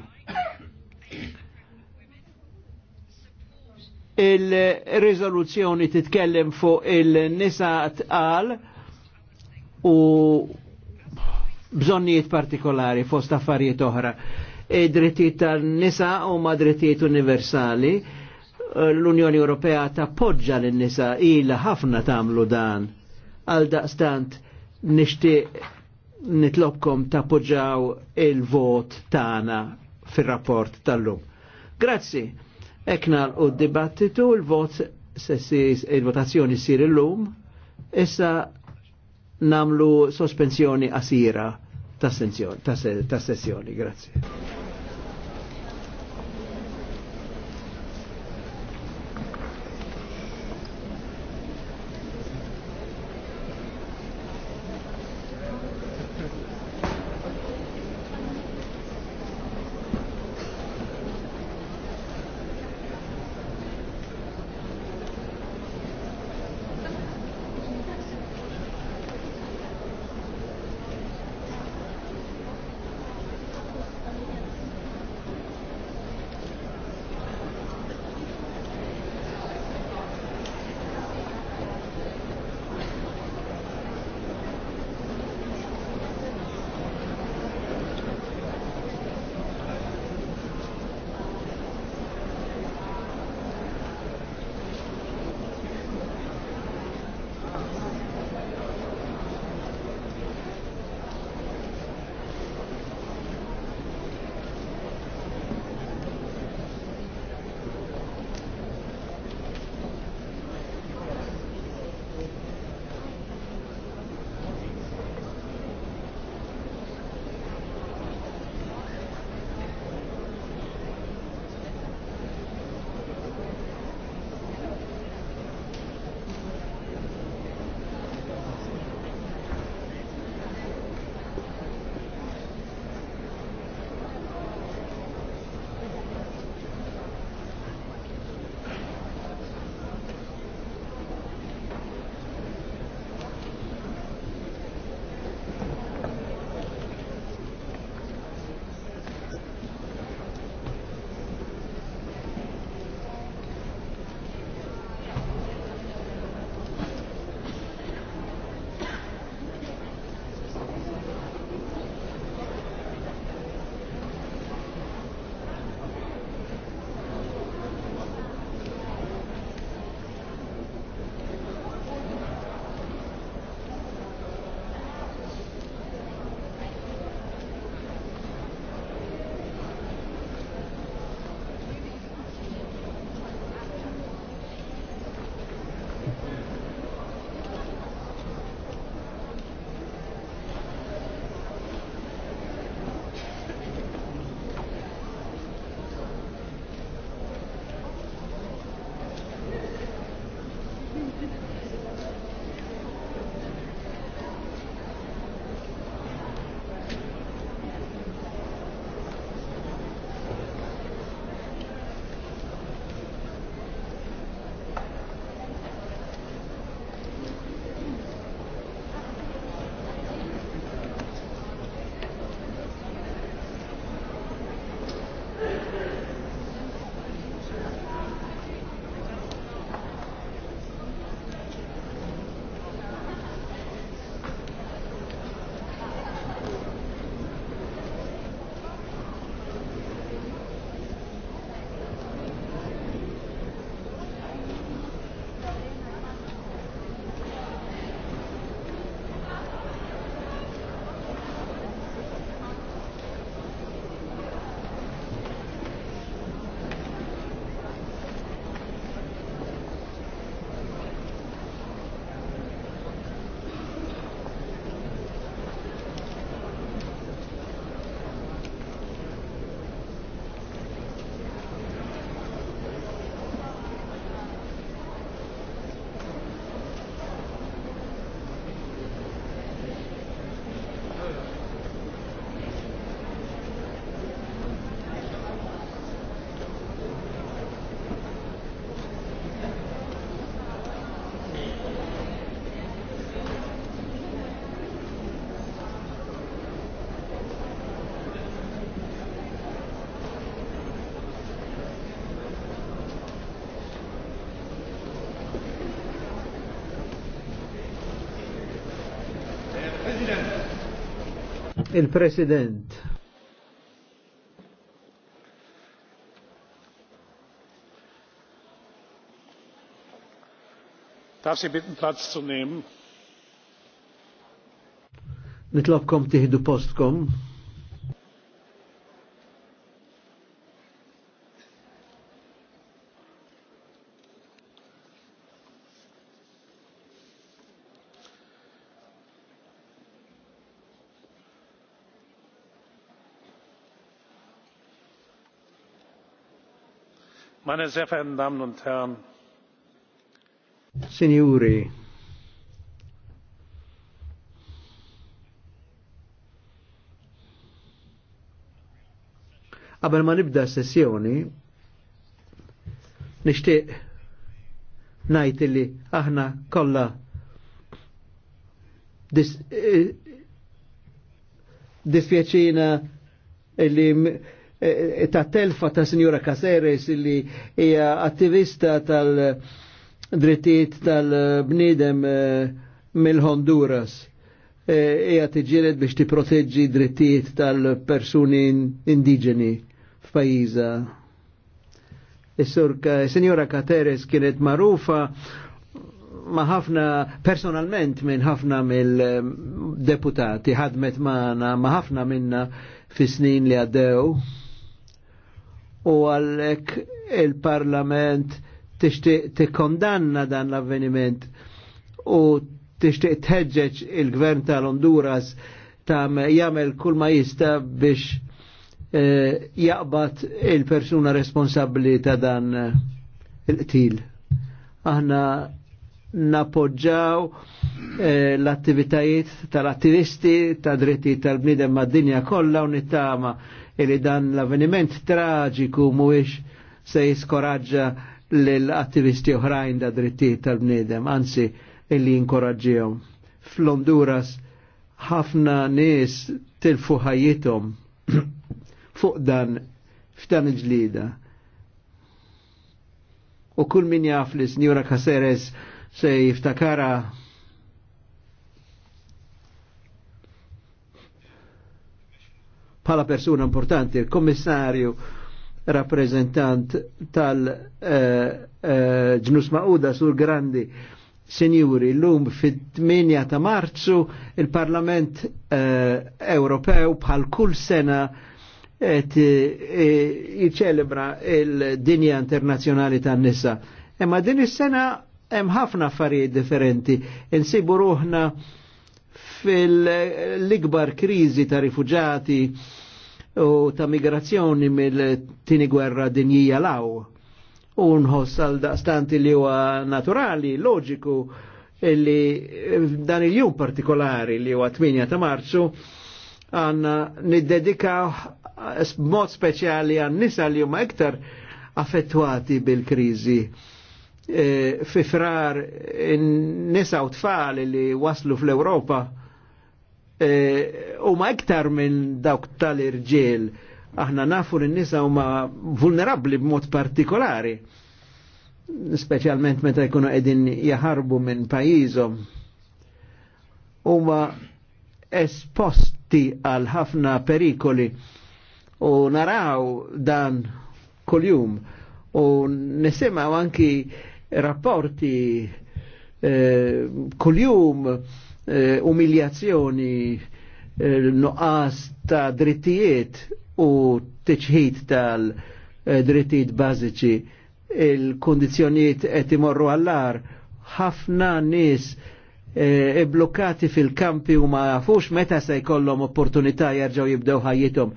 il-rizoluzzjoni titkellem fuq il-nisa tqal u bżonnijiet partikolari fost affarijiet oħra. Id-drittijiet tal-nisa u ma drittijiet universali l-Unjoni Ewropea tappoġġa l-nisa ila ħafna tamlu dan. Għal daqstant nishti nitlobkom tappoġġaw il-vot tana fil-rapport tal-lum. Grazzi. Eknar u dibattitu l-vot il-votazzjoni sir il-lum, issa namlu sospensjoni asira ta' sessjoni. Grazie. Il-President. Darf Sie bitten, Platz zu nehmen? Nitlobkom tiħdu postkom. sehr verehrten Damen und Herren! Signori, qabel ma nibda sessjoni nixtieq ngħid li aħna kollha eh, dispjaċina dis E, e, ta' telfa ta' Signora Caceres li hija attivista tal-drittijiet tal-bnidem e, mill-Honduras. Hija tiġiret biex tipproteġġi drittijiet tal-persuni indiġeni f'pajjiża. Signora Caceres kienet magħrufa ma ħafna personalment minn ħafna mill-deputati ħadmet maħna ma ħafna minna fis snin li għaddew u għallek il-parlament tixtieq tikkondanna dan l-avveniment u tixtieq tħeġġeġ il-gvern tal-Honduras tam jagħmel kull ma jista biex eh, jaqbad il-persuna responsabbli ta' dan eh, il-qtil. Aħna napoġġaw eh, l-attivitajiet tal-attivisti ta' dritti tal-bnidem mad-dinja kollha u nittama' li dan l-avveniment traġiku mhuwiex se jiskoraġġa l-attivisti oħrajn da drittijiet tal-bniedem, anzi illi jinkoraġġihom. Fl-Honduras ħafna nies tilfu ħajjithom (clears throat) fuq dan f'dan il-ġlida. U kull min jaf li Snjura Caceres se jiftakara bħala persuna importanti, il-Kommissarju rappresentant tal-ġnus eh, eh, Mauda sur Grandi. Senjuri, l-lum fit-8 ta' marzu il-Parlament eh, Ewropew bħal kull sena jiċelebra eh, il-dinja internazjonali tan nisa Imma din is-sena hemm ħafna affarijiet differenti. Insibu ruħna fil-ikbar kriżi ta' rifugjati, u ta' migrazzjoni mill-tini gwerra dinjija law. Unħoss għal daqstanti li huwa naturali, loġiku, illi dan il-jum partikolari li huwa 8 ta' marzu għanna niddedika mod speċjali għan nisa li huma iktar affettwati bil-krizi. E, fi frar nisa u tfal li waslu fl-Europa Eh, huma iktar minn dawk tal-irġiel. Aħna nafu li n-nisa huma vulnerabbli b'mod partikolari, speċjalment meta jkunu qegħdin jaħarbu minn pajjiżhom. Huma esposti għal ħafna perikoli u naraw dan kuljum u nisimaw anki rapporti eh, kuljum Eh, umiljazzjoni, eh, nuqqas ta' drittijiet u tiċħid tal-drittijiet eh, bażiċi il-kondizjoniet qed imorru għallar, ħafna nis e, blokkati fil-kampi u ma jafux meta se jkollhom opportunità jerġgħu jibdew ħajjithom.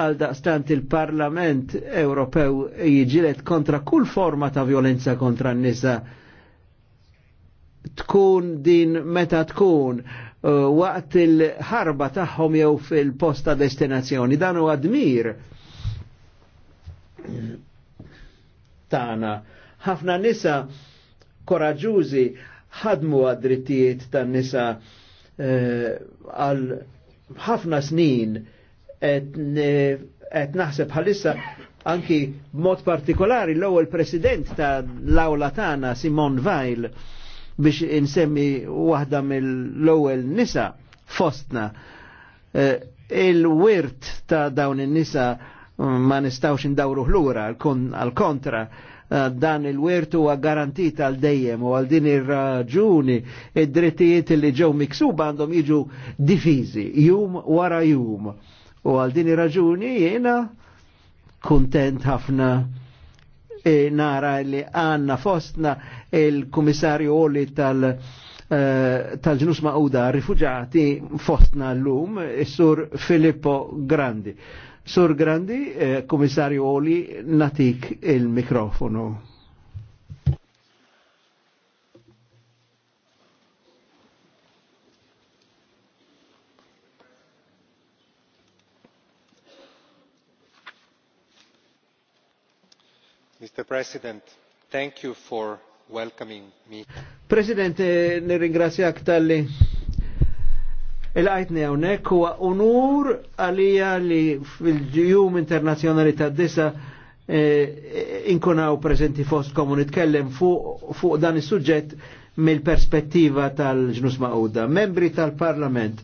Għal daqstant il-Parlament Ewropew jiġilet kontra kull forma ta' violenza kontra n-nisa tkun din meta tkun uh, waqt il-ħarba tagħhom jew fil posta destinazzjoni. Dan huwa dmir tagħna. Ħafna nisa koraġużi ħadmu għad-drittijiet tan-nisa uh, għal uh, ħafna snin qed naħseb bħalissa anki mod partikolari l-ewwel president ta' l-awla tagħna Simon Weil biex insemmi waħda mill-ewwel nisa fostna. E, il-wirt ta' dawn in-nisa mm, ma nistawx indawru ħlura għal-kontra e, dan il-wirt huwa garantit għal dejjem u għal din ir-raġuni id-drittijiet li ġew miksuba għandhom jiġu difiżi jum wara jum. U għal din ir-raġuni jiena kuntent ħafna e nara li għanna fostna il-komissarju Oli tal- e, tal-ġnus ma'uda rifugjati fostna l-lum, e sur Filippo Grandi. Sur Grandi, e, komissarju Oli, natik il-mikrofonu. Mr. President, thank you for welcoming me. President, nirringrazzjak tal-li Il-għajtni għonek huwa unur għalija li fil-ġijum internazjonali ta' disa eh, inkunaw prezenti fost u nitkellem fuq dan is suġġett mill-perspettiva tal-ġnus ma'uda. Membri tal-parlament,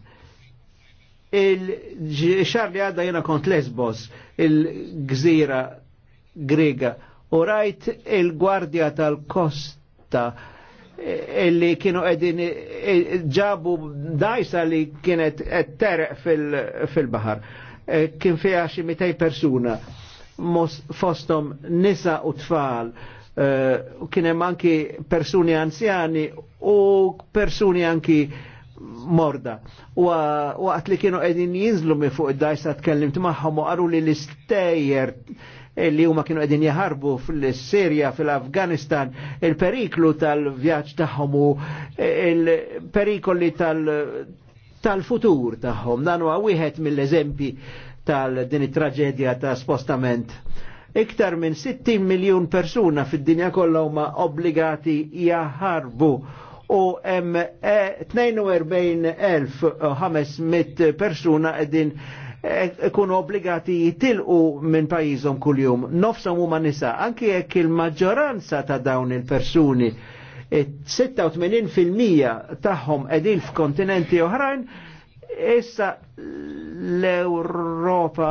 il-xar li għadda jena kont Lesbos, il-gżira grega u rajt il-gwardja tal-kosta e, illi kienu edin e, e, ġabu dajsa li kienet terq fil-bahar. Kien fija xi mitej persuna fostom nisa u tfal u kienem anki persuni anzjani u persuni anki morda. U Waqt li kienu edin jinżlu mi fuq id-dajsa tkellimt maħħom u għaru li l-istejjer li huma kienu qegħdin jaħarbu fil-Sirja, fil-Afganistan, il-periklu tal-vjaġġ tagħhom u eh, il-perikoli tal-futur tagħhom. Dan huwa wieħed mill-eżempji tal-din it-traġedja ta' spostament iktar minn 60 miljun persuna fid-dinja kollha huma obbligati jaħarbu u hemm 42,500 eh, persuna qegħdin ikunu obbligati jitilqu minn pajjiżhom kuljum. Nofsom huma nisa, anki jekk il-maġġoranza ta' dawn il-persuni 86% tagħhom qegħdin f'kontinenti oħrajn, issa l-Ewropa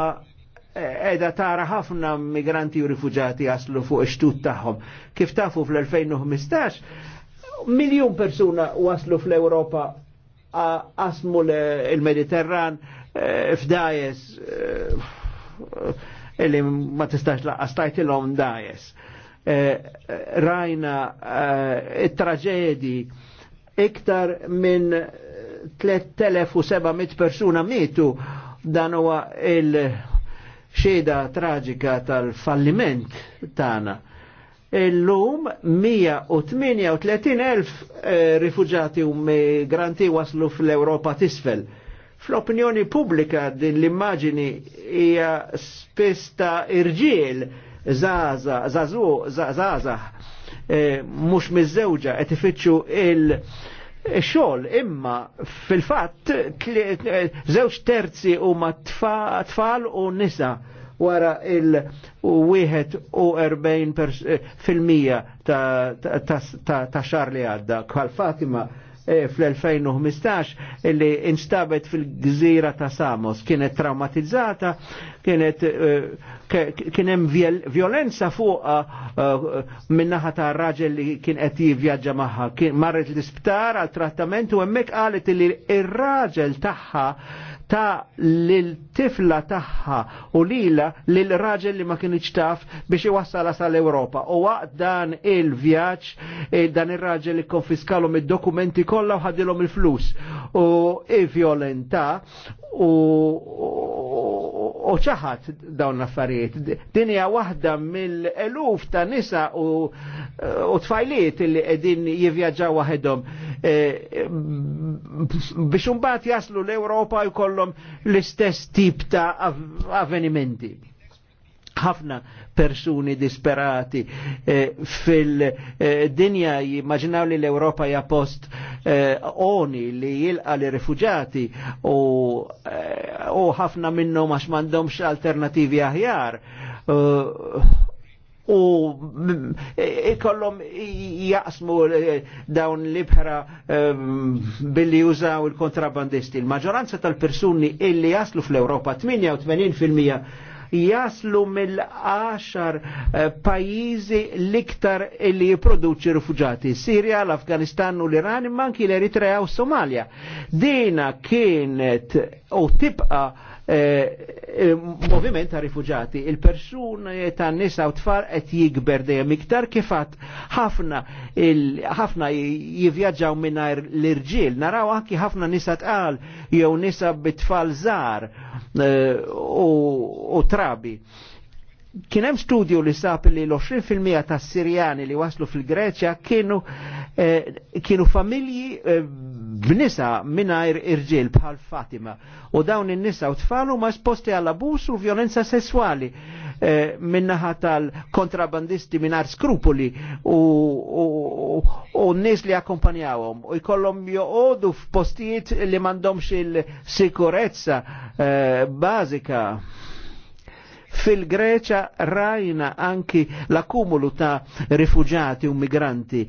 edha tara ħafna migranti u rifugjati jaslu fuq ix-tut tagħhom. Kif tafu fl-2015, miljun persuna waslu fl-Ewropa asmu il-Mediterran f'dajes eh, illi ma tistax laqqas tajtilhom dajes. Eh, rajna eh, it-traġedi iktar minn 3700 persuna mitu dan huwa il-xeda traġika tal-falliment tagħna Illum 138.000 rifugjati u migranti waslu fl-Europa tisfel. Fl-opinjoni pubblika din l immagini hija spesta irġiel zaza, zazu, zaza, e, mux mizzewġa qed ifittxu il- xol imma fil-fatt e, żewġ terzi u ma tfal u nisa wara il e, mija ta' xar li għadda. Bħal Fatima Eh, fl-2015 illi instabet fil-gżira ta' Samos. Kienet traumatizzata, kienet eh, kien hemm violenza fuqa eh, minnaħa ta' raġel li kien qed jivvjaġġa magħha. Marret l-isptar għal trattament u hemmhekk qalet li ir-raġel tagħha ta' l tifla tagħha u lila lil-raġel li ma kienieċ taf biex iwassala sal-Ewropa. U waqt dan il-vjaġġ e, dan ir-raġel li konfiskalhom id-dokumenti kollha u ħadilhom il-flus u ivjolenta u u ċaħat dawn l-affarijiet. Din hija waħda mill-eluf ta' nisa u, tfajliet li qegħdin jivvjaġġaw waħedhom e, biex imbagħad jaslu l-Ewropa jkollhom l-istess tip ta' avvenimenti ħafna persuni disperati eh, fil-dinja jimmaġinaw li l-Europa hija post eh, oni li jilqa li rifugjati eh, u ħafna minnu minnhom għax m'għandhomx alternativi aħjar. u ikollhom jaqsmu dawn l-ibħra billi jużaw il-kontrabandisti. Il-maġoranza tal-persuni illi jaslu fl-Europa 88% jaslu mill-10 eh, pajizi liktar li jiproduċi rifuġati. Sirja, l-Afganistan u l-Iran, imman ki l-Eritrea u Somalia. Dina kienet u tibqa' Eh, eh, moviment ta' rifugjati. Il-persuni ta' nisa u tfal qed jikber dejjem iktar kifat ħafna ħafna jivvjaġġaw mingħajr l-irġiel. Naraw anki ħafna nisa tqal jew nisa bit-tfal żgħar eh, u trabi. Kien hemm studju li sab li l-20% tas-Sirjani li waslu fil-Greċja kienu Eh, kienu familji eh, b'nisa mingħajr irġiel bħal Fatima u dawn in-nisa u tfalu ma sposti għal abusu u violenza sessuali eh, minnaħa tal-kontrabandisti mingħajr skrupuli u n nis li akkompanjawom u jkollhom joqogħdu f'postijiet li mandomx il-sikurezza bazika. fil-Greċa rajna anki l-akumulu ta' rifugjati u migranti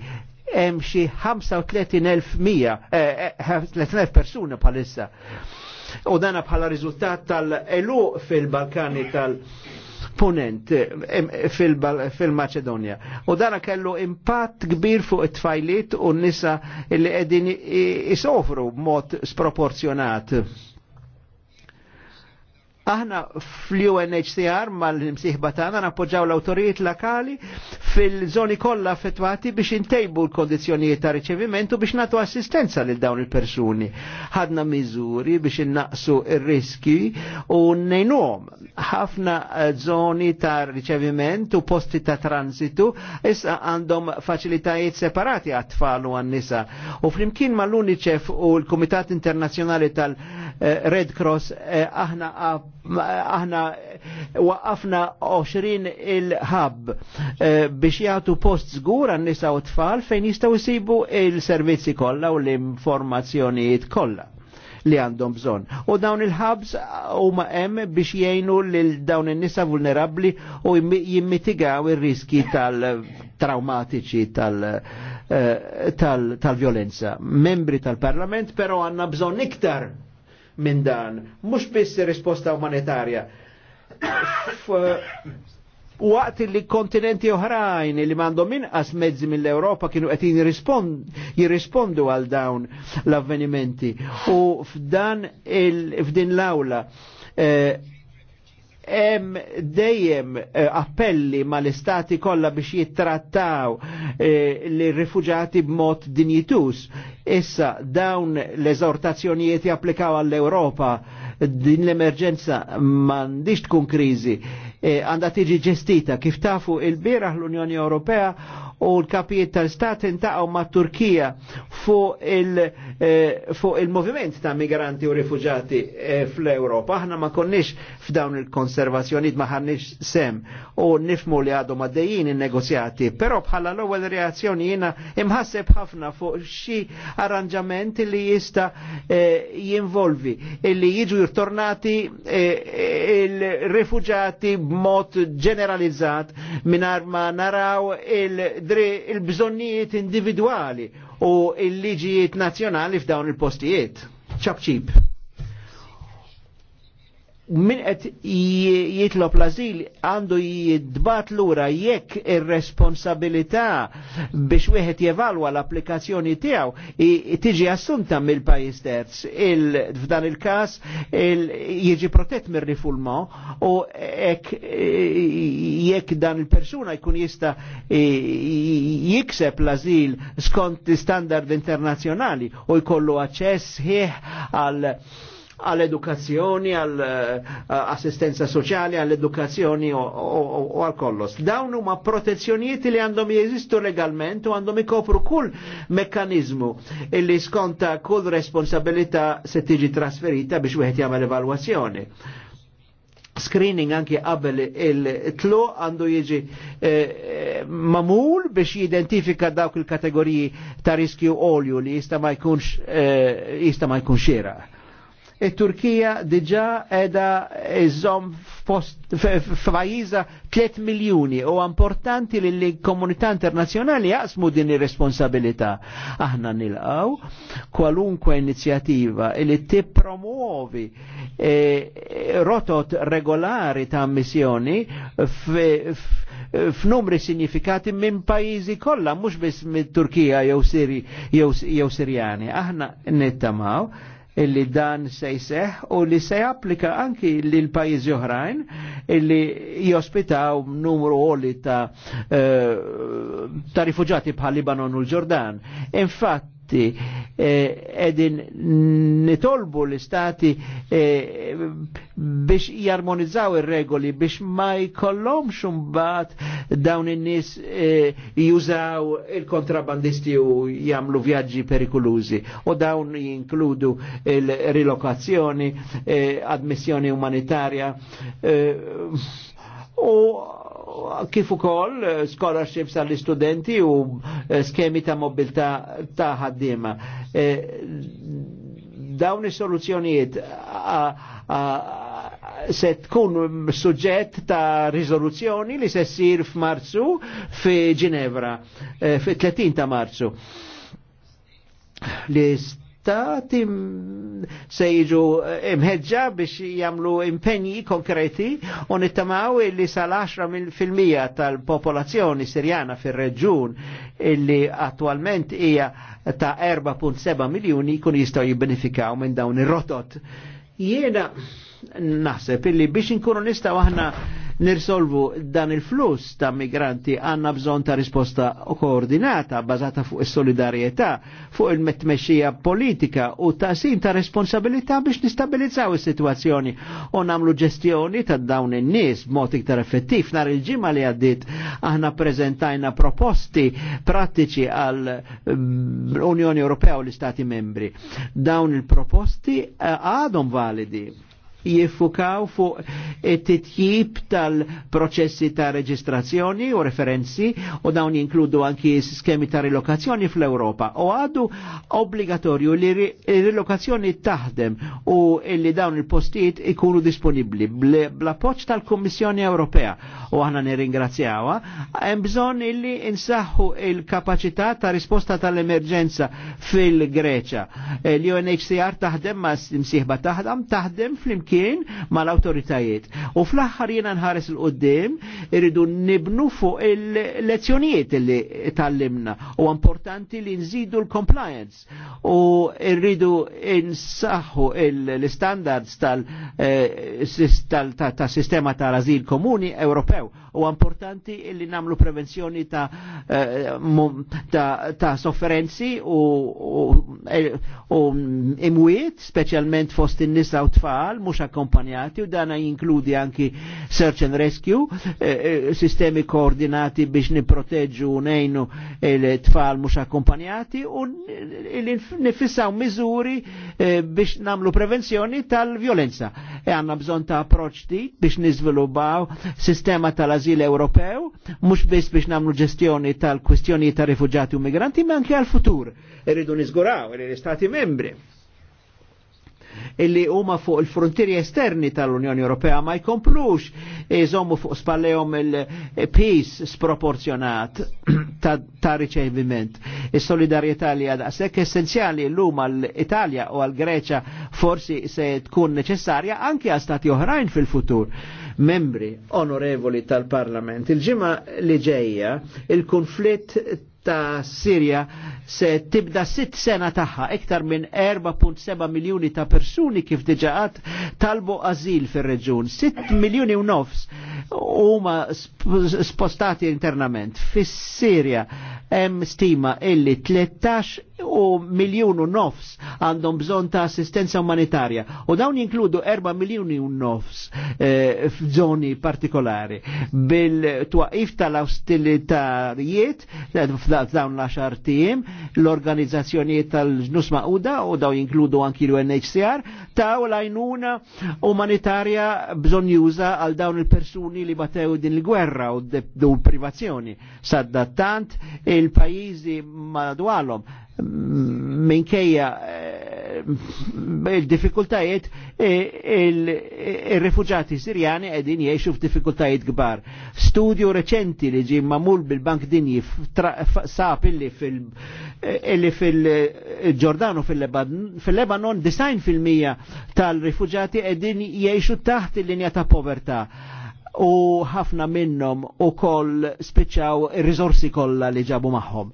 hemm xi 35,100 eh, eh, persuna bħalissa. U dana bħala riżultat tal-elu fil-Balkani tal-, ponent fil-Macedonia. U dana kellu impatt kbir fuq it tfajlit u nisa li qegħdin isofru b'mod sproporzjonat. Aħna fl-UNHCR mal-imsiħba tagħna nappoġġaw l-awtorijiet lokali fil-żoni kollha affettwati biex intejbu l-kondizzjonijiet ta' riċevimentu biex nagħtu assistenza lil dawn il-persuni. Ħadna miżuri biex innaqsu ir-riski u nejnuhom ħafna eh, żoni ta' riċeviment u posti ta' transitu issa għandhom faċilitajiet separati għat-tfal u għan-nisa. U flimkien mal-UNICEF u l-Kumitat Internazzjonali tal- Eh, Red Cross eh, aħna aħna waqafna 20 il-hub eh, biex jagħtu post żgur għan nisa u tfal fejn jistgħu jsibu il-servizzi kollha u l-informazzjonijiet kollha li għandhom bżon. U dawn il-ħabs huma hemm biex jgħinu lil dawn in-nisa vulnerabbli u jimmitigaw ir-riski tal-traumatiċi tal- tal-violenza. Membri tal-Parlament però għanna bżon iktar minn dan, mhux biss risposta umanitarja. Waqt li kontinenti oħrajn li mandom inqas mezzi mill-Europa kienu qed jirrispondu għal dawn l-avvenimenti. U f'dan il-f'din l-awla eh, hemm dejjem eh, appelli mal-istati kollha biex jittrattaw eh, l-rifuġati b'mod dinjitus. Issa dawn l-eżortazzjonijiet japplikaw għall-Ewropa din l-emerġenza m'għandix tkun kriżi eh, għandha eh, tiġi ġestita. Kif tafu il-bieraħ l-Unjoni Ewropea u l-kapijiet tal-stat intaqgħu ma' Turkija fuq eh, il-moviment ta' migranti u rifuġati eh, fl-Ewropa. Aħna ma konniex f'dawn il-konservazzjonijiet ma ħarniex sem u nifmu li għadu maddejjin in-negozjati, però bħala l-ewwel reazzjoni jiena imħasseb ħafna fuq xi arranġament li jista eh, jinvolvi illi jiġu jirtornati il-rifuġati b'mod ġeneralizzat minar ma naraw il jikdri il-bżonnijiet individuali u il-liġijiet nazjonali f'dawn il-postijiet. ċabċib min qed jitlob l-azil għandu jidbat lura jekk ir-responsabilità biex wieħed jevalwa l-applikazzjoni tiegħu tiġi assunta mill-pajjiż terz. f'dan il-każ jiġi protett mir-rifulmo u jekk dan il-persuna jkun jista' jikseb l-azil skont standard internazzjonali u jkollu aċċess ħieħ għal għall-edukazzjoni, eh, għal assistenza soċjali, għal edukazzjoni u għal-kollos. Dawn huma protezzjonijiet li għandhom jeżistu legalment u għandhom ikopru kull mekkanizmu illi skonta kull responsabilità se tiġi trasferita biex wieħed jagħmel evalwazzjoni screening anki qabel il-tlu għandu jiġi eh, mamul biex jidentifika dawk il-kategoriji ta' riskju olju li jista ma jkunx eh, jista ma jkunx xieraq it-Turkija diġa edha iżom f'pajjiża 3 miljuni u importanti li l-komunità internazjonali jaqsmu din ir-responsabilità. Aħna nilqaw kwalunkwe inizjattiva li tippromuovi e, rotot regolari ta' missjoni f'numri sinifikati minn pajjiżi kollha mhux biss mit-Turkija jew Sirjani. Aħna nittamaw illi dan se jseħ u li se japplika anki l pajjiżi oħrajn illi jospitaw numru għoli ta' eh, ta' rifugjati bħal Libanon u l-Ġordan. Infatti Uniti eh, edin nitolbu l-istati eh, biex jarmonizzaw il regoli biex ma jkollhomx imbagħad dawn in-nies eh, jużaw il-kontrabandisti u jamlu vjaġġi perikolużi u dawn jinkludu il-rilokazzjoni, admissjoni umanitarja u uh, kif ukoll uh, scholarships għall studenti u uh, skemi ta' mobilità ta' ħaddiema. Eh, dawn is-soluzzjonijiet se tkun suġġett ta' riżoluzzjoni li se ssir f'Marzu fi Ginevra, eh, fi 30 ta' Marzu. Li stati se jiġu eh, imħedġa biex jamlu impenji konkreti u nittamaw illi sal-10% tal-popolazzjoni sirjana fil-reġun illi attualment hija ta' 4.7 miljoni kun jistaw jibbenefikaw minn dawn ir-rotot. Jiena naħseb illi biex inkunu nistaw aħna nirsolvu dan il-flus ta' migranti għanna bżon ta' risposta koordinata bazata fuq is solidarieta fuq il-metmexxija politika u ta' sin ta' responsabilità biex nistabilizzaw is-sitwazzjoni u nagħmlu ġestjoni ta' dawn in-nies b'mod iktar effettiv. Nar il-ġimgħa li għaddiet aħna prezentajna proposti prattiċi għal mm, Unjoni Ewropea u l-Istati membri. Dawn il-proposti eh, għadhom validi jiffukaw fuq it titjib tal-proċessi ta' reġistrazzjoni u referenzi u dawn jinkludu anki skemi ta' rilokazzjoni fl-Europa. U għadu obbligatorju li rilokazzjoni taħdem u li dawn il-postijiet ikunu disponibli bla poċ tal-Kommissjoni Ewropea u aħna nirringrazzjawa. Hemm bżonn illi insaħħu il-kapaċità ta' risposta tal-emerġenza fil-Greċa. Eh, L-UNHCR taħdem ma' msieħba taħdem taħdem fl-imkien flimkien mal-autoritajiet. U fl-aħħar jena nħares l-qoddim irridu nibnu fuq il-lezzjonijiet li tallimna u importanti li nżidu l-compliance u irridu insaħħu l-standards tal-sistema eh, tal-azil komuni Ewropew u importanti li namlu prevenzjoni ta' eh, ta', ta sofferenzi u, u, u imwiet, specialment fost in-nisa u tfal, mux mhux akkompanjati u dana jinkludi anki search and rescue, eh, eh sistemi koordinati biex niproteġġu nejnu il-tfal mhux akkompanjati u nifissaw miżuri eh, biex namlu prevenzjoni tal-violenza. E għanna bżon ta' approċ di biex nizvilubaw sistema tal-azil Ewropew, mhux biss biex namlu ġestjoni tal-kwistjoni ta' rifugjati u migranti, ma anke għal-futur. Irridu nizguraw, l stati membri illi huma fuq il-frontieri esterni tal-Unjoni Ewropea ma jkomplux jżommu fuq spallejhom il-peace eh, sproporzjonat (clears throat) ta', ta riċeviment. Is-solidarjetà li għadha sekk essenzjali llum għall-Italja u għall-Greċja forsi se tkun neċessarja anke għal stati oħrajn fil-futur membri onorevoli tal-Parlament. Il-ġimma li ġejja il-konflitt ta' Sirja se tibda sitt sena tagħha iktar minn 4.7 miljuni ta' persuni kif diġaqat talbu azil fir-reġun. 6 miljuni u nofs huma spostati internament. Fis-Sirja hemm stima illi 13 u miljonu nofs għandhom bżon ta' assistenza umanitarja. U dawn jinkludu 4 miljoni u nofs eh, f'żoni partikolari. Bil-twaqif tal-austilitarijiet, f'dawn l-axar tijem, l-organizzazzjonijiet tal-ġnus ma'uda u daw jinkludu anki l-UNHCR, ta' u lajnuna umanitarja bżon juża għal dawn il-persuni li batew din il-gwerra u privazzjoni. Saddattant il-pajizi madwalom minkejja eh, il-difikultajiet eh, eh, il-refugġati sirjani għedin jiexu f-difikultajiet gbar. Studju reċenti li ġi mamul bil-Bank Dinji sab illi fil-ġordano fil-Lebanon design fil-mija tal-refugġati għedin jiexu taħt il-linja ta' povertà u ħafna minnom u koll spiċaw il-rizorsi kollha li ġabu maħħom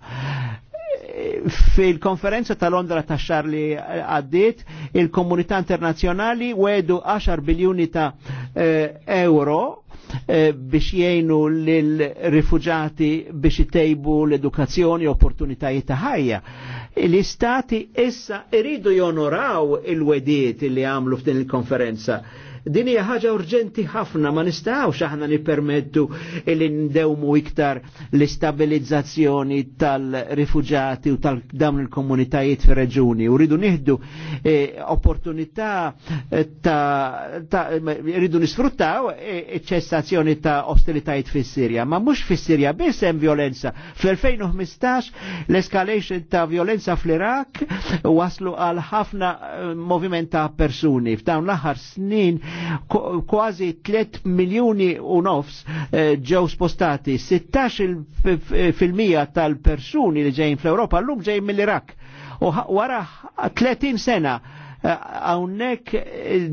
fil-konferenza ta' Londra ta' xar li għaddit, il-komunità internazjonali wedu 10 biljuni ta' eh, euro eh, biex jgħinu l-rifuġati biex jtejbu l-edukazzjoni opportunitajiet ta' ħajja. L-istati issa iridu jonoraw il-wediet li għamlu f'din il-konferenza. il konferenza Din hija ħaġa urġenti ħafna ma nistgħux aħna nippermettu li ndewmu iktar l-istabilizzazzjoni tal-rifuġati u tal-dawn il-komunitajiet fir-reġuni. Uridu nieħdu eh, opportunità eh, ta' rridu nisfruttaw eh, ċessazzjoni ta' ostilitajiet fis-Sirja, ma mhux fis-Sirja biss hemm violenza. Fl-2015 l-escalation ta' violenza fl-Irak waslu għal ħafna moviment ta' persuni. F'dawn l-aħħar snin kważi 3 miljuni u nofs eh, ġew spostati, 16% tal-persuni li ġejjin fl-Europa l-lum ġejjin mill-Irak. U wara 30 sena għawnek eh, eh,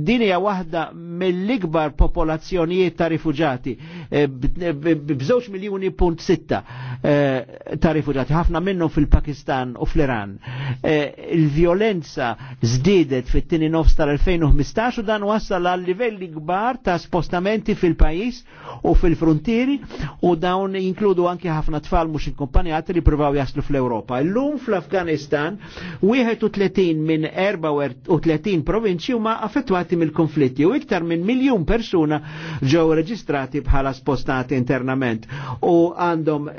dinja wahda mill-ikbar popolazzjonijiet ta' rifugjati, eh, bżewġ miljoni punt sitta eh, ta' rifugjati, ħafna minnhom fil-Pakistan u fl-Iran. Eh, il-violenza żdiedet fit-tini nofs tal-2015 u dan wassal għal livelli kbar ta' spostamenti fil-pajis u fil-frontieri u dawn inkludu anke ħafna tfal mhux inkumpanjati li provaw jaslu fl-Ewropa. Illum fl-Afganistan 31 minn 34 er- provinċi huma affettwati mill-konflitti u iktar minn miljun persuna ġew reġistrati bħala spostati internament u għandhom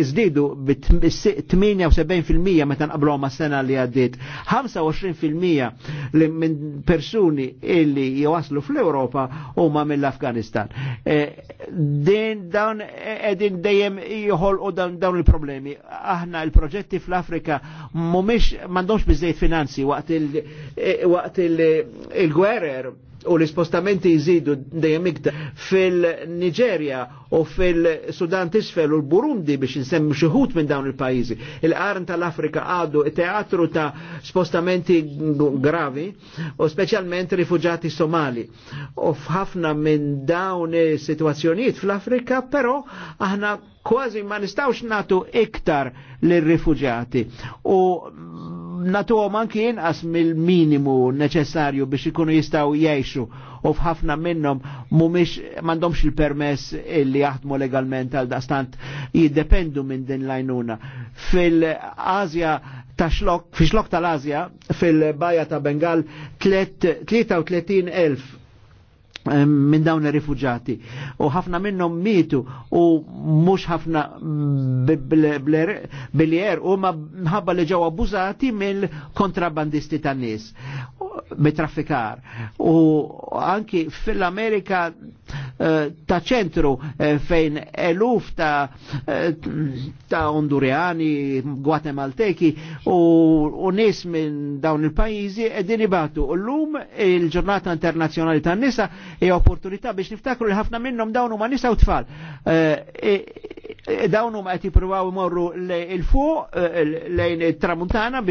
iżdidu e, bit 78% meta nqablhom ma' sena li għaddiet. 25% minn persuni illi jwaslu fl-Ewropa huma mill-Afganistan. E, din dawn qegħdin dejjem joħolqu dawn il-problemi. Aħna il-proġetti fl-Afrika mhumiex m'għandhomx biżejjed finanzi waqt e, il-gwerer u l-ispostamenti jżidu dejjem iktar fil-Niġerja u fil-Sudan tisfel u l-Burundi biex nsemmi xi minn dawn il pajizi Il-qarn tal-Afrika għadu teatru ta' spostamenti gravi u specialment rifugjati somali. U f'ħafna minn dawn is-sitwazzjonijiet fl-Afrika però aħna kważi ma nistawx natu iktar l-rifugjati. U natu anki inqas mill-minimu neċessarju biex ikunu jistaw jgħixu u f'ħafna minnhom mhumiex m'għandhomx il-permess li jaħdmu legalment għal daqstant jiddependu minn din l Fil-Azja ta' xlok, fi xlok tal-Azja, fil-Baja ta' Bengal, 33.000 minn dawn ir-rifuġati u ħafna minnhom mitu u mhux ħafna mm, biljer u ma mħabba li ġew abbużati mill-kontrabandisti tan-nies traffikar. u anki fil-Amerika eh, ta' ċentru eh, fejn eluf ta' eh, ta' Honduriani, Guatemalteki u, nies minn dawn il-pajjiżi qegħdin ibatu. lum il-Ġurnata internazjonali tan-Nisa hija e opportunità biex niftakru li ħafna minnhom dawn huma nisa u tfal. Eh, e, e, dawn huma qed jippruvaw imorru il-fuq eh, lejn it-tramuntana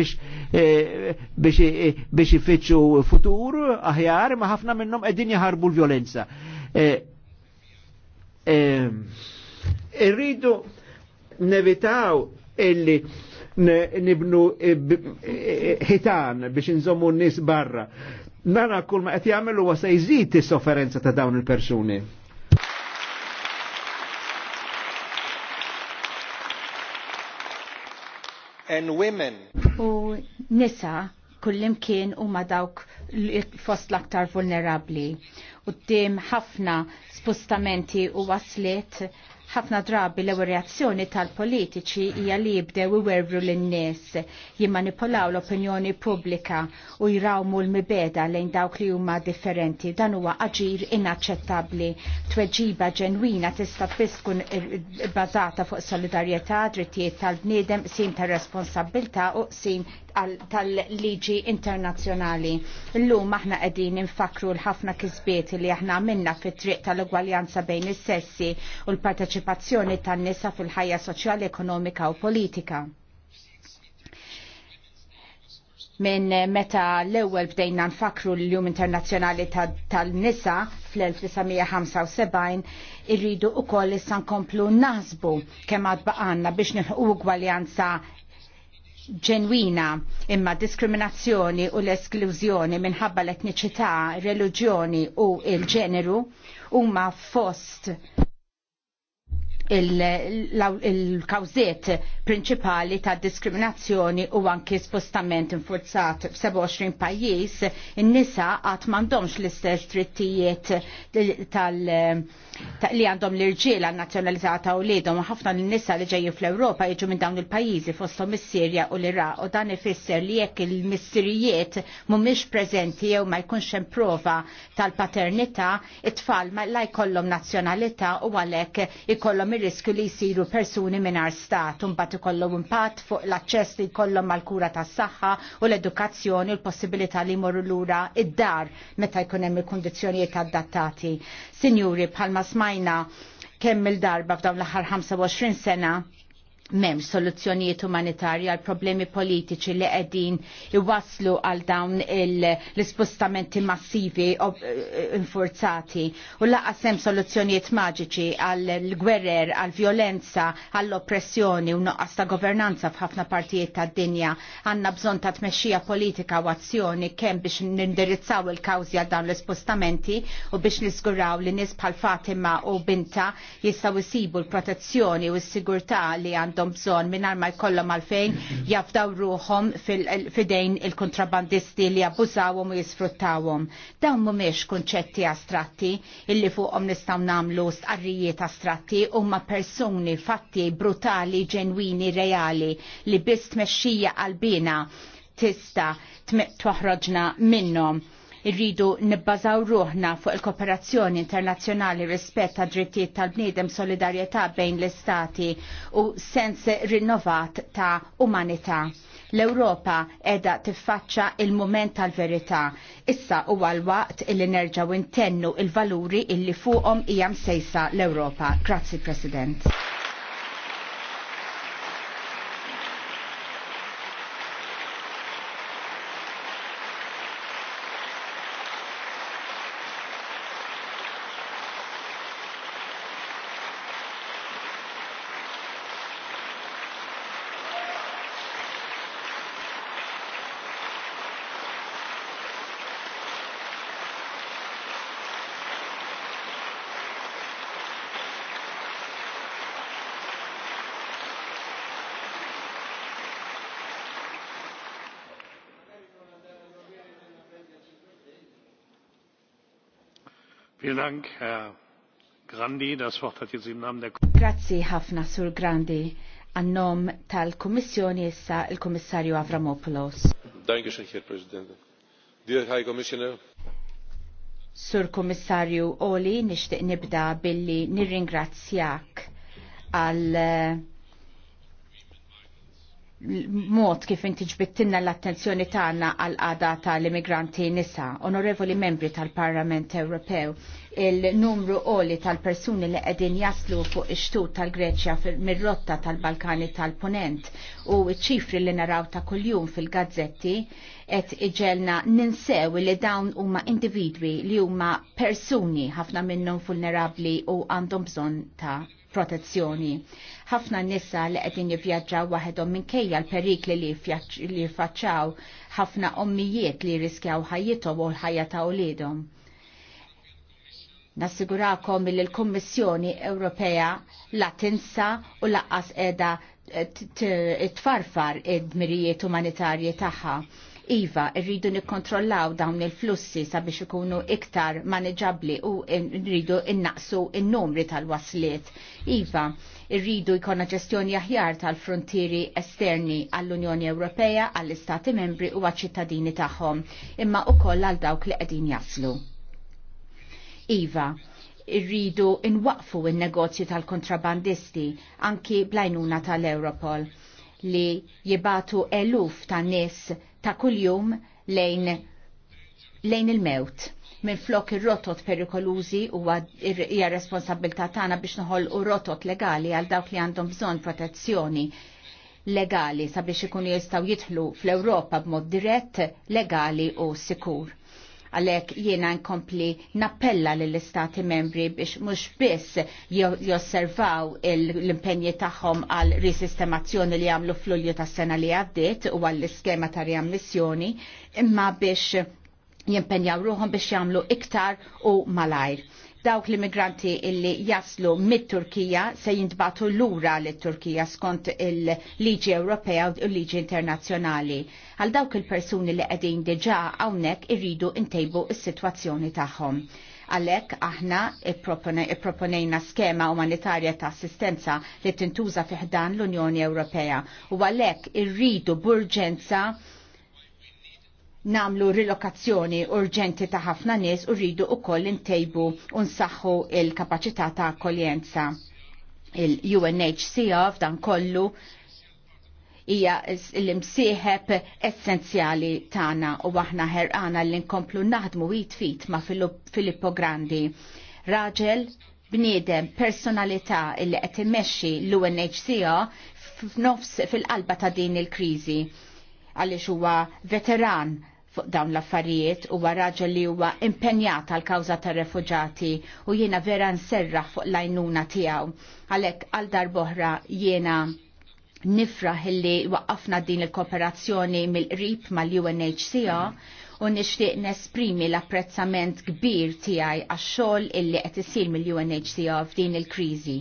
eh, biex ifittxu futur aħjar ma ħafna minnhom qegħdin jaħarbu l-vjolenza. Irridu nevitaw illi nibnu ħitan biex nżommu n-nis barra nara kull ma qed jagħmel huwa se jżid is-sofferenza ta' dawn il-persuni. And women. U nisa kullimkien u ma dawk fost l-aktar vulnerabli. U ħafna spostamenti u waslet ħafna drabi l ewwel reazzjoni tal-politiċi hija li jibdew iwerru lin-nies, jimmanipolaw l-opinjoni pubblika u jrawmu l-mibeda lejn dawk li huma differenti. Dan huwa aġir inaċċettabbli. Tweġiba ġenwina tista' biss tkun bbażata fuq solidarjetà, drittijiet tal-bniedem, sim tar responsabbilta u sim tal-liġi internazzjonali. Llum aħna qegħdin infakru l-ħafna kisbiet li aħna minna fit-triq tal-ugwaljanza bejn is-sessi u l-parteċipazzjoni tan-nisa fil-ħajja soċjali, ekonomika u politika. Minn meta l-ewwel bdejna nfakru l-Jum Internazzjonali tal-Nisa fl-1975 irridu ukoll issa nkomplu naħsbu kemm għad baqanna biex nilħu ugwaljanza ġenwina imma diskriminazzjoni u l-esklużjoni minħabba l-etniċità, reliġjoni u il-ġeneru huma fost il-kawżiet prinċipali ta' diskriminazzjoni u anki spostament infurzat f-27 pajjiż, in-nisa għat mandomx l-istess drittijiet li għandhom l-irġiela nazjonalizzata u lidhom ħafna l nisa li ġejjin fl-Ewropa jiġu minn dawn il-pajjiżi fosthom is-Sirja u l-Iraq u dan ifisser li jekk il-missirijiet mhumiex prezenti jew ma jkunx hemm prova tal-paternità, it-tfal ma jkollhom nazzjonalità u għalhekk ikollhom riskju li jsiru persuni mingħajr stat un ikollhom impatt fuq l-aċċess li jkollhom mal-kura tas-saħħa u l-edukazzjoni u l-possibilità li jmorru lura id-dar meta jkun hemm il-kundizzjonijiet adattati. Sinjuri bħalma smajna kemm il-darba f'dawn l-aħħar 25 sena mem soluzzjonijiet umanitarji għal problemi politiċi li qegħdin iwaslu għal dawn l-ispostamenti massivi eh, infurzati u laqas hemm soluzzjonijiet maġiċi għal gwerer għal violenza għall oppressjoni u noqqas ta' governanza f'ħafna partijiet tad-dinja għandna bżonn ta' tmexxija politika u azzjoni kemm biex nindirizzaw il-kawżi għal dawn l-ispostamenti u biex niżguraw li nies bħal Fatima u Binta jistgħu jsibu l-protezzjoni u s-sigurtà li għandhom għandhom bżonn mingħajr ma jkollhom għalfejn jafdaw ruhom fidejn il-kontrabandisti li abbużawhom u jisfruttawhom. Dawn mhumiex kunċetti astratti illi fuqhom nistgħu nagħmlu stqarrijiet astratti huma persuni fatti brutali ġenwini reali li biss tmexxija qalbina tista toħroġna minnhom Irridu nibbażaw ruħna fuq il-kooperazzjoni internazzjonali rispett ta' drittijiet tal-bniedem solidarjetà bejn l-istati u sens rinnovat ta' umanità. L-Ewropa edha tiffaċċa il-moment tal-verità. Issa huwa l-waqt illi nerġgħu intennu il-valuri illi fuqhom hija msejsa l-Ewropa. Grazzi President. Grazzi ħafna Sur Grandi għannom tal-Kommissjoni issa il-Kommissarju Avramopoulos. Danke schön, Herr Präsident. Dear High Commissioner. Sur Kommissarju Oli, nishtiq nibda billi nirringrazzjak għal eh, mod kif inti ġbittinna l-attenzjoni tagħna għal qada tal-immigranti nisa, onorevoli membri tal-Parlament Ewropew, il-numru qoli tal-persuni li qegħdin jaslu fuq ix-xtut tal-Greċja mir-rotta tal-Balkani tal-Ponent u ċ-ċifri li naraw ta' kuljum fil-gazzetti qed iġelna ninsew li dawn huma individwi li huma persuni ħafna minnhom vulnerabbli u għandhom bżonn ta' protezzjoni ħafna nisa li qegħdin jivvjaġġaw waħedhom minkejja l-perikli li jiffaċċaw ħafna ommijiet li riskjaw ħajjithom u l-ħajja ta' ulidhom. Nassigurakom li l-Kummissjoni Ewropea la tinsa u laqqas edha tfarfar id-dmirijiet umanitarji tagħha Iva, rridu nikkontrollaw dawn il-flussi sabiex ikunu iktar maneġabli u rridu innaqsu il-numri tal-wasliet. Iva, rridu jkollna ġestjoni aħjar tal-frontieri esterni għall-Unjoni Ewropea, għall-Istati membri u għal-ċittadini tagħhom, imma ukoll għal dawk li qegħdin jaslu. Iva, rridu inwaqfu in negozju tal-kontrabandisti anki blajnuna tal-Europol li jibatu eluf ta' nis ta' kuljum lejn, lejn il-mewt minn flok ir-rotot perikolużi u hija responsabilità tagħna biex u rotot legali għal dawk li għandhom bżonn protezzjoni legali sabiex ikunu jistgħu jidħlu fl-Ewropa b'mod dirett, legali u sikur. Għalek jiena nkompli nappella lill-istati membri biex mux biss josservaw l-impenji tagħhom għal risistemazzjoni li għamlu fl-ulju tas sena li għaddit u għall-iskema ta' riammissjoni imma biex jimpenjaw ruħom biex jagħmlu iktar u malajr Dawk l-immigranti illi jaslu mit-Turkija se jintbatu lura l turkija skont il-liġi Ewropea u l-liġi internazzjonali. Għal dawk il-persuni li qegħdin diġà hawnhekk irridu ntejbu il sitwazzjoni tagħhom għalek aħna ipproponejna skema umanitarja ta' assistenza li tintuża fiħdan l-Unjoni Ewropea u għalek irridu burġenza namlu rilokazzjoni urġenti ta' ħafna nies u rridu ukoll intejbu u nsaħħu il-kapaċità ta' akkoljenza. Il-UNHCR f'dan kollu hija l-imsieħeb essenzjali tagħna u aħna ħerqana li nkomplu naħdmu fit ma' Filippo Grandi. Raġel bniedem personalità li qed immexxi l-UNHCR f'nofs fil-qalba ta' din il-kriżi għaliex huwa veteran fuq dawn l-affarijiet u raġel li huwa impenjat għal kawza tar refugġati u jiena vera nserraħ fuq lajnuna tiegħu. Għalhekk għal darboħra jiena nifraħ illi waqqafna din il-kooperazzjoni mill-qrib mal-UNHCR u nixtieq nesprimi l-apprezzament kbir tiegħi għax-xogħol illi qed isir mill-UNHCR f'din il-kriżi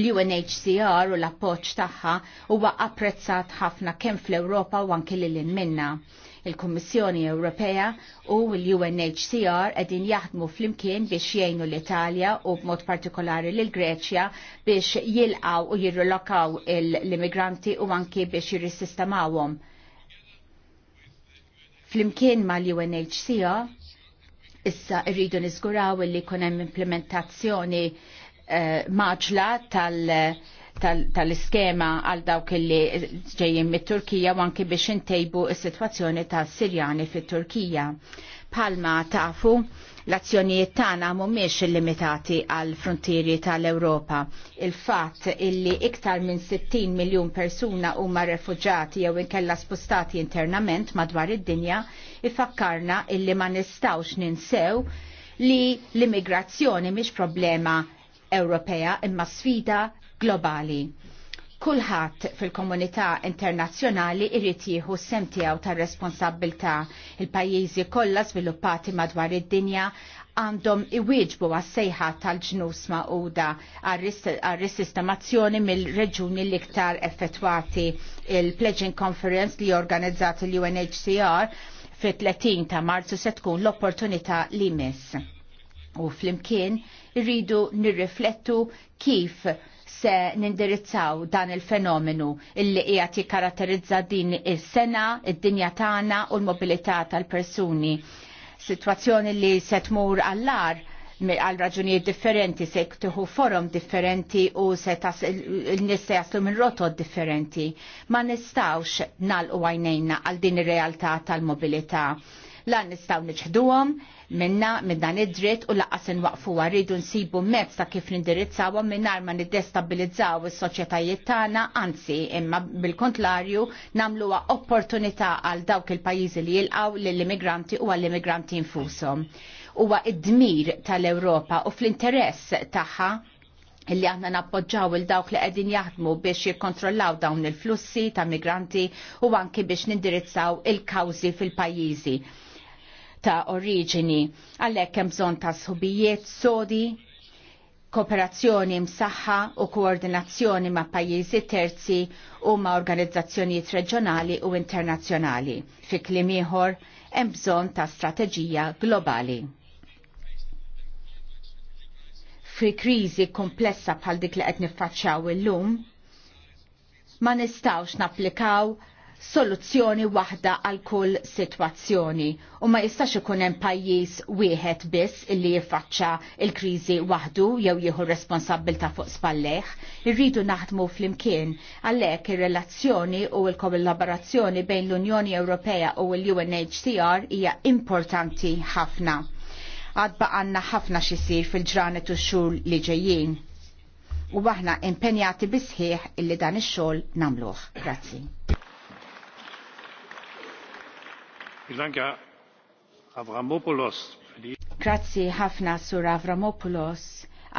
il-UNHCR u l appoġġ tagħha huwa apprezzat ħafna kemm fl-Ewropa u anke lil minna. Il-Kummissjoni Ewropea u l-UNHCR għedin jaħdmu fl-imkien biex jgħinu l-Italja u b'mod partikolari l-Greċja biex jilqaw u jirrolokaw l-immigranti u anki biex jirrisistamawhom. Fl-imkien mal-UNHCR issa rridu niżguraw li kunem hemm implementazzjoni uh, maġla tal- uh, tal-iskema tal għal dawk li ġejjin mit-Turkija u anki biex intejbu is-sitwazzjoni tas Sirjani fit-Turkija. Palma tafu l-azzjonijiet tagħna mhumiex illimitati għal frontieri tal-Ewropa. Il-fatt illi iktar minn 60 miljun persuna huma refuġati jew inkella spostati internament madwar id-dinja ifakkarna illi ma nistgħux ninsew li l-immigrazzjoni mhix problema Ewropea imma sfida globali. Kulħadd fil-komunità internazzjonali irrid jieħu sem tiegħu tar-responsabbiltà. Il-pajjiżi kollha żviluppati madwar id-dinja għandhom iwieġbu għas-sejħa tal-ġnus maquda għar risistemazzjoni mill-reġuni l-iktar effettwati. Il-Pledging Conference li organizzat l-UNHCR fit-30 ta' marzu se tkun l-opportunità li miss. U fl-imkien irridu nirriflettu kif se nindirizzaw dan il-fenomenu illi qiegħed jikkaratterizza din is-sena, id-dinja tagħna u l-mobilità tal-persuni. Situazzjoni li se tmur għall-ar għal raġunijiet differenti, se tieħu forum differenti u se n nies se jaslu minn rotot differenti. Ma nistgħux nalqu għajnejna għal din ir-realtà tal-mobilità. Lan nistgħu niġħduhom, minna minn dan id-dritt u laqqas inwaqfu rridu nsibu mezz ta' kif nindirizzawha mingħajr ma niddestabilizzaw is-soċjetajiet tagħna, anzi imma bil-kontlarju nagħmluha opportunità għal dawk il-pajjiżi li jilqgħu lill-immigranti u għall-immigranti infushom. Huwa id-dmir tal-Ewropa u fl-interess tagħha illi aħna nappoġġaw il dawk li qegħdin jaħdmu biex jikkontrollaw dawn il-flussi ta' migranti u anki biex nindirizzaw il-kawżi fil-pajjiżi ta' oriġini. Għalhekk hemm bżonn ta' sħubijiet sodi, kooperazzjoni msaħħa u koordinazzjoni ma' pajjiżi terzi u ma' organizzazzjonijiet reġjonali u internazzjonali. Fi kliem ieħor hemm bżonn ta' strateġija globali. Fi kriżi komplessa bħal dik li qed niffaċċjaw illum, ma nistawx napplikaw soluzzjoni waħda għal kull sitwazzjoni u ma jistax ikun hemm pajjiż wieħed biss illi jiffaċċa il-kriżi waħdu jew jieħu responsabbilta fuq spalleħ, irridu naħdmu flimkien għalhekk ir-relazzjoni u l-kollaborazzjoni bejn l-Unjoni Ewropea u l-UNHCR hija importanti ħafna. Għadba għanna ħafna xisir fil-ġranet u xhur li ġejjin u aħna impenjati bisħieħ illi dan ix-xogħol nagħmluh. Grazzi. Grazzi ħafna Sur Avramopoulos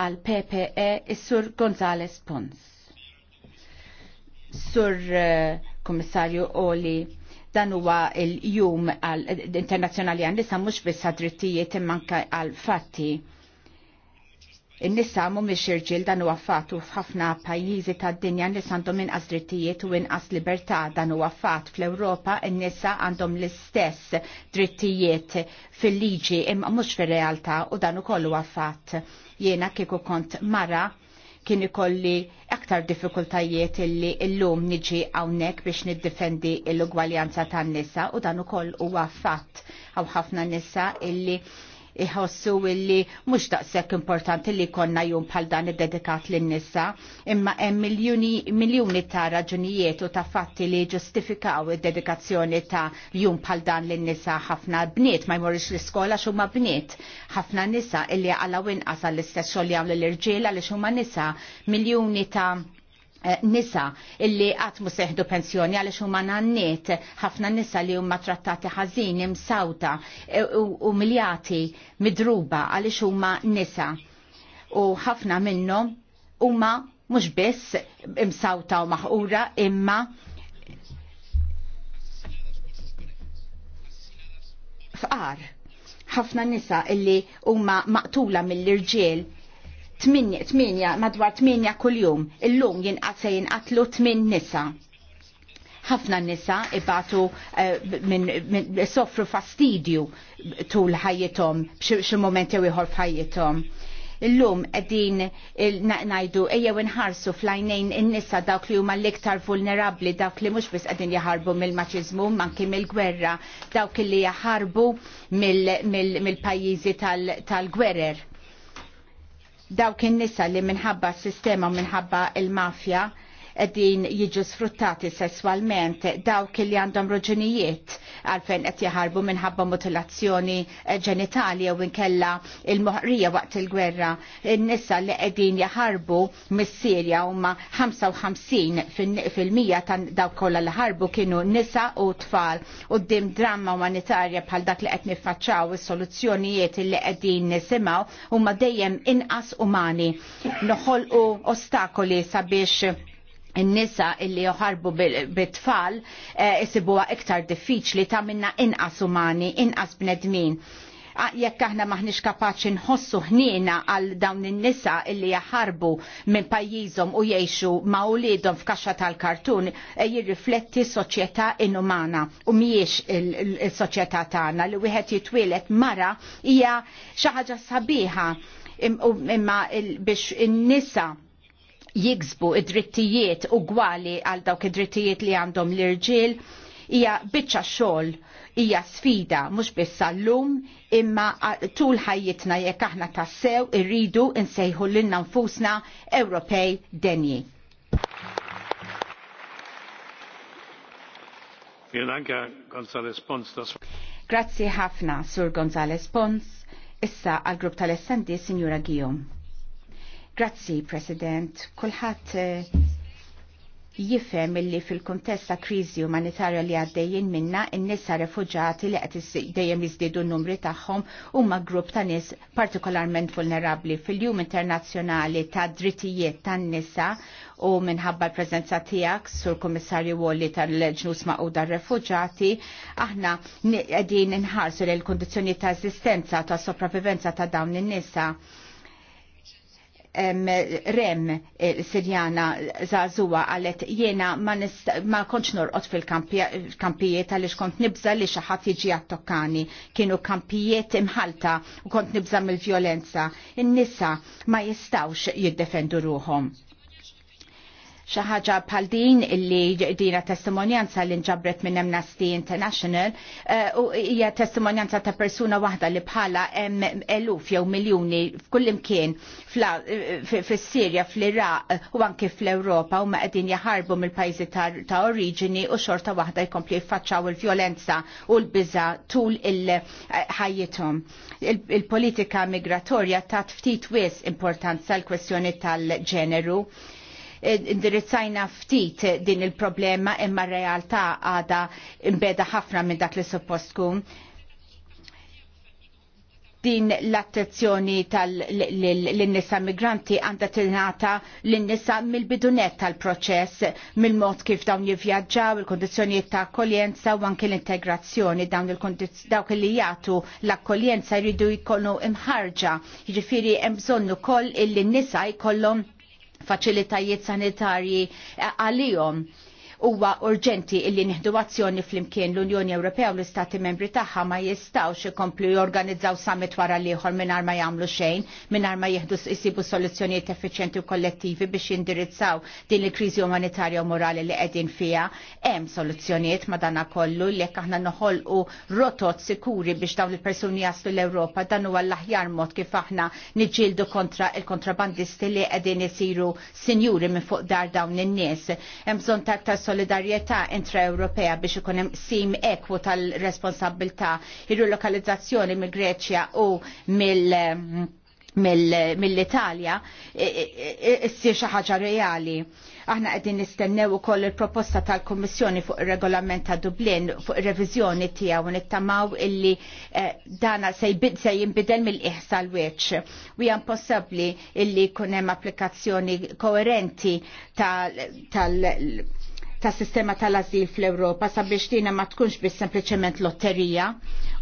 għal PPE Sur Gonzales Pons. Sur eh, Komissarju Oli, dan huwa il-jum internazzjonali għan mhux biss drittijiet imma anke għal fatti In-nisa mhumiex irġiel dan huwa u f'ħafna pajjiżi tad-dinja li nisa għandhom inqas drittijiet u inqas libertà dan huwa għaffat fl-Ewropa il nisa għandhom l-istess drittijiet fil-liġi imma mhux fir-realtà u dan ukoll huwa fatt. Jiena kieku kont mara kien ikolli aktar diffikultajiet illi illum niġi hawnhekk biex niddefendi l-ugwaljanza tan-nisa u dan ukoll huwa fatt għaw ħafna nisa illi iħossu illi mhux daqshekk importanti li konna jum bħal dan id-dedikat lin-nisa, imma hemm miljuni, ta' raġunijiet u ta' fatti li ġustifikaw id-dedikazzjoni ta' jum bħal dan lin-nisa ħafna bniet ma jmorrix l-iskola x'huma bniet. Ħafna nisa illi għalaw inqas għall-istess xogħol jagħmlu l-irġiela li x'huma nisa miljuni ta' Eh, nisa illi għat seħdu pensjoni għalix huma nannet ħafna nisa li huma trattati ħażin imsawta eh, umiljati midruba għalix huma nisa u ħafna minnhom huma mhux biss imsawta u maħqura imma fqar ħafna nisa illi huma maqtula mill-irġiel 8 madwar 8 kuljum. Illum jinqat se jinqatlu 8 nisa ħafna nisa ibatu eh, minn soffru fastidju tul ħajjithom b'xi moment jew ieħor f'ħajjithom. Illum qegħdin ngħidu ejjew inħarsu fl-għajnejn in-nisa dawk li huma l-iktar vulnerabbli dawk li mhux biss qegħdin jaħarbu mill-maċiżmu manki mill-gwerra dawk li jaħarbu mill-pajjiżi tal-gwerer dawk in-nisa li minħabba s-sistema u minħabba il-mafja din jiġu sfruttati sessualment dawk li għandhom raġunijiet għalfejn qed jaħarbu minħabba mutilazzjoni eh, ġenitali jew inkella il-moħrija waqt il-gwerra. In-nisa li qegħdin jaħarbu mis-Sirja huma 55 fil-mija ta' dawk kollha li ħarbu kienu nisa u tfal u ddim dramma umanitarja bħal dak li qed niffaċċaw is-soluzzjonijiet li qegħdin nisimgħu huma dejjem inqas umani. Noħolqu ostakoli sabiex n-nisa illi joħarbu bit-tfal jisibuwa eh, iktar diffiċli ta' minna inqas umani, inqas bnedmin. Jekk aħna maħniex kapaċi nħossu ħnina għal dawn in-nisa illi jaħarbu minn pajjiżhom u jgħixu ma' ulidhom f'kaxxa tal-kartun eh, jirrifletti soċjetà inumana u mhijiex il-soċjetà tagħna li wieħed jitwielet mara hija xi ħaġa sabiħa imma biex in-nisa jiksbu id-drittijiet ugwali għal dawk id-drittijiet li għandhom l-irġiel hija biċċa xogħol hija sfida mhux biss għallum imma tul ħajjitna jekk aħna tassew irridu nsejħu lilna nfusna Ewropej denji. Grazzi ħafna, Sur Gonzales Pons. Issa għal grupp tal-essendi, Signora Guillaume. Grazzi, President. Kulħadd eh, jifhem illi fil-kuntest ta' kriżi umanitarja li għaddejjen minna in-nisa refugġati li qed dejjem jiżdiedu n-numri tagħhom huma grupp ta' nies partikolarment vulnerabbli fil-Jum Internazzjonali ta' Drittijiet tan-nisa u minħabba l-preżenza tiegħek sur Kummissarju Wolli tal-Ġnus Maquda Refuġati, aħna qegħdin inħarsu lil kundizzjoni ta' eżistenza ta' sopravivenza ta' dawn in-nisa rem eh, Sirjana Zazua għalet jena ma konċ norqot fil-kampijiet għalix kont nibza li xaħat jiġi għattokkani. Kienu kampijiet imħalta u kont nibza mill-violenza. In-nisa ma jistawx jiddefendu ruħom Xi ħaġa bħal din illi dina testimonjanza li nġabret minn Amnesty International eh, u hija testimonjanza ta' persuna waħda li bħala hemm eluf jew miljuni f'kullimkien eh, fis-Sirja, fl-Iraq eh, u anke fl-Ewropa huma qegħdin jaħarbu mill-pajjiżi ta' oriġini u xorta waħda jkompli jfaċċaw il-vjolenza u l-biża tul il-ħajjithom. Il-politika migratorja tat ftit wis importanza l-kwestjoni tal-ġeneru Eh, indirizzajna ftit din il-problema imma r-realtà għada imbeda ħafna minn dak li suppost tkun din l-attenzjoni tal-nisa migranti għanda tinata l-nisa mill-bidunet tal-proċess, mill-mod kif dawn jivjaġġaw, il-kondizjoni ta' akkoljenza u anke l-integrazzjoni dawn dawk li jgħatu l-akkoljenza jridu jkollu imħarġa, jġifiri jemżonnu koll il-nisa jkollhom faċilitajiet sanitarji eh, għalihom huwa urġenti illi nieħdu azzjoni flimkien l-Unjoni Ewropea u l-Istati Membri tagħha ma jistgħux ikomplu jorganizzaw summit wara l-ieħor mingħajr ma jagħmlu xejn, mingħajr ma jieħdu jsibu soluzzjonijiet effiċjenti u kollettivi biex jindirizzaw din il-kriżi umanitarja u morali li qegħdin fiha. Hemm soluzzjonijiet madana kollu li jekk aħna noħolqu rotot sikuri biex dawn il-persuni jaslu l-Ewropa dan huwa l-aħjar mod kif aħna niġġieldu kontra il-kontrabandisti li qegħdin isiru sinjuri minn fuq dar dawn in-nies. Hemm bżonn ta' solidarjetà intra-Ewropea biex ikun hemm sim ekwu tal-responsabilità ir lokalizzazzjoni mill-Greċja u mill- mill-Italja issir xi ħaġa reali. Aħna qegħdin nistennew ukoll il-proposta tal-Kummissjoni fuq ir-regolament ta' Dublin fuq ir-reviżjoni tiegħu nittamaw illi eh, dana se jinbidel mill-iħsa l-weċ. U hija impossibbli illi jkun hemm applikazzjoni koerenti tal ta' sistema tal-azil fl-Europa sabiex dina ma tkunx bis sempliciment lotterija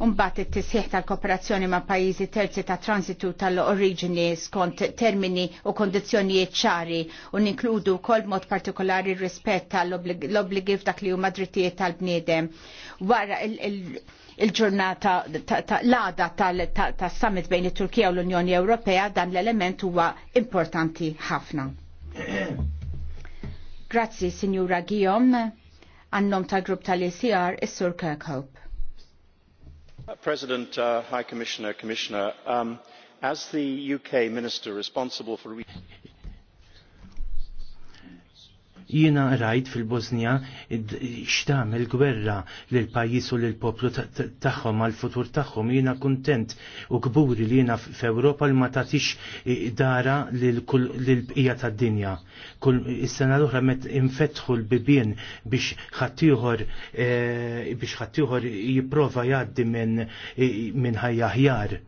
Umbat it-tisħiħ tal-kooperazzjoni ma' pajizi terzi ta' transitu tal-origini skont termini u kondizjonijiet ċari u ninkludu kol mod partikolari rispett tal-obligi f'dak li huma drittijiet tal-bniedem. Wara il-ġurnata l-għada tal-summit bejn it-Turkija u l-Unjoni Ewropea dan l-element huwa importanti ħafna. (clears throat) Grazzi, Signora Guillaume, Annom ta' grupp tal-ECR, is Kirkhope. President, uh, High Commissioner, Commissioner, um, as the UK Minister responsible for... Jiena rajt fil-Bosnija xtamel gwerra l pajjiż u l poplu tagħhom għal futur tagħhom. jina kuntent u kburi li jiena f'Ewropa li ma tagħtix dara lil bqija tad-dinja. Kull is-sena l-oħra met infetħu l-bibien biex ħaddieħor eh, biex ħaddieħor jipprova jgħaddi minn ħajja ħjar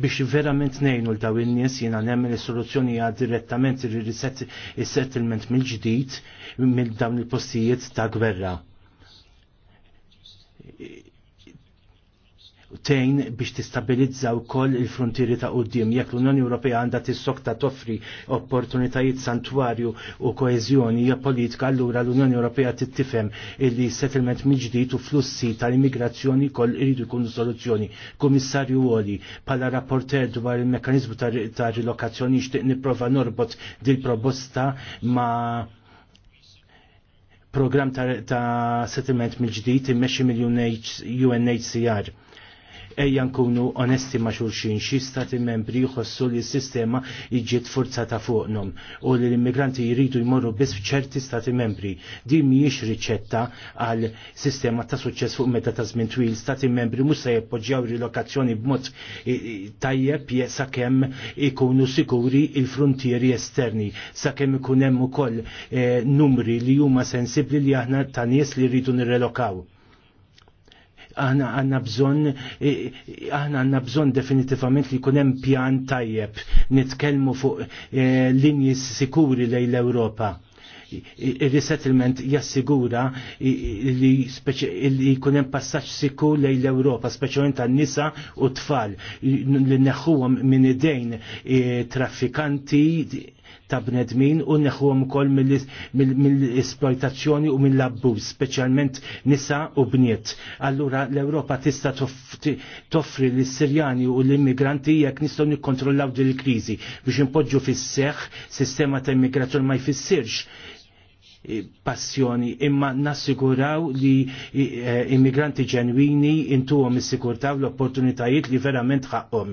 biex verament nejnu l-daw il-nies jiena nemmen is soluzzjoni għad direttament il-settlement mill-ġdijt mill-dawn il-postijiet ta' gwerra tejn biex tistabilizza wkoll il-frontieri ta' qudiem jekk l-Unjoni Ewropea għandha tissok ta' toffri opportunitajiet santwarju u koeżjoni hija politika allura l-Unjoni Ewropea tittifhem illi settlement mill-ġdid u flussi tal-immigrazzjoni koll iridu jkunu soluzzjoni. Kummissarju Woli, pala rapporter dwar il-mekkanizmu ta' rilokazzjoni xtieq nipprova norbot dil-proposta ma' program ta', ta settlement mill-ġdid immexxi mill-UNHCR ejja nkunu onesti ma' xulxin xi stati membri jħossu li s-sistema jiġi forzata fuqnom u li l-immigranti jridu jmorru biss f'ċerti stati membri. Din mhijiex riċetta għal sistema ta' suċċess fuq meta ta' żmien twil. Stati membri mhux se jappoġġjaw rilokazzjoni b'mod tajjeb sakemm ikunu sikuri il-frontieri esterni, sakemm ikun hemm ukoll eh, numri li huma sensibbli li aħna ta' nies li rridu nirrelokaw aħna għanna bżon e, aħna għanna bżon definitivament li kunem pjan tajjeb nitkelmu fuq e, linji sikuri lej l-Europa il-resettlement jassigura li kunem passaċ sikur lej l-Europa, speċjalment tan nisa u tfal li neħħuhom minn idejn e, traffikanti ta' bnedmin u neħuhom ukoll mill-esploitazzjoni u mill-abbuż, speċjalment nisa u bniet. Allura l-Ewropa tista' toffri lis-Sirjani u l-immigranti jekk nistgħu nikkontrollaw din il-kriżi biex impoġġu fis-seħħ sistema ta' immigrazzjoni ma jfissirx eh, passjoni imma nassiguraw li eh, immigranti ġenwini intuhom is-sigurtaw l-opportunitajiet li verament ħaqhom.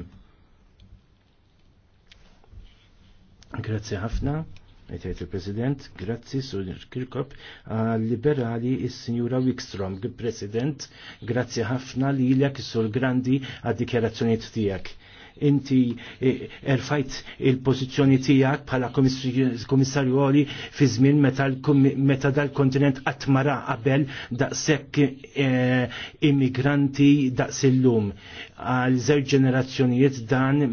Grazzi ħafna, jtajt il-President, grazzi Sur Kirkop, liberali il-Sinjura Wikstrom, President, grazzi ħafna li l-jak Sur Grandi għad dikjarazzjoniet tijak inti eh, erfajt il-pozizjoni tijak bħala komissarju għoli fi żmien meta dal-kontinent għatmara qabel daqsek eh, immigranti daqs illum. Għal żewġ ġenerazzjonijiet dan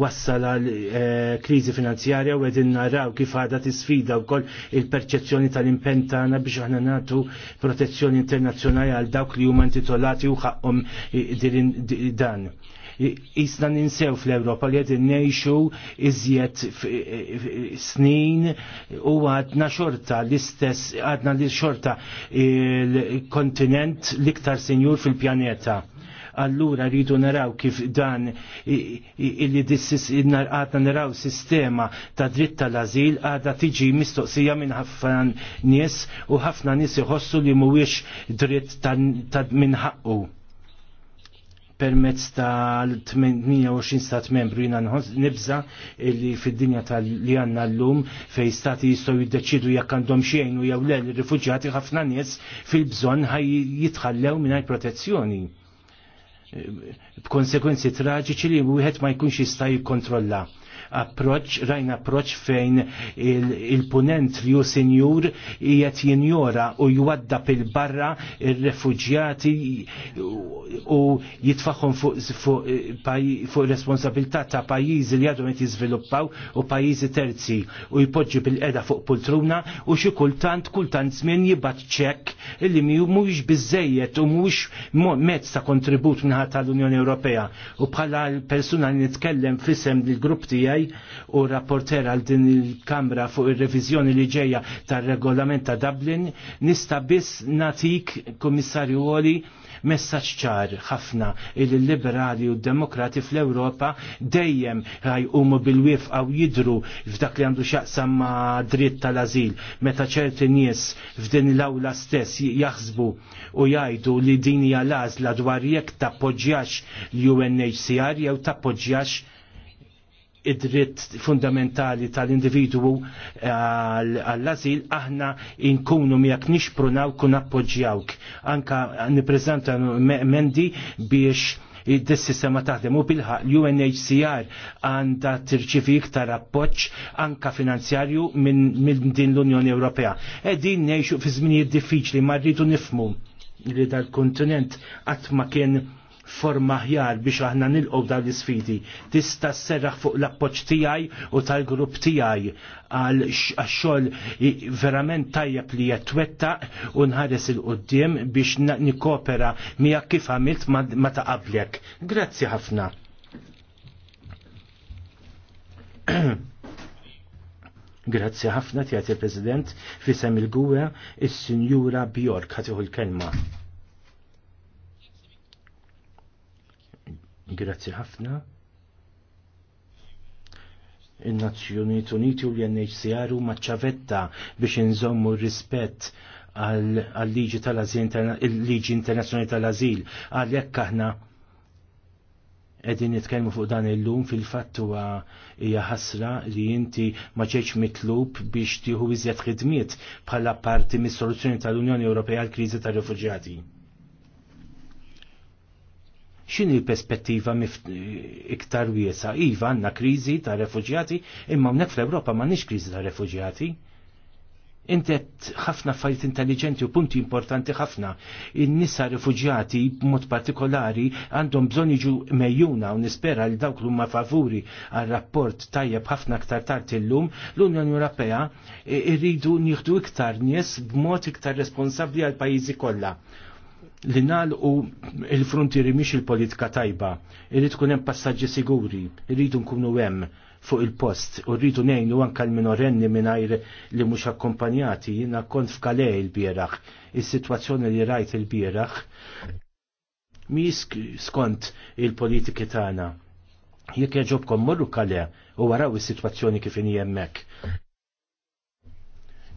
wassal għal eh, krizi finanzjarja u għedin naraw kif għada tisfida u koll il-perċezzjoni tal-impentana biex għana natu protezzjoni internazzjonali għal dawk li huma intitolati u ħakkom dan jisna ninsew fl-Europa li għedin nejxu iżjed snin u għadna xorta l-istess, għadna l xorta il-kontinent liktar senjur fil-pjaneta. Allura rridu naraw kif dan illi għadna naraw sistema ta' dritt tal-azil għadha tiġi mistoqsija minn ħafna nies u ħafna nies iħossu li mhuwiex dritt minn ħaqu permezz tal-28 stat membru jina nibza li fid-dinja tal-li għanna l-lum fej stati jistaw jiddeċidu jekk għandhom xejn u jew le rifuġjati ħafna nies fil-bżonn ħaj jitħallew mingħajr protezzjoni b'konsekwenzi traġiċi li wieħed ma jkunx jista' jikkontrolla approach, rajna approach fejn il-punent il li ju senjur jiet jinjora u jwadda pil-barra il-refugjati u jitfaħħom fuq fu, fu responsabilità ta' pajizi li għadhom qed jiżviluppaw u pajizi terzi u jpoġġi bil-qeda fuq poltruna u xi kultant kultant żmien jibgħat ċekk illi mhuwiex biżejjed u mhuwiex mezz ta' kontribut minħata tal-Unjoni Ewropea u bħala l persuna li nitkellem fissem il-grupp tiegħi tiegħi u rapporter għal din il-Kamra fuq ir-reviżjoni li ġejja tar-regolament ta' Dublin nista' biss natik Kummissarju Oli messaġġ ċar ħafna il-liberali u demokrati fl-Ewropa dejjem umu bil wif għaw jidru f'dak li għandu xaqsam ma' dritt tal-azil. Meta ċerti nies f'din l-awla stess jaħsbu u jgħidu li din hija l-għażla dwar jekk tappoġġjax l-UNHCR jew tappoġġjax id-dritt fundamentali tal-individwu eh, għall-azil aħna inkunu miak nixprunaw kun appoġġjawk. Anka nippreżenta mendi biex id-sistema taħdem u bilħa l-UNHCR għanda tirċivi iktar appoċ anka finanzjarju minn din l-Unjoni Ewropea. Eddin neħxu fi zminijiet diffiċli marridu nifmu li dal-kontinent għatma kien forma ħjar biex aħna nilqgħu dawn l-isfidi. Tista' sserraħ fuq l-appoġġ tiegħi u tal-grupp tiegħi għal xogħol verament tajjeb li jettwetta u nħares il qudiem biex nikopera miegħek kif għamilt ma ta' qablek. Grazzi ħafna. (clears throat) Grazzi ħafna tjati il-President fisem il-gwe il-Sinjura Bjork ħatiħu l-kelma. Grazzi ħafna. il nazzjoni Uniti u l-NHCR u maċċavetta biex nżommu rispett għal-liġi tal liġi internazjonali tal-azil, għal-jekk aħna edin nitkellmu fuq dan il-lum fil-fatt huwa hija ħasra li inti ma ġejx mitlub biex tieħu iżjed ħidmiet bħala parti mis-soluzzjoni tal-Unjoni Ewropea għall kriżi tar-refuġjati x'inhi l-perspettiva iktar wiesa? Iva għandna kriżi ta' refugjati, imma hawnhekk fl-Ewropa m'għandniex kriżi ta' refugjati. Intet ħafna fajt intelligenti u punti importanti ħafna. In-nisa rifuġjati b'mod partikolari għandhom bżonn jiġu mejjuna u nispera li dawk l-umma favuri għal rapport tajjeb ħafna aktar tard illum l-Unjoni Ewropea eh, irridu nieħdu iktar nies b'mod iktar responsabbli għal pajjiżi kollha li nalqu il-frontieri miex il-politika tajba, irrid kunem hemm passaġġi siguri, irridu nkunu hemm fuq il-post u rridu ngħinu anke l-minorenni mingħajr li mhux akkompanjati jiena kont f'Kale il-bieraħ. Is-sitwazzjoni li rajt il-bieraħ mi skont il-politiki tagħna. Jekk jaġobkom morru Kale u waraw is-sitwazzjoni kif inhi hemmhekk.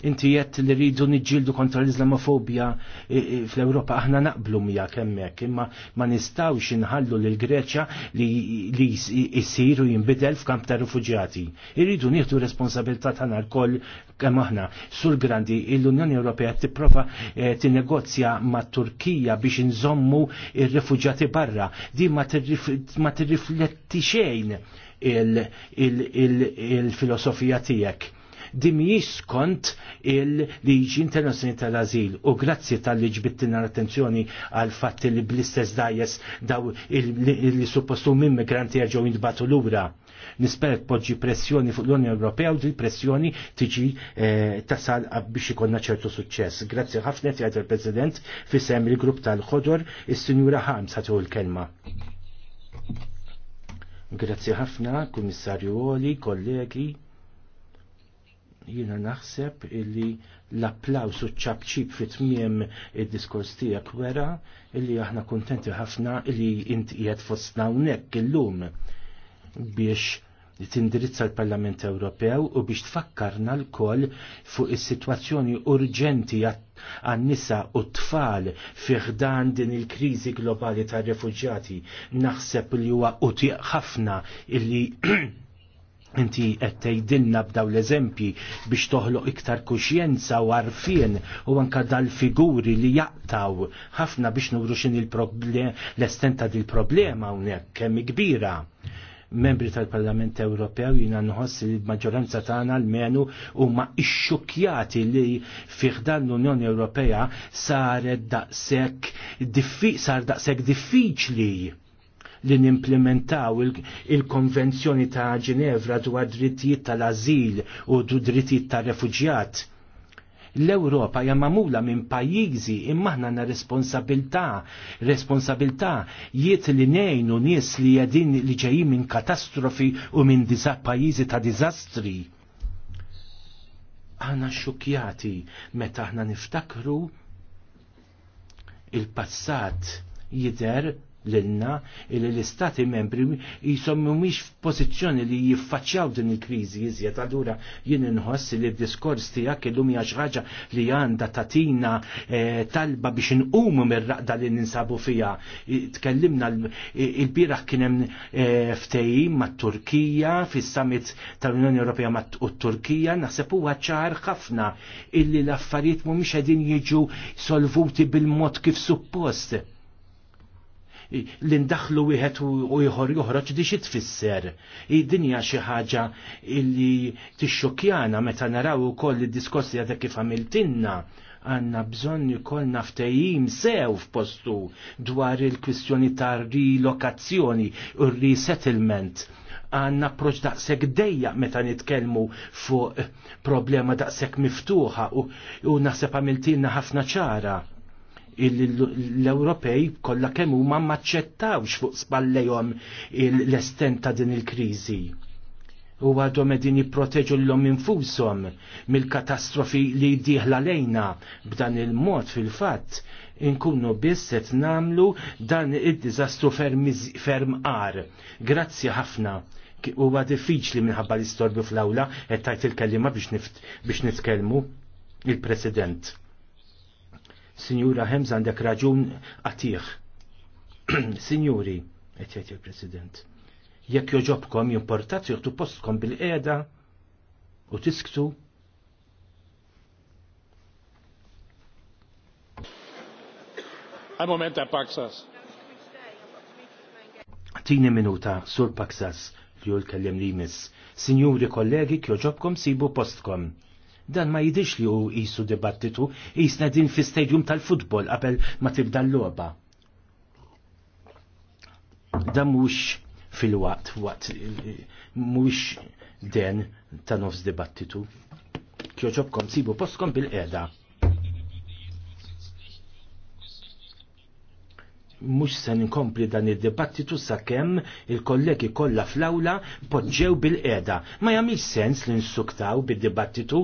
Inti jett li rridu niġġieldu kontra l-Islamofobja fl-Ewropa aħna naqblu mija kemmek, imma ma nistawx inħallu lill Greċja li jisir u jinbidel f'kamp ta' rifuġjati. Irridu nieħdu responsabilità tagħna lkoll kemm aħna. Sur grandi l-Unjoni Ewropea tipprova eh, tinnegozja ma' Turkija biex inżommu ir-rifuġjati barra. Di ma tirrifletti xejn il-filosofija tiegħek Dimi mhijiex skont il-liġi internazjoni tal-azil u grazzi tal-li ġbittina l-attenzjoni għal fatt li bl-istess dajes daw li suppostu minn migranti għagġu l lura. Nisperet podġi pressjoni fuq l-Unjoni Ewropea u pressjoni tiġi eh, tasal biex ikonna ċertu suċċess. Grazzi ħafna jgħid il-President fisem il-grupp tal-ħodor is-Sinjura Ħams ħatu l-kelma. Grazzi ħafna, Kummissarju Oli, kollegi. Jiena naħseb illi l applaus u ċabċib fit tmiem id-diskors tiegħek wera illi aħna kuntenti ħafna illi inti qiegħed fostna hawnhekk illum biex tindirizza l-Parlament Ewropew u biex tfakkarna l-koll fuq is-sitwazzjoni urġenti għan-nisa u t-tfal fiħdan din il-kriżi globali tar refugġati Naħseb li huwa u ħafna illi (clears throat) inti qed tgħidilna b'daw l-eżempji biex toħloq iktar kuxjenza u għarfien u anka dal-figuri li jaqtaw ħafna biex nuru xin l estenta ta' dil-problema hawnhekk kemm kbira. Membri tal-Parlament Ewropew jina nħoss li l-maġġoranza tagħna almenu huma xxukjati li fih dan l-Unjoni Ewropea saret daqshekk sar daqshekk diffiċli li nimplementaw il-Konvenzjoni ta' Ġinevra dwar drittijiet tal-azil u drittijiet ta' refuġjat l-Europa hija mamula minn pajjiżi imma aħna għandna responsabilità, responsabilità jiet li ngħinu nies li jedin li ġejjin minn katastrofi u minn pajjiżi ta' diżastri. Aħna xukjati meta aħna niftakru il-passat jider l-inna li l-istati membri jisommu mumiex f'pożizzjoni li jiffaċċjaw din il-kriżi jizjet allura jien inħoss li d-diskors tiegħek illum ħaġa li għandha tatina eh, talba biex nqumu mir-raqda li ninsabu fiha. Tkellimna il-bieraħ kien hemm eh, ftehim mat-Turkija fis-summit tal-Unjoni Ewropea mat-Turkija naħseb huwa ċar ħafna illi l-affarijiet mhumiex qegħdin jiġu solvuti bil-mod kif suppost li ndaħlu wieħed u ieħor joħroġ di xi tfisser. Id-dinja xi ħaġa li tixxokjana meta naraw ukoll id-diskors li għadek kif għamiltinna għanna bżonn ikoll naftejim sew f'postu dwar il-kwistjoni ta' rilokazzjoni u resettlement għanna proċ daqsek dejja meta nitkellmu fuq problema daqsek miftuħa u, u naħseb għamiltina ħafna ċara l-Ewropej kollha kemm huma maċċettawx fuq spallejhom l-estent ta' din il-kriżi. U għadhom qegħdin jipproteġu l-lom infushom mill-katastrofi li jdieħla lejna b'dan il-mod fil-fatt inkunu biss qed nagħmlu dan id-diżastru ferm qar. Grazzi ħafna huwa diffiċli minħabba l-istorbju fl-awla qed tajt il-kelliema biex nitkellmu il-President. Sinjura Hemza għandek raġun għatiħ. (clears throat) Signori, etjet il-President, jekk joġobkom jimportat joħtu postkom bil-qeda u tisktu. Għal momenta Paxas. Tini minuta, sur Paxas, li l-kellem li jmiss. Signori kollegi, kjoġobkom sibu postkom. Dan ma jidix li hu qisu dibattitu, qisna din fi stadium tal-futbol qabel ma tibda l-logħba. Dan mux fil-waqt, waqt mux den ta' nofs dibattitu. Kjoġobkom sibu postkom bil eda mux se nkompli dan il-dibattitu sakemm il-kollegi kollha fl-awla poġġew bil-qeda. Ma jagħmilx sens li nsuktaw bil-debattitu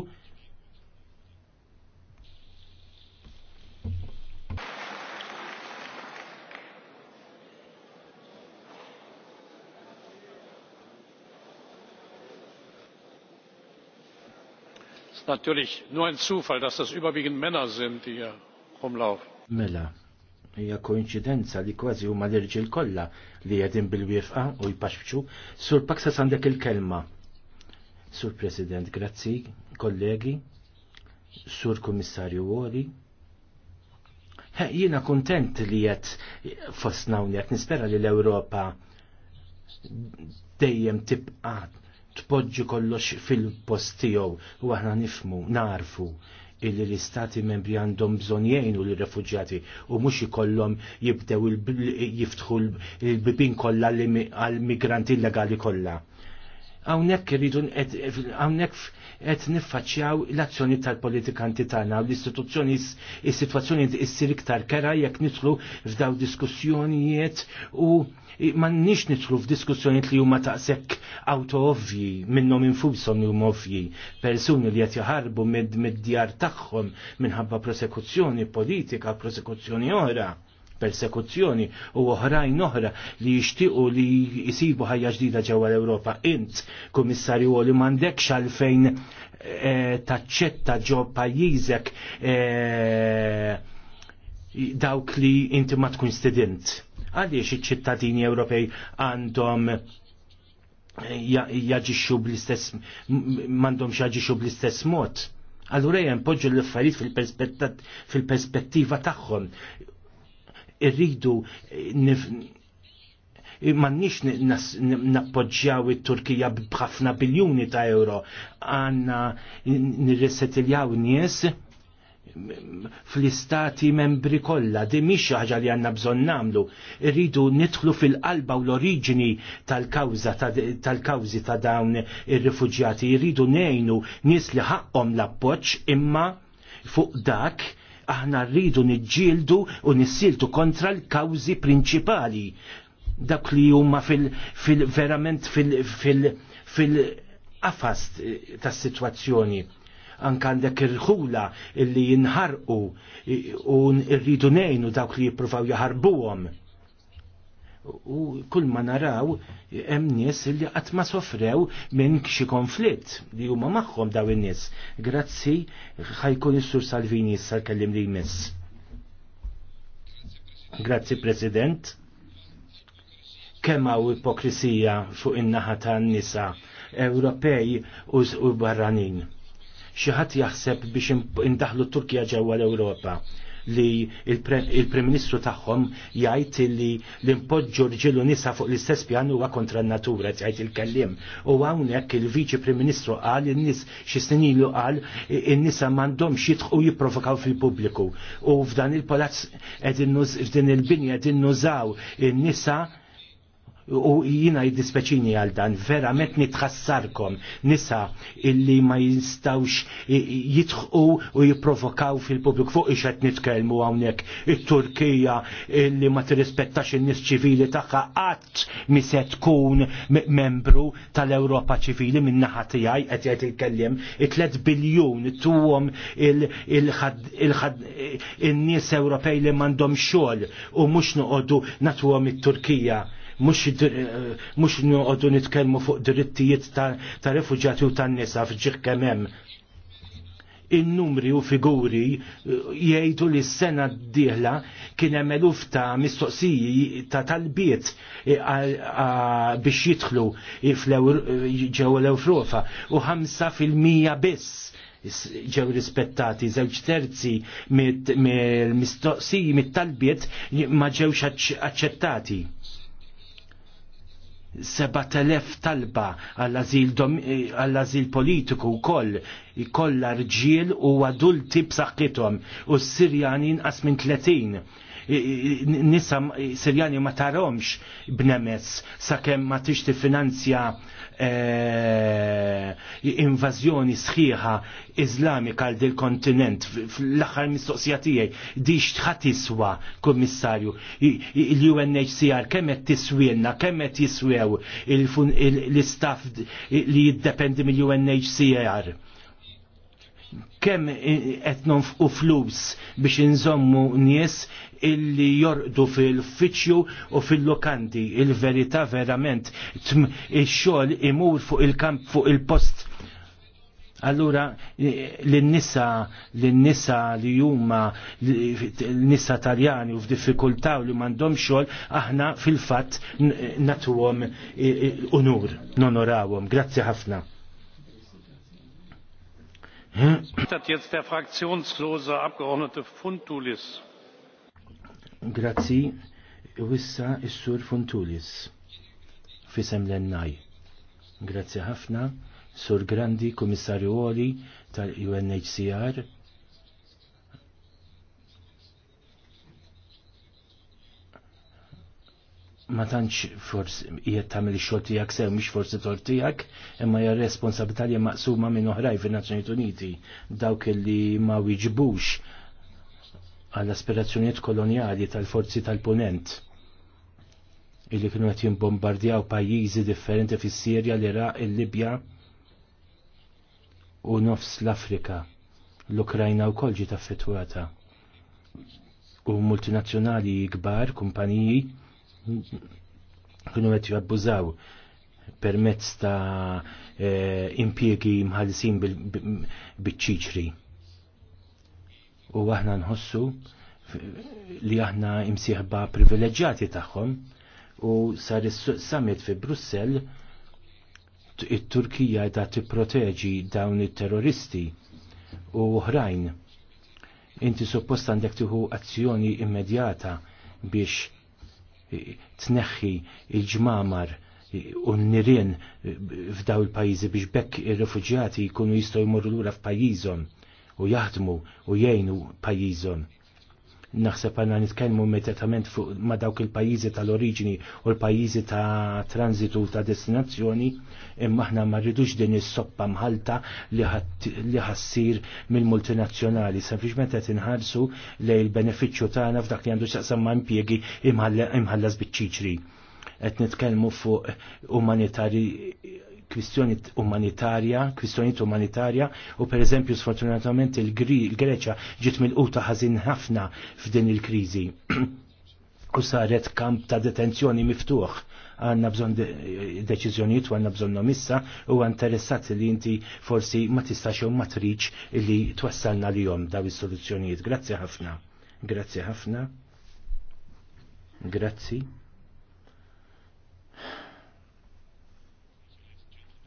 natürlich nur ein Zufall, dass das überwiegend Männer sind, die hier rumlaufen. Mela, hija koinċidenza li kważi huma l-irġiel kollha li qegħdin bil-wifqa u jpaxxu sur paksa għandek il-kelma. Sur President, grazzi, kollegi, Sur Kummissarju Woli. Jiena kuntent li qed fostna hawnhekk nispera li l-Ewropa dejjem tibqa' tpoġġi kollox fil-post tiegħu u aħna nifmu, narfu illi l-istati membri għandhom bżonjien jgħinu l-refugġati u mux ikollhom jibdew jiftħu l-bibin kollha għal migranti illegali kollha. Hawnhekk irridu hawnhekk qed niffaċċjaw l-azzjoni tal-politikanti tagħna u l-istituzzjoni is-sitwazzjoni issir iktar kera jekk nidħlu f'daw diskussjonijiet u m'għandniex nidħlu f'diskussjonijiet li huma taqsek auto ovvji minnhom infushom li huma ovvji, persuni li qed jaħarbu mid-djar tagħhom minħabba prosekuzzjoni politika, prosekuzzjoni ora persekuzzjoni u oħrajn oħra li jixtiequ li jisibu ħajja ġdida ġewwa l-Ewropa. Int, kummissarju li m'għandekx għalfejn e, taċċetta ġo pajjiżek e, dawk li inti ma tkun student. Għaliex iċ-ċittadini Ewropej għandhom eh, jaġixxu bl-istess m'għandhomx jaġixxu bl-istess mod. Allura jem poġġu l-affarijiet fil-perspettiva tagħhom irridu eh, eh, nix nappoġġjaw it-Turkija bħafna biljuni ta' euro għanna nirresetiljaw nies fl-istati membri kollha di mhix ħaġa li għandna bżonn nagħmlu. Irridu nidħlu fil-qalba u l-oriġini tal-kawża tal-kawżi ta' dawn ir-rifuġjati. Irridu ngħinu nies li ħaqhom l-appoġġ imma fuq dak aħna rridu niġġieldu u nissiltu kontra l-kawżi prinċipali dak li huma fil-verament fil-qafas eh, tas-sitwazzjoni anka għandek irħula li jinħarqu eh, u rridu nejnu dawk li jippruvaw jaħarbuhom u kull ma naraw hemm nies li qatt ma sofrew minn xi konflitt li huma magħhom daw in-nies. Grazzi ħajkun is-Sur Salvini issa kellim li jmiss. Grazzi President. Kemm hawn ipokrisija fuq in-naħa tan-nisa Ewropej u barranin. Xi ħadd jaħseb biex indaħlu t Turkija ġewwa l-Ewropa li il-Prim Ministru tagħhom jgħid li l-impoġġu rġilu nisa fuq l-istess pjan huwa kontra n-natura jgħid il-kellim. U hawnhekk il-Viċi Prim Ministru qal in-nies xi snin ilu qal in-nisa m'għandhomx jitħu jipprovokaw fil-pubbliku. U f'dan il-palazz qegħdin f'din il-binja qegħdin nużaw in-nisa u jina jiddispeċini għal dan, verament nitħassarkom nisa illi ma jistawx jitħu u jiprovokaw fil-publik fuq ixet nitkelmu għawnek il-Turkija illi ma tirrispettax il-nis ċivili taħħa għat mi se tkun membru tal-Europa ċivili minna ħatijaj għet jajt il-kellim il-3 biljon tuwom il-nis Ewropej li mandom xol u mux nuqodu natuwom il-Turkija mux eh, nuqodu nitkelmu fuq drittijiet ta' refugjati u tan nisa fġiħ kemem. In-numri u figuri eh, jgħidu li s-sena d-dihla kien hemm eluf ta' mistoqsiji ta' talbiet eh, biex jidħlu ġew l-Ewropa u 5% biss ġew rispettati, żewġ terzi mill-mistoqsiji mit-talbiet ma ġewx aċċettati. 7000 talba għall-azil eh, politiku koll kollha rġiel u adulti b'saħħithom u s-Sirjani inqas minn 30 nisa Sirjani ma taromx b'nemes sakemm ma tix finanzja Eh, invażjoni sħiħa Iżlamika għal dil kontinent fl-aħħar mistoqsija tiegħi dix tħatiswa kummissarju l unhcr kemm qed tiswielna kemm qed jiswew l-istaff li jiddependi mill-UNHCR kemm qed u flus biex inżommu nies illi jorqdu fil fitxju u fil-lokanti. Il-verità verament il-xol imur fuq il-kamp fuq il-post. Allura l-nisa l-nisa li huma l-nisa tarjani u f'diffikultà u li m'għandhom xogħol aħna fil-fatt natuhom unur, nonorawhom. Grazzi ħafna. Grazzi, wissa is-sur Funtulis fisem l-ennaj. Grazzi ħafna, Sur Grandi, Komissarju għoli tal-UNHCR, ma tantx forsi qiegħed tagħmel ix-xogħol tiegħek sew mhix forsi tor tiegħek, imma hija responsabilità li maqsuma minn oħrajn fin-Nazzjonijiet Uniti dawk li ma wiġbux għall aspirazzjonijiet kolonjali tal-forzi tal-punent illi kienu qed jimbombardjaw pajjiżi differenti fis-Sirja, l-Iraq, il-Libja u nofs l-Afrika. L-Ukrajna wkoll ġiet affettwata. U multinazzjonali kbar, kumpaniji, kienu qed jabbużaw permezz ta' e, impjiegi mħallsin biċ-ċiċri. U aħna nħossu li aħna imsiħba privileġġjati tagħhom u sar is-summit fi Brussell it-Turkija da tipproteġi dawn it-terroristi u oħrajn. Inti suppost għandek tieħu azzjoni immedjata biex tneħħi il-ġmamar u n-nirien f'daw il-pajizi biex bekk ir-refuġjati jkunu jistgħu jmorru lura f'pajjiżhom u jaħdmu u jgħinu pajjiżhom. Naħseb għanna nitkellmu immedjatament fuq ma' dawk il-pajjiżi tal-oriġini u l-pajjiżi ta' transitu ta' destinazzjoni, imma aħna ma rridux din is-soppa mħalta li ħassir mill-multinazzjonali, sempliċement qed inħarsu lej il-benefiċċju tagħna f'dak li għandu x'aqsam ma' impjiegi imħallas biċ-ċiċri. Qed nitkellmu fuq umanitari kwistjoni umanitarja, kwistjoni umanitarja u per eżempju sfortunatament il-Greċa ġiet mill-quta ħażin ħafna f'din il-kriżi. (clears throat) u saret kamp ta' detenzjoni miftuħ għanna bżon deċizjoniet u għanna bżon nomissa u interessat li inti forsi ma tistax u ma triċ li twassalna li jom daw is-soluzzjonijiet. Grazzi ħafna. Grazzi ħafna. Grazzi.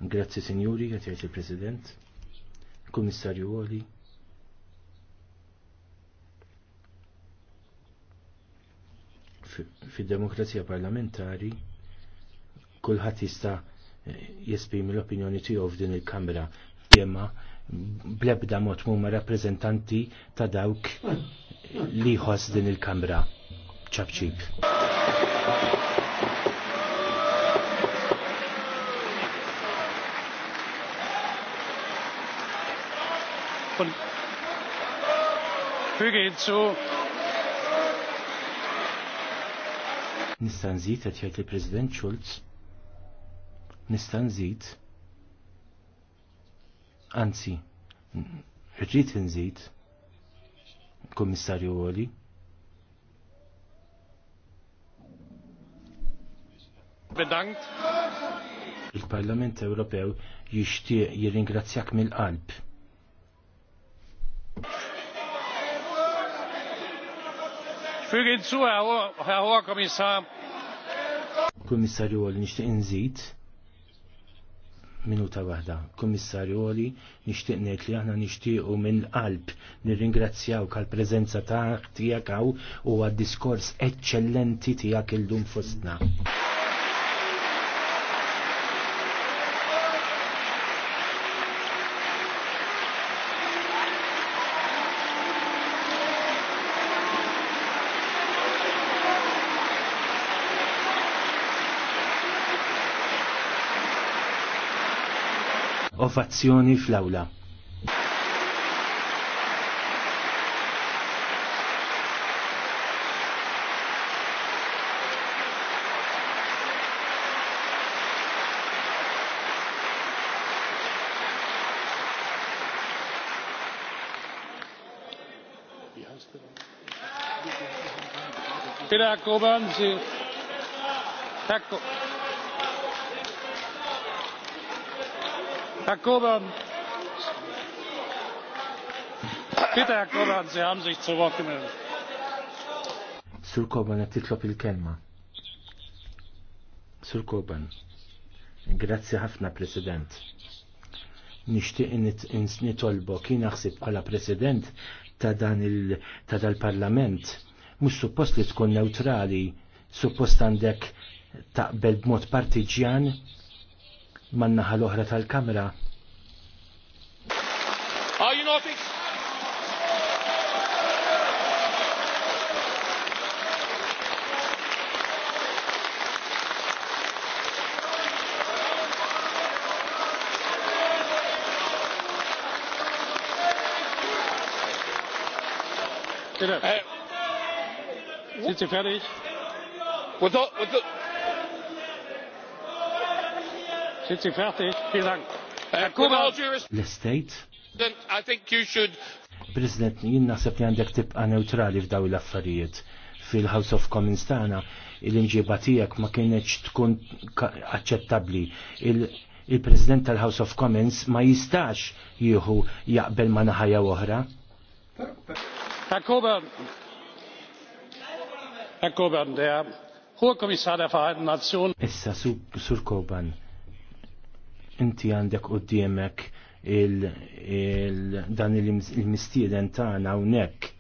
Grazzi Sinjuri, għat il-President, Komissarju Oli. Fid-demokrazija parlamentari, kulħadd jista jesprimi l-opinjoni tiegħu f'din il-Kamra imma blebda mod mumma rappreżentanti ta' dawk li ħoss din il-Kamra ċabċib. und füge hinzu, Nista' nżid qed il-President Schulz. Nista' nżid. Anzi, rrid nżid. Kummissarju Oli. Bedankt. Il-Parlament Ewropew jixtieq jirringrazzjak mill-qalb Fügin zu, Kommissarju nishtiq nżid minuta waħda. Kommissarju għoli nishtiq ngħid li aħna nixtiequ minn qalb nirringrazzjaw għal preżenza tiegħek hawn u għad-diskors eċċellenti tiegħek dum fostna. ovazzjoni fl-awla. Mira, Kobanzi. Ecco. Bitte, Herr Sie haben sich zu Wort gemeldet. Sur Koban qed titlob il-kelma. Sur Koban, grazie ħafna, President. Nixtieq nitolbok kien naħseb bħala President ta' dan il-Parlament mhux suppost li tkun neutrali, suppost għandek taqbel b'mod partiġjan man-naħa l-oħra tal kamera Are you not äh. Sind Sie fertig? Without, without, Uh, L-estate? President, jien naħseb li għandek tibqa' neutrali f'daw l-affarijiet fil-House of Commons tagħna il-inġiba tiegħek ma kienx tkun aċċettabbli. Il-President tal-House of Commons ma jistax jieħu jaqbel ma naħajja oħra. Issa, Sur Koban. Inti għandek u diemek dan il-mistieden tagħna hawnhekk.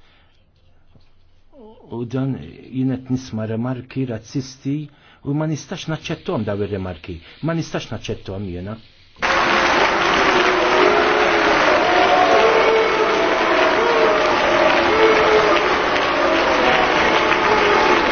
U dan jinet nisma remarki razzisti u ma nistax naċċettom daw ir-remarki. Ma nistax naċċettom jiena.